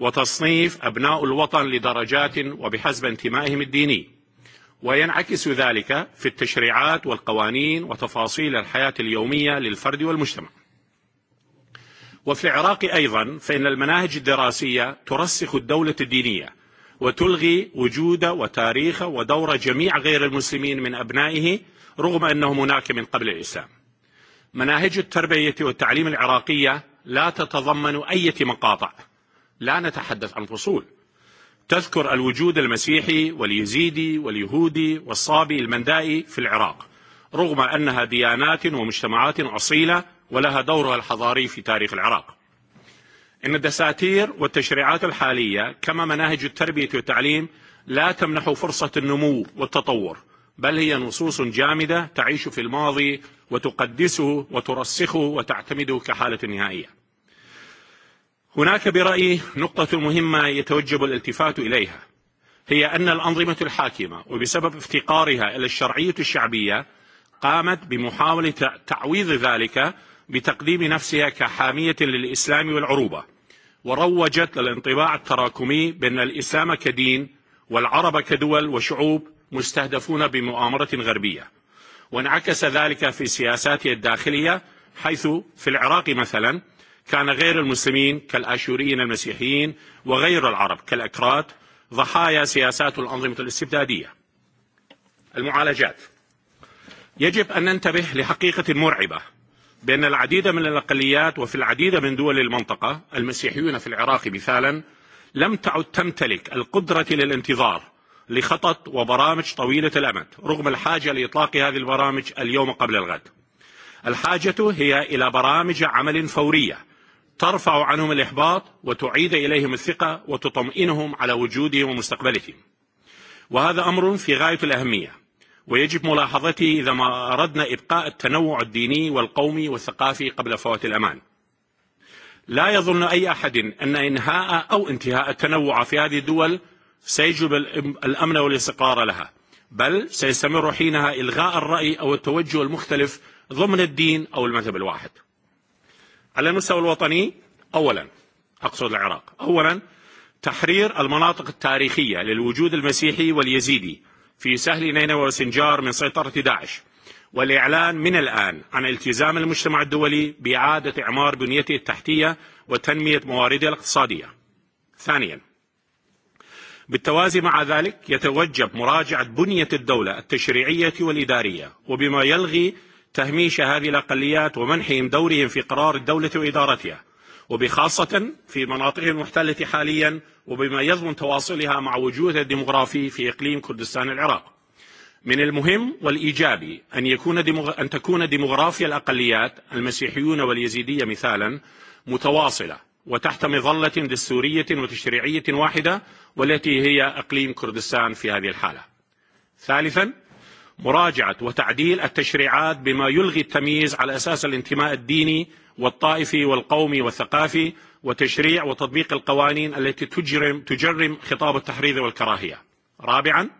وتصنيف أبناء الوطن لدرجات وبحسب انتمائهم الديني وينعكس ذلك في التشريعات والقوانين وتفاصيل الحياة اليومية للفرد والمجتمع وفي العراق أيضا فإن المناهج الدراسية ترسخ الدولة الدينية وتلغي وجود وتاريخ ودور جميع غير المسلمين من أبنائه رغم أنهم هناك من قبل الإسلام مناهج التربية والتعليم العراقية لا تتضمن أي مقاطع لا نتحدث عن فصول تذكر الوجود المسيحي واليزيدي واليهودي والصابي المندائي في العراق رغم أنها ديانات ومجتمعات أصيلة ولها دورها الحضاري في تاريخ العراق إن الدساتير والتشريعات الحالية كما مناهج التربية والتعليم لا تمنح فرصة النمو والتطور بل هي نصوص جامدة تعيش في الماضي وتقدسه وترسخه وتعتمده كحالة نهائية هناك برأيي نقطة مهمة يتوجب الالتفات إليها هي أن الأنظمة الحاكمة وبسبب افتقارها إلى الشرعية الشعبية قامت بمحاولة تعويض ذلك بتقديم نفسها كحامية للإسلام والعروبة وروجت للانطباع التراكمي بأن الإسلام كدين والعرب كدول وشعوب مستهدفون بمؤامرة غربية وانعكس ذلك في سياساته الداخلية حيث في العراق مثلا كان غير المسلمين كالآشوريين المسيحيين وغير العرب كالأكراد ضحايا سياسات الأنظمة الاستبدادية المعالجات يجب أن ننتبه لحقيقة مرعبة بأن العديد من الأقليات وفي العديد من دول المنطقة المسيحيون في العراق مثالا لم تعد تمتلك القدرة للانتظار لخطط وبرامج طويلة الأمد رغم الحاجة لإطلاق هذه البرامج اليوم قبل الغد الحاجة هي إلى برامج عمل فورية ترفع عنهم الإحباط وتعيد إليهم الثقة وتطمئنهم على وجودهم ومستقبلهم وهذا أمر في غاية الأهمية ويجب ملاحظته إذا ما أردنا إبقاء التنوع الديني والقومي والثقافي قبل فوات الأمان لا يظن أي أحد أن إنهاء أو انتهاء التنوع في هذه الدول سيجب الأمن والاستقرار لها بل سيستمر حينها إلغاء الرأي أو التوجه المختلف ضمن الدين أو المذهب الواحد على المستوى الوطني أولا أقصد العراق أولا تحرير المناطق التاريخية للوجود المسيحي واليزيدي في سهل نينوى وسنجار من سيطرة داعش والإعلان من الآن عن التزام المجتمع الدولي بإعادة إعمار بنيته التحتية وتنمية موارده الاقتصادية ثانيا بالتوازي مع ذلك يتوجب مراجعة بنية الدولة التشريعية والإدارية وبما يلغي تهميش هذه الأقليات ومنحهم دورهم في قرار الدولة وإدارتها وبخاصة في مناطقهم المحتلة حاليا وبما يضمن تواصلها مع وجودها الديمغرافي في إقليم كردستان العراق من المهم والإيجابي أن, يكون ديمغ... أن تكون ديمغرافيا الأقليات المسيحيون واليزيدية مثالا متواصلة وتحت مظلة دستورية وتشريعية واحدة والتي هي أقليم كردستان في هذه الحالة ثالثا مراجعة وتعديل التشريعات بما يلغي التمييز على أساس الانتماء الديني والطائفي والقومي والثقافي وتشريع وتطبيق القوانين التي تجرم, تجرم خطاب التحريض والكراهية رابعا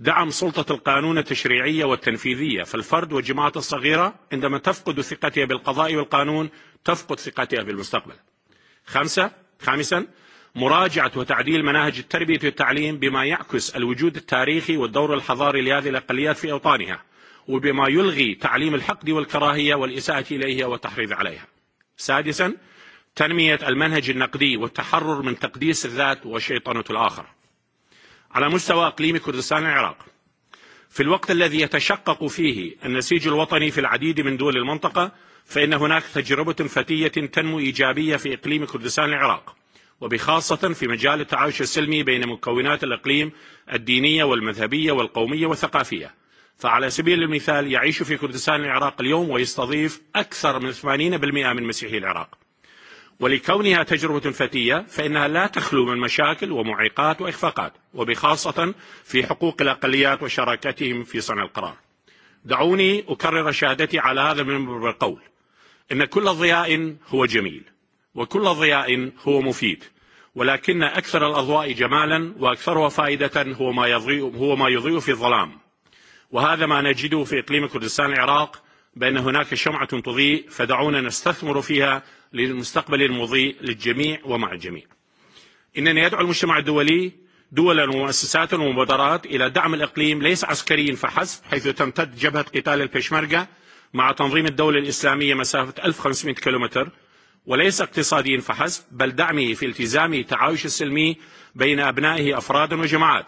دعم سلطة القانون التشريعية والتنفيذية فالفرد والجماعات الصغيرة عندما تفقد ثقتها بالقضاء والقانون تفقد ثقتها بالمستقبل خمسة خامسا مراجعة وتعديل مناهج التربية والتعليم بما يعكس الوجود التاريخي والدور الحضاري لهذه الأقليات في أوطانها وبما يلغي تعليم الحقد والكراهية والإساءة إليها والتحريض عليها سادسا تنمية المنهج النقدي والتحرر من تقديس الذات وشيطنة الآخر على مستوى أقليم كردستان العراق في الوقت الذي يتشقق فيه النسيج الوطني في العديد من دول المنطقة فإن هناك تجربة فتية تنمو إيجابية في إقليم كردستان العراق وبخاصة في مجال التعايش السلمي بين مكونات الإقليم الدينية والمذهبية والقومية والثقافية فعلى سبيل المثال يعيش في كردستان العراق اليوم ويستضيف أكثر من 80% من مسيحي العراق ولكونها تجربة فتية فإنها لا تخلو من مشاكل ومعيقات وإخفاقات وبخاصة في حقوق الأقليات وشراكتهم في صنع القرار دعوني أكرر شهادتي على هذا المنبر بالقول ان كل ضياء هو جميل وكل ضياء هو مفيد ولكن أكثر الاضواء جمالا واكثرها فائدة هو ما يضيء هو ما يضيء في الظلام وهذا ما نجده في اقليم كردستان العراق بان هناك شمعة تضيء فدعونا نستثمر فيها للمستقبل المضيء للجميع ومع الجميع انني ادعو المجتمع الدولي دولا ومؤسسات ومبادرات إلى دعم الإقليم ليس عسكريا فحسب حيث تمتد جبهه قتال البشمركه مع تنظيم الدولة الإسلامية مسافة 1500 كيلومتر وليس اقتصاديا فحسب بل دعمه في التزام التعايش السلمي بين أبنائه أفرادا وجماعات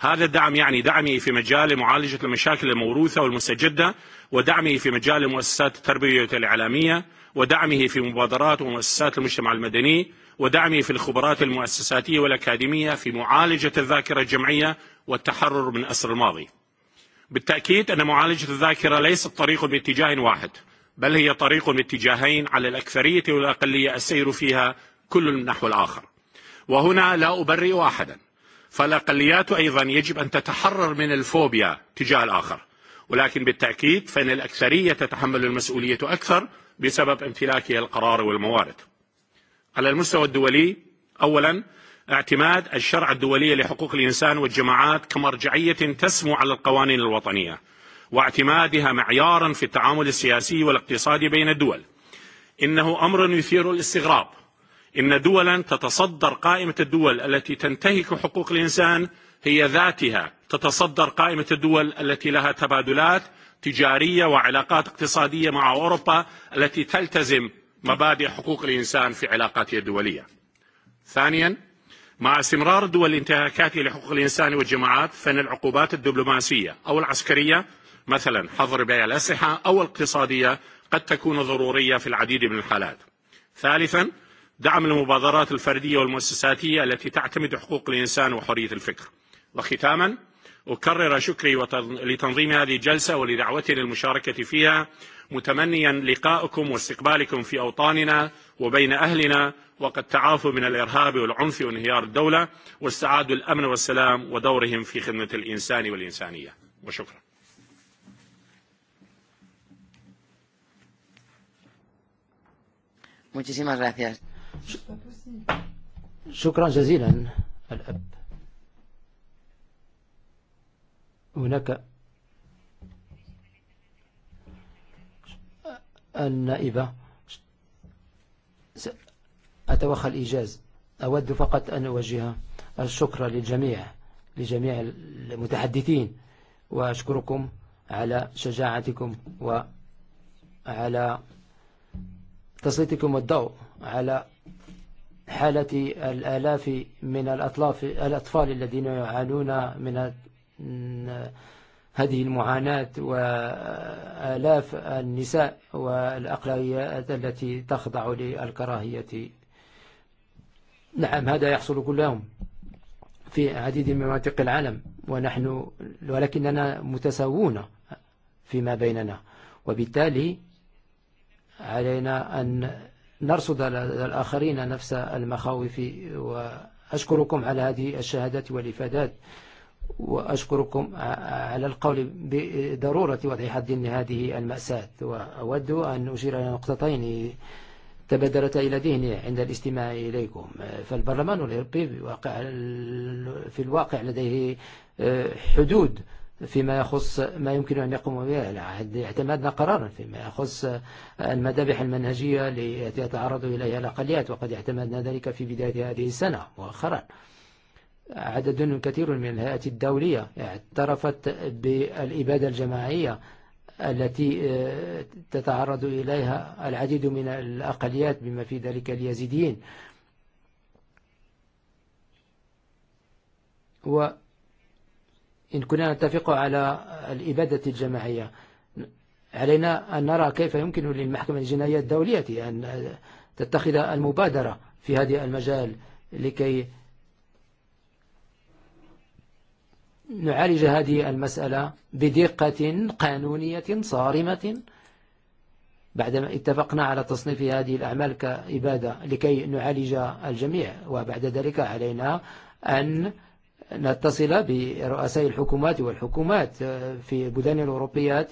هذا الدعم يعني دعمه في مجال معالجة المشاكل الموروثة والمستجدة ودعمه في مجال مؤسسات التربية الإعلامية ودعمه في مبادرات ومؤسسات المجتمع المدني ودعمه في الخبرات المؤسساتية والأكاديمية في معالجة الذاكرة الجمعية والتحرر من أسر الماضي بالتأكيد أن معالجة الذاكرة ليست طريق باتجاه واحد بل هي طريق باتجاهين على الأكثرية والأقلية السير فيها كل نحو الآخر وهنا لا أبرئ أحدا فالأقليات أيضا يجب أن تتحرر من الفوبيا تجاه الآخر ولكن بالتأكيد فإن الأكثرية تتحمل المسؤولية أكثر بسبب امتلاكها القرار والموارد على المستوى الدولي أولا اعتماد الشرع الدولية لحقوق الإنسان والجماعات كمرجعية تسمو على القوانين الوطنية واعتمادها معيارا في التعامل السياسي والاقتصادي بين الدول إنه أمر يثير الاستغراب إن دولا تتصدر قائمة الدول التي تنتهك حقوق الإنسان هي ذاتها تتصدر قائمة الدول التي لها تبادلات تجارية وعلاقات اقتصادية مع أوروبا التي تلتزم مبادئ حقوق الإنسان في علاقاتها الدولية ثانيا مع استمرار دول الانتهاكات لحقوق الإنسان والجماعات فإن العقوبات الدبلوماسية أو العسكرية مثلا حظر بيع الأسلحة او الاقتصادية قد تكون ضرورية في العديد من الحالات ثالثا دعم المبادرات الفردية والمؤسساتية التي تعتمد حقوق الإنسان وحرية الفكر وختاما أكرر شكري لتنظيم هذه الجلسة ولدعوتي للمشاركة فيها متمنيا لقاءكم واستقبالكم في أوطاننا وبين أهلنا وقد تعافوا من الإرهاب والعنف وانهيار الدولة والسعاد الأمن والسلام ودورهم في خدمة الإنسان والإنسانية وشكرا Muchísimas gracias. شكرا جزيلا الأب هناك النائبة أتوخى الإيجاز أود فقط أن أوجه الشكر للجميع لجميع المتحدثين وأشكركم على شجاعتكم وعلى تسليطكم الضوء على حالة الآلاف من الأطفال الذين يعانون من هذه المعاناة وآلاف النساء والأقليات التي تخضع للكراهية نعم هذا يحصل كل يوم في عديد من مناطق العالم ونحن ولكننا متساوون فيما بيننا وبالتالي علينا أن نرصد للآخرين نفس المخاوف وأشكركم على هذه الشهادات والإفادات وأشكركم على القول بضرورة وضع حد لهذه المأساة وأود أن أشير إلى نقطتين تبادرت إلى ذهني عند الاستماع إليكم فالبرلمان الإيربي في الواقع لديه حدود فيما يخص ما يمكن أن يقوم به العهد اعتمادنا قرارا فيما يخص المذابح المنهجية التي يتعرض إليها الأقليات وقد اعتمدنا ذلك في بداية هذه السنة مؤخرا عدد كثير من الهيئات الدولية اعترفت بالإبادة الجماعية التي تتعرض إليها العديد من الأقليات بما في ذلك اليزيديين وإن كنا نتفق على الإبادة الجماعية علينا أن نرى كيف يمكن للمحكمة الجنائية الدولية أن تتخذ المبادرة في هذا المجال لكي نعالج هذه المسألة بدقة قانونية صارمة بعدما اتفقنا على تصنيف هذه الأعمال كإبادة لكي نعالج الجميع وبعد ذلك علينا أن نتصل برؤساء الحكومات والحكومات في البلدان الأوروبية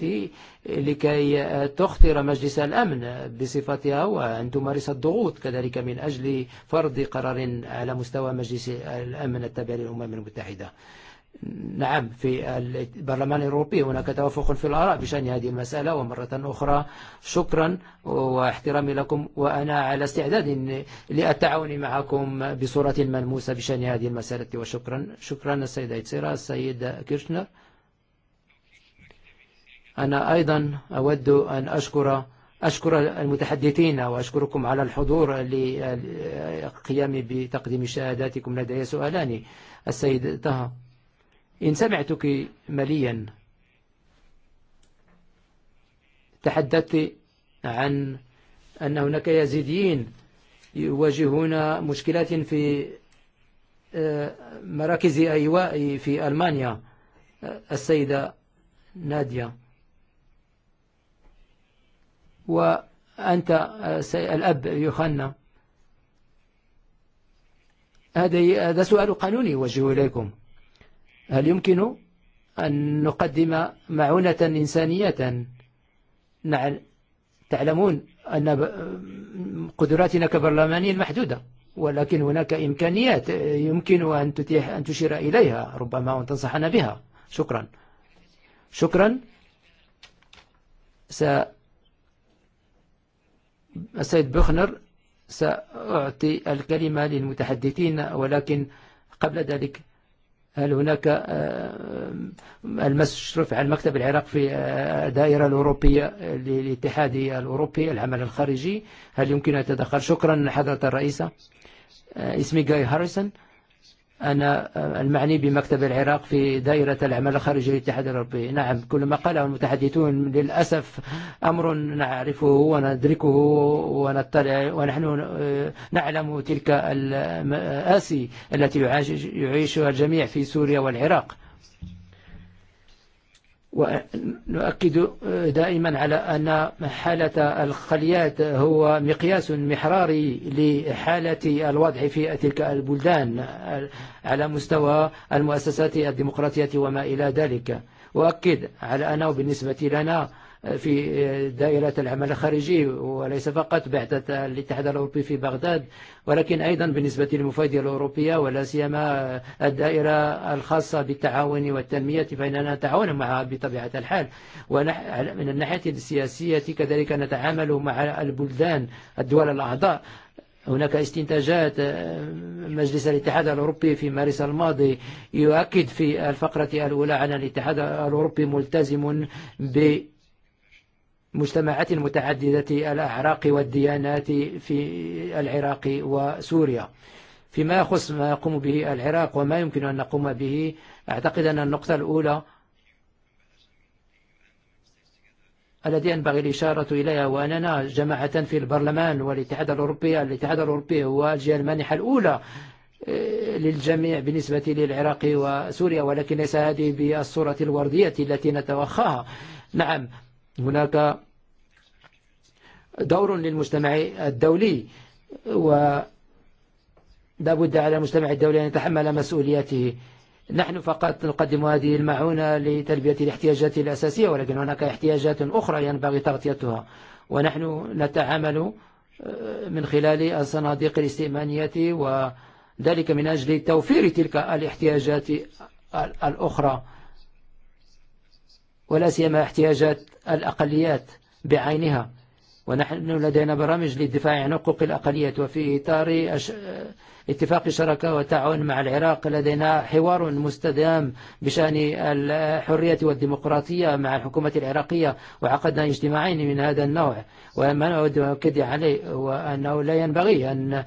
لكي تخطر مجلس الأمن بصفتها وأن تمارس الضغوط كذلك من أجل فرض قرار على مستوى مجلس الأمن التابع للأمم المتحدة. نعم في البرلمان الأوروبي هناك توافق في الآراء بشأن هذه المسألة ومرة أخرى شكرا واحترامي لكم وأنا على استعداد للتعاون معكم بصورة ملموسة بشأن هذه المسألة وشكرا شكرا السيدة إتسيرا السيد كيرشنر أنا أيضا أود أن أشكر أشكر المتحدثين وأشكركم على الحضور لقيامي بتقديم شهاداتكم لدي سؤالان السيد طه إن سمعتك مليا تحدثت عن أن هناك يزيديين يواجهون مشكلات في مراكز أيواء في ألمانيا السيدة نادية وأنت الأب يخنى هذا سؤال قانوني يوجه إليكم هل يمكن أن نقدم معونة إنسانية تعلمون أن قدراتنا كبرلمانيين محدودة ولكن هناك إمكانيات يمكن أن تتيح أن تشير إليها ربما أن تنصحنا بها شكرا شكرا س السيد بخنر سأعطي الكلمة للمتحدثين ولكن قبل ذلك هل هناك المشرف على المكتب العراق في دائرة الأوروبية للاتحاد الأوروبي العمل الخارجي هل يمكن أن تدخل شكرا حضرة الرئيسة اسمي جاي هاريسون أنا المعني بمكتب العراق في دائرة العمل الخارجي للاتحاد الأوروبي نعم كل ما قاله المتحدثون للأسف أمر نعرفه وندركه ونطلع ونحن نعلم تلك المآسي التي يعيشها الجميع في سوريا والعراق ونؤكد دائما على أن حالة الخليات هو مقياس محراري لحالة الوضع في تلك البلدان على مستوى المؤسسات الديمقراطية وما إلى ذلك وأكد على أنه بالنسبة لنا في دائرة العمل الخارجي وليس فقط بعثة الاتحاد الأوروبي في بغداد ولكن أيضا بالنسبة للمفادية الأوروبية ولا سيما الدائرة الخاصة بالتعاون والتنمية فإننا نتعاون معها بطبيعة الحال ومن الناحية السياسية كذلك نتعامل مع البلدان الدول الأعضاء هناك استنتاجات مجلس الاتحاد الأوروبي في مارس الماضي يؤكد في الفقرة الأولى أن الاتحاد الأوروبي ملتزم ب مجتمعات متعددة الأعراق والديانات في العراق وسوريا فيما يخص ما يقوم به العراق وما يمكن أن نقوم به أعتقد أن النقطة الأولى التي ينبغي الإشارة إليها وأننا جماعة في البرلمان والاتحاد الأوروبي الاتحاد الأوروبي هو الجهة المانحة الأولى للجميع بالنسبة للعراق وسوريا ولكن ليس هذه بالصورة الوردية التي نتوخاها نعم هناك دور للمجتمع الدولي بد على المجتمع الدولي أن يتحمل مسؤوليته نحن فقط نقدم هذه المعونة لتلبية الاحتياجات الأساسية ولكن هناك احتياجات أخرى ينبغي تغطيتها ونحن نتعامل من خلال الصناديق الاستئمانية وذلك من أجل توفير تلك الاحتياجات الأخرى ولا سيما احتياجات الأقليات بعينها ونحن لدينا برامج للدفاع عن حقوق الأقلية وفي إطار اتفاق شراكة وتعاون مع العراق لدينا حوار مستدام بشأن الحرية والديمقراطية مع الحكومة العراقية وعقدنا اجتماعين من هذا النوع وما نود أؤكد عليه هو أنه لا ينبغي أن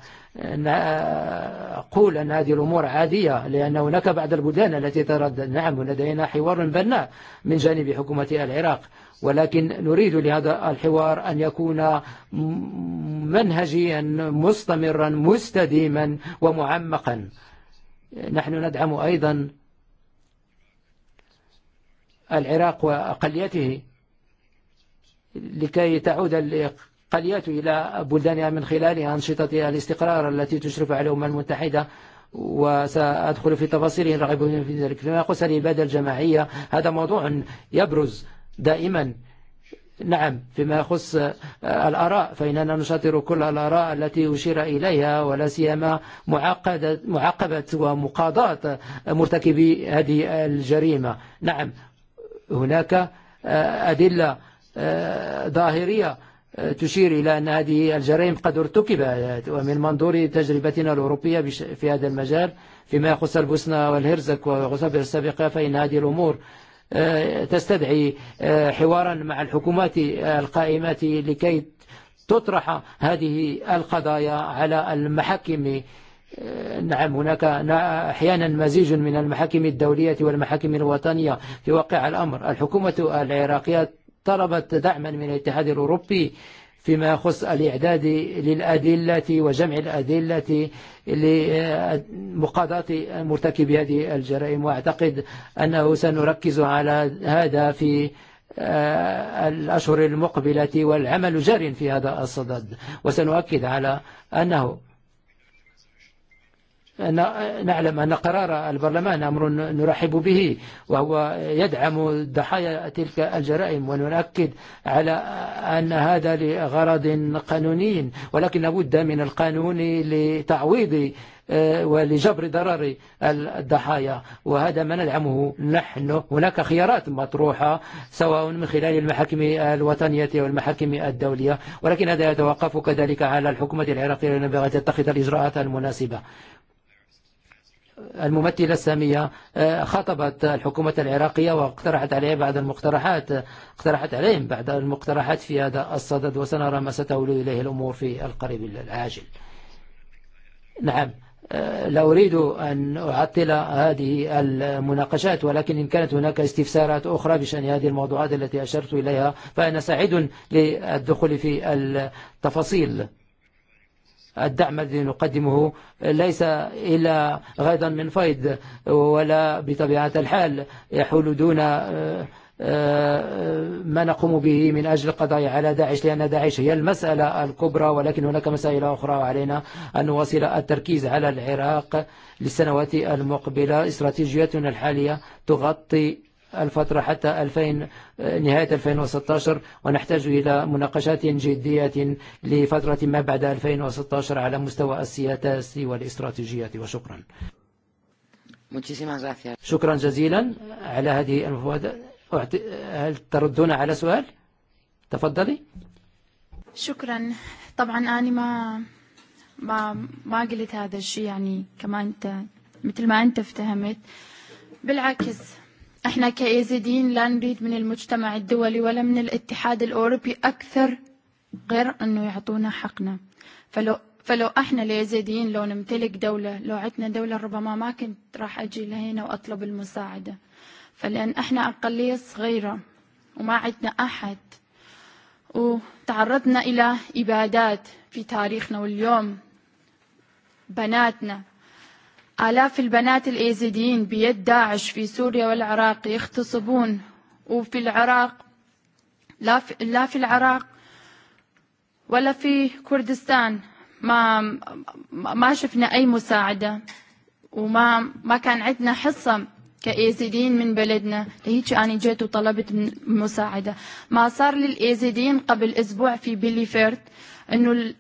نقول أن هذه الأمور عادية لأن هناك بعض البلدان التي تردد نعم لدينا حوار بناء من جانب حكومة العراق ولكن نريد لهذا الحوار أن يكون منهجيا مستمرا مستديما ومعمقا نحن ندعم أيضا العراق وأقليته لكي تعود الأقليات إلى بلدانها من خلال أنشطة الاستقرار التي تشرف على الأمم المتحدة وسأدخل في تفاصيله رغبهم في ذلك فيما يقص الإبادة الجماعية هذا موضوع يبرز دائما نعم فيما يخص الأراء فإننا نشاطر كل الأراء التي أشير إليها ولا سيما معقدة معقبة ومقاضاة مرتكبي هذه الجريمة نعم هناك أدلة ظاهرية تشير إلى أن هذه الجرائم قد ارتكبت ومن منظور تجربتنا الأوروبية في هذا المجال فيما يخص البوسنة والهرزك وغصب السابقة فإن هذه الأمور تستدعي حوارا مع الحكومات القائمة لكي تطرح هذه القضايا على المحاكم نعم هناك أحيانا مزيج من المحاكم الدولية والمحاكم الوطنية في واقع الأمر الحكومة العراقية طلبت دعما من الاتحاد الأوروبي فيما يخص الإعداد للأدلة وجمع الأدلة لمقاضاة مرتكبي هذه الجرائم وأعتقد أنه سنركز على هذا في الأشهر المقبلة والعمل جار في هذا الصدد وسنؤكد على أنه نعلم أن قرار البرلمان أمر نرحب به وهو يدعم ضحايا تلك الجرائم ونؤكد على أن هذا لغرض قانوني ولكن لابد من القانون لتعويض ولجبر ضرر الضحايا وهذا ما ندعمه نحن هناك خيارات مطروحة سواء من خلال المحاكم الوطنية والمحاكم الدولية ولكن هذا يتوقف كذلك على الحكومة العراقية التي ينبغي تتخذ الإجراءات المناسبة الممثلة السامية خاطبت الحكومة العراقية واقترحت عليها بعض المقترحات اقترحت عليهم بعض المقترحات في هذا الصدد وسنرى ما ستولي إليه الأمور في القريب العاجل نعم لا أريد أن أعطل هذه المناقشات ولكن إن كانت هناك استفسارات أخرى بشأن هذه الموضوعات التي أشرت إليها فأنا سعيد للدخول في التفاصيل الدعم الذي نقدمه ليس إلا غيظا من فيض ولا بطبيعة الحال يحول دون ما نقوم به من أجل القضايا على داعش لأن داعش هي المسألة الكبرى ولكن هناك مسائل أخرى علينا أن نواصل التركيز على العراق للسنوات المقبلة استراتيجيتنا الحالية تغطي الفترة حتى 2000 نهاية 2016 ونحتاج إلى مناقشات جدية لفترة ما بعد 2016 على مستوى السياسات والاستراتيجية وشكرا شكرا جزيلا على هذه المفاوضة هل تردون على سؤال؟ تفضلي شكرا طبعا أنا ما ما ما قلت هذا الشيء يعني كما أنت مثل ما أنت افتهمت بالعكس احنا كيزيديين لا نريد من المجتمع الدولي ولا من الاتحاد الأوروبي أكثر غير أنه يعطونا حقنا فلو فلو احنا اليزيديين لو نمتلك دولة لو عندنا دولة ربما ما كنت راح اجي لهنا واطلب المساعدة فلان احنا اقلية صغيرة وما عندنا احد وتعرضنا الى ابادات في تاريخنا واليوم بناتنا آلاف البنات الإيزيديين بيد داعش في سوريا والعراق يختصبون وفي العراق لا في, لا في العراق ولا في كردستان ما ما شفنا أي مساعدة وما ما كان عندنا حصة كإيزيديين من بلدنا لهيك أنا جيت وطلبت مساعدة ما صار للإيزيديين قبل أسبوع في بيليفيرت أنه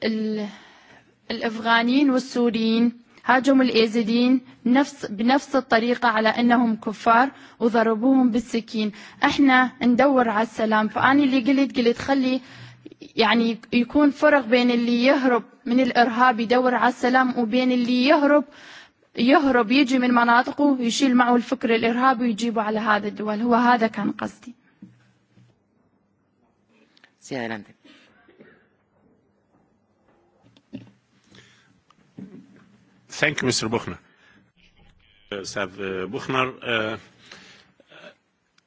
الأفغانيين والسوريين هاجموا الإيزيدين نفس بنفس الطريقة على أنهم كفار وضربوهم بالسكين احنا ندور على السلام فأنا اللي قلت قلت خلي يعني يكون فرق بين اللي يهرب من الإرهاب يدور على السلام وبين اللي يهرب يهرب يجي من مناطقه يشيل معه الفكر الإرهابي ويجيبه على هذا الدول هو هذا كان قصدي سي adelante. Thank you, Mr. Buchner. أستاذ بوخنر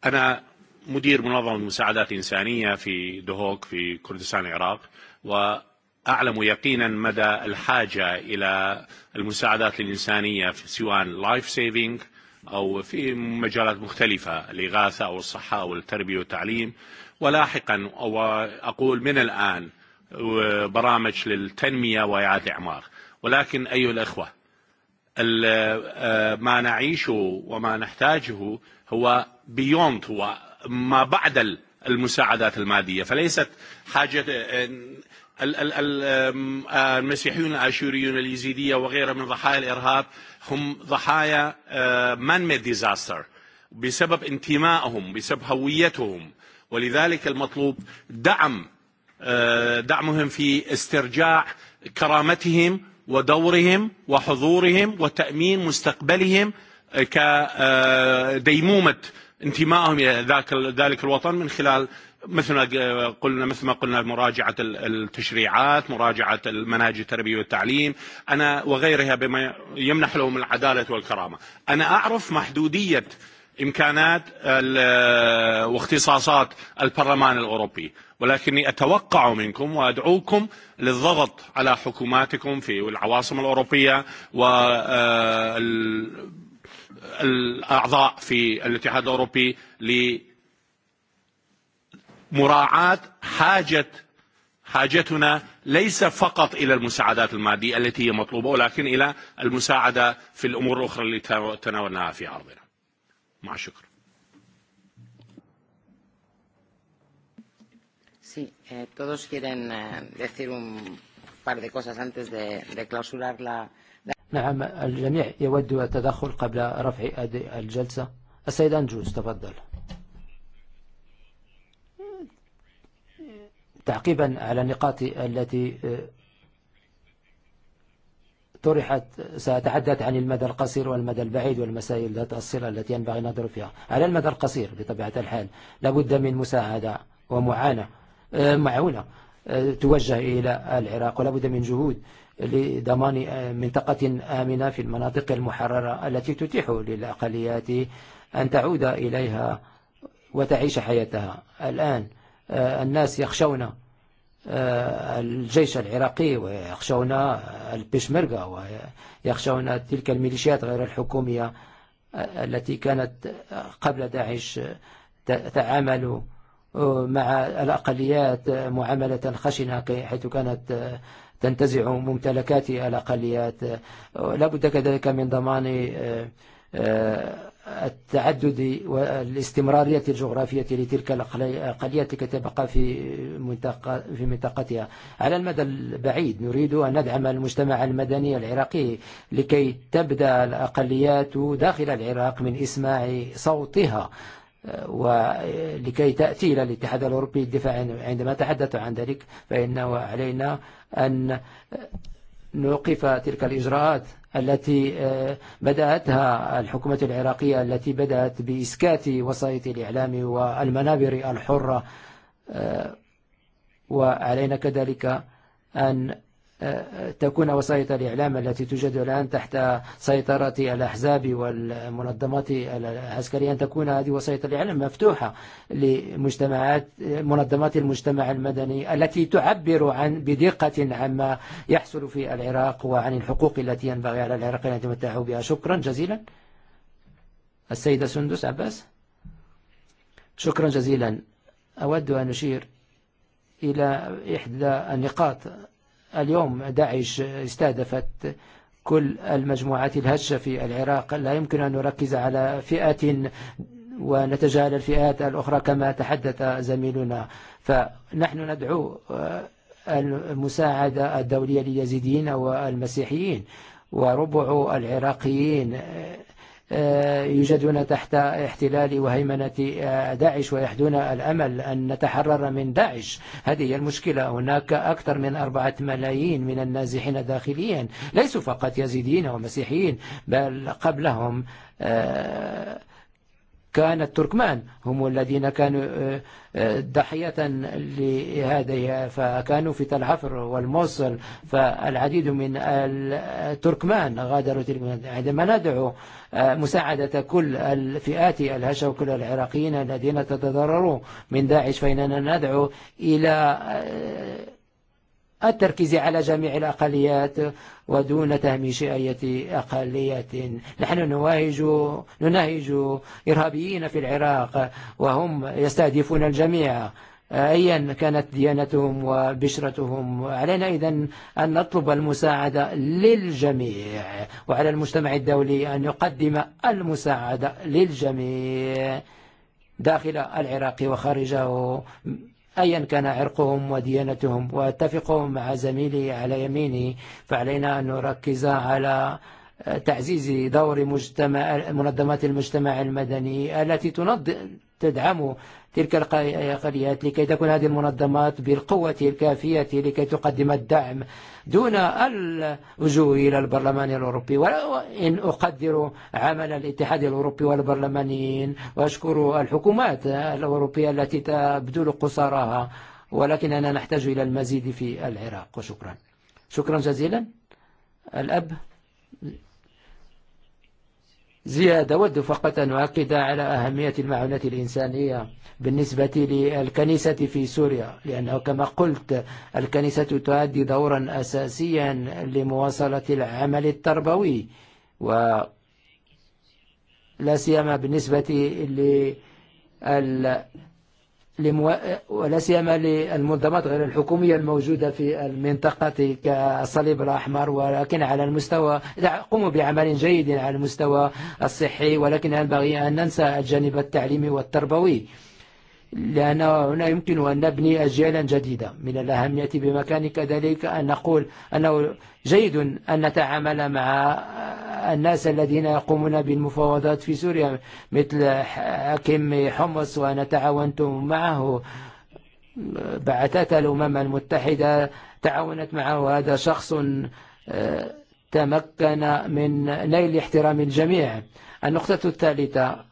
أنا مدير منظمة مساعدات الإنسانية في دهوك في كردستان العراق وأعلم يقينا مدى الحاجة إلى المساعدات الإنسانية سواء لايف سيفينج أو في مجالات مختلفة الإغاثة أو الصحة أو التربية والتعليم ولاحقا أو أقول من الآن برامج للتنمية وإعادة إعمار ولكن أيها الأخوة ما نعيشه وما نحتاجه هو بيوند هو ما بعد المساعدات المادية فليست حاجة المسيحيون الاشوريون اليزيديه وغيرها من ضحايا الارهاب هم ضحايا من ميد ديزاستر بسبب انتمائهم بسبب هويتهم ولذلك المطلوب دعم دعمهم في استرجاع كرامتهم ودورهم وحضورهم وتأمين مستقبلهم كديمومة انتمائهم إلى ذاك ذلك الوطن من خلال مثل ما قلنا مثل ما قلنا مراجعة التشريعات مراجعة المناهج التربية والتعليم أنا وغيرها بما يمنح لهم العدالة والكرامة أنا أعرف محدودية امكانات واختصاصات البرلمان الاوروبي ولكني اتوقع منكم وادعوكم للضغط على حكوماتكم في العواصم و الاعضاء في الاتحاد الاوروبي لمراعاة حاجة حاجتنا ليس فقط الى المساعدات المادية التي هي مطلوبة ولكن الى المساعدة في الامور الاخرى التي تناولناها في عرضنا مع شكر Sí, eh, todos quieren eh, decir un par de cosas antes de, de clausurar la, la... نعم الجميع يود التدخل قبل رفع الجلسة السيد أندروز تفضل تعقيبا على النقاط التي طرحت ساتحدث عن المدى القصير والمدى البعيد والمسائل ذات الصلة التي ينبغي النظر فيها على المدى القصير بطبيعة الحال لابد من مساعدة ومعانة معونة توجه إلى العراق ولابد من جهود لضمان منطقة آمنة في المناطق المحررة التي تتيح للأقليات أن تعود إليها وتعيش حياتها الآن الناس يخشون الجيش العراقي ويخشون البشمركة ويخشون تلك الميليشيات غير الحكومية التي كانت قبل داعش تعامل مع الأقليات معاملة خشنة حيث كانت تنتزع ممتلكات الأقليات لا بد كذلك من ضمان التعدد والاستمرارية الجغرافية لتلك الأقلية التي تبقى في منطقة في منطقتها على المدى البعيد نريد أن ندعم المجتمع المدني العراقي لكي تبدأ الأقليات داخل العراق من إسماع صوتها ولكي تأتي إلى الاتحاد الأوروبي الدفاع عندما تحدث عن ذلك فإنه علينا أن نوقف تلك الإجراءات التي بدأتها الحكومة العراقية التي بدأت بإسكات وسائط الإعلام والمنابر الحرة وعلينا كذلك أن تكون وسائل الإعلام التي توجد الآن تحت سيطرة الأحزاب والمنظمات العسكرية أن تكون هذه وسائل الإعلام مفتوحة لمجتمعات منظمات المجتمع المدني التي تعبر عن بدقة عما يحصل في العراق وعن الحقوق التي ينبغي على العراقيين أن يتمتعوا بها شكرا جزيلا السيدة سندس عباس شكرا جزيلا أود أن أشير إلى إحدى النقاط اليوم داعش استهدفت كل المجموعات الهشة في العراق لا يمكن أن نركز على فئة ونتجاهل الفئات الأخرى كما تحدث زميلنا فنحن ندعو المساعدة الدولية لليزيديين والمسيحيين وربع العراقيين يوجدون تحت احتلال وهيمنة داعش ويحدون الأمل أن نتحرر من داعش هذه هي المشكلة هناك أكثر من أربعة ملايين من النازحين داخليا ليسوا فقط يزيدين ومسيحيين بل قبلهم آه كان التركمان هم الذين كانوا ضحية لهذه فكانوا في تل والموصل فالعديد من التركمان غادروا تلك عندما ندعو مساعدة كل الفئات الهشة وكل العراقيين الذين تتضرروا من داعش فإننا ندعو إلى التركيز على جميع الأقليات ودون تهميش أي أقلية نحن نواهج نناهج إرهابيين في العراق وهم يستهدفون الجميع أيا كانت ديانتهم وبشرتهم علينا إذا أن نطلب المساعدة للجميع وعلى المجتمع الدولي أن يقدم المساعدة للجميع داخل العراق وخارجه أيا كان عرقهم وديانتهم واتفقوا مع زميلي على يميني فعلينا أن نركز على تعزيز دور مجتمع منظمات المجتمع المدني التي تدعم تلك القريات لكي تكون هذه المنظمات بالقوة الكافية لكي تقدم الدعم دون اللجوء إلى البرلمان الأوروبي وإن أقدر عمل الاتحاد الأوروبي والبرلمانيين وأشكر الحكومات الأوروبية التي تبذل قصارها ولكننا نحتاج إلى المزيد في العراق وشكرا شكرا جزيلا الأب زيادة ود فقط أن أؤكد على أهمية المعونات الإنسانية بالنسبة للكنيسة في سوريا لأنه كما قلت الكنيسة تؤدي دورا أساسيا لمواصلة العمل التربوي ولا سيما بالنسبة للمسلمين ولا سيما للمنظمات غير الحكوميه الموجوده في المنطقه كالصليب الاحمر ولكن على المستوى قوموا بعمل جيد على المستوى الصحي ولكن ينبغي ان ننسى الجانب التعليمي والتربوي لأن هنا يمكن أن نبني أجيالا جديدة من الأهمية بمكان كذلك أن نقول أنه جيد أن نتعامل مع الناس الذين يقومون بالمفاوضات في سوريا مثل حاكم حمص وأنا تعاونت معه بعثات الأمم المتحدة تعاونت معه هذا شخص تمكن من نيل احترام الجميع النقطة الثالثة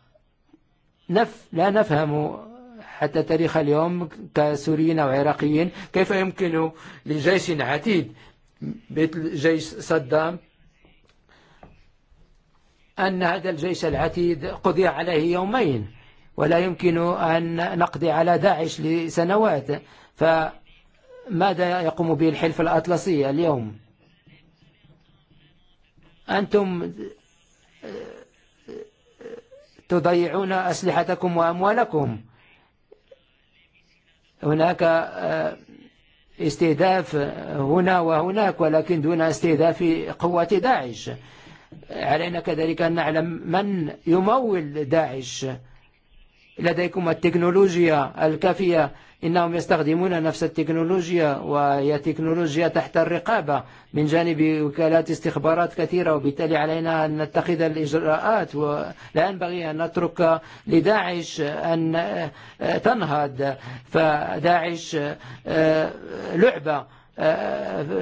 نف لا نفهم حتى تاريخ اليوم كسوريين أو عراقيين كيف يمكن لجيش عتيد مثل جيش صدام أن هذا الجيش العتيد قضي عليه يومين ولا يمكن أن نقضي على داعش لسنوات فماذا يقوم به الحلف الأطلسي اليوم أنتم تضيعون أسلحتكم وأموالكم هناك استهداف هنا وهناك ولكن دون استهداف قوة داعش علينا كذلك أن نعلم من يمول داعش لديكم التكنولوجيا الكافية إنهم يستخدمون نفس التكنولوجيا وهي تكنولوجيا تحت الرقابة من جانب وكالات استخبارات كثيرة وبالتالي علينا أن نتخذ الإجراءات ولا ينبغي أن نترك لداعش أن تنهض فداعش لعبة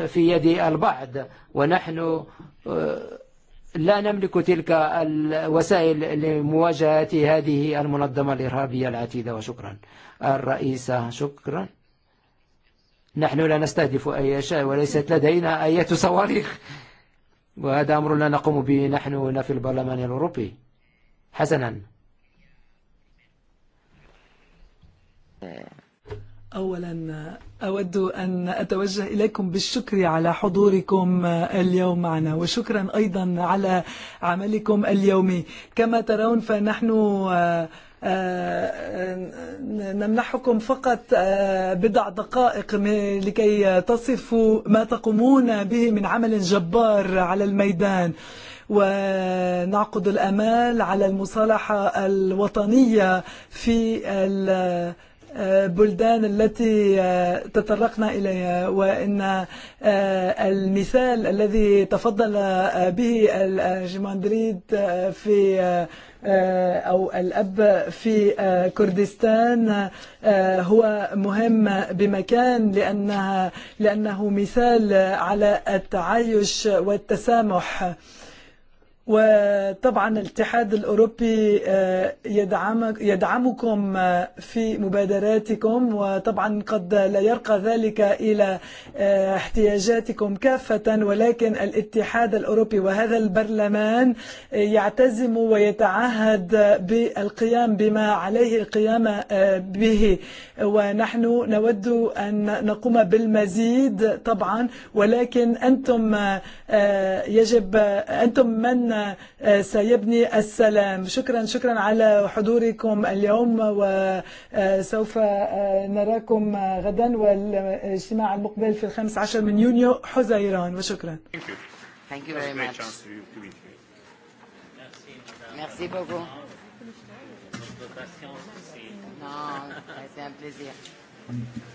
في يد البعض ونحن لا نملك تلك الوسائل لمواجهة هذه المنظمة الإرهابية العتيدة وشكرا الرئيسة شكرا نحن لا نستهدف أي شيء وليست لدينا أي صواريخ وهذا أمر لا نقوم به نحن هنا في البرلمان الأوروبي حسنا أولا أود أن أتوجه إليكم بالشكر على حضوركم اليوم معنا وشكرا أيضا على عملكم اليومي كما ترون فنحن نمنحكم فقط بضع دقائق لكي تصفوا ما تقومون به من عمل جبار على الميدان ونعقد الأمال على المصالحة الوطنية في بلدان التي تطرقنا إليها وإن المثال الذي تفضل به الجماندريد في أو الأب في كردستان هو مهم بمكان لأنها لأنه مثال على التعايش والتسامح وطبعا الاتحاد الأوروبي يدعمك يدعمكم في مبادراتكم وطبعا قد لا يرقى ذلك إلى احتياجاتكم كافة ولكن الاتحاد الأوروبي وهذا البرلمان يعتزم ويتعهد بالقيام بما عليه القيام به ونحن نود أن نقوم بالمزيد طبعا ولكن أنتم يجب أنتم من سيبني السلام شكرا شكرا على حضوركم اليوم وسوف نراكم غدا والاجتماع المقبل في الخامس عشر من يونيو حزيران وشكرا Thank you. very much. Merci beaucoup. c'est un plaisir.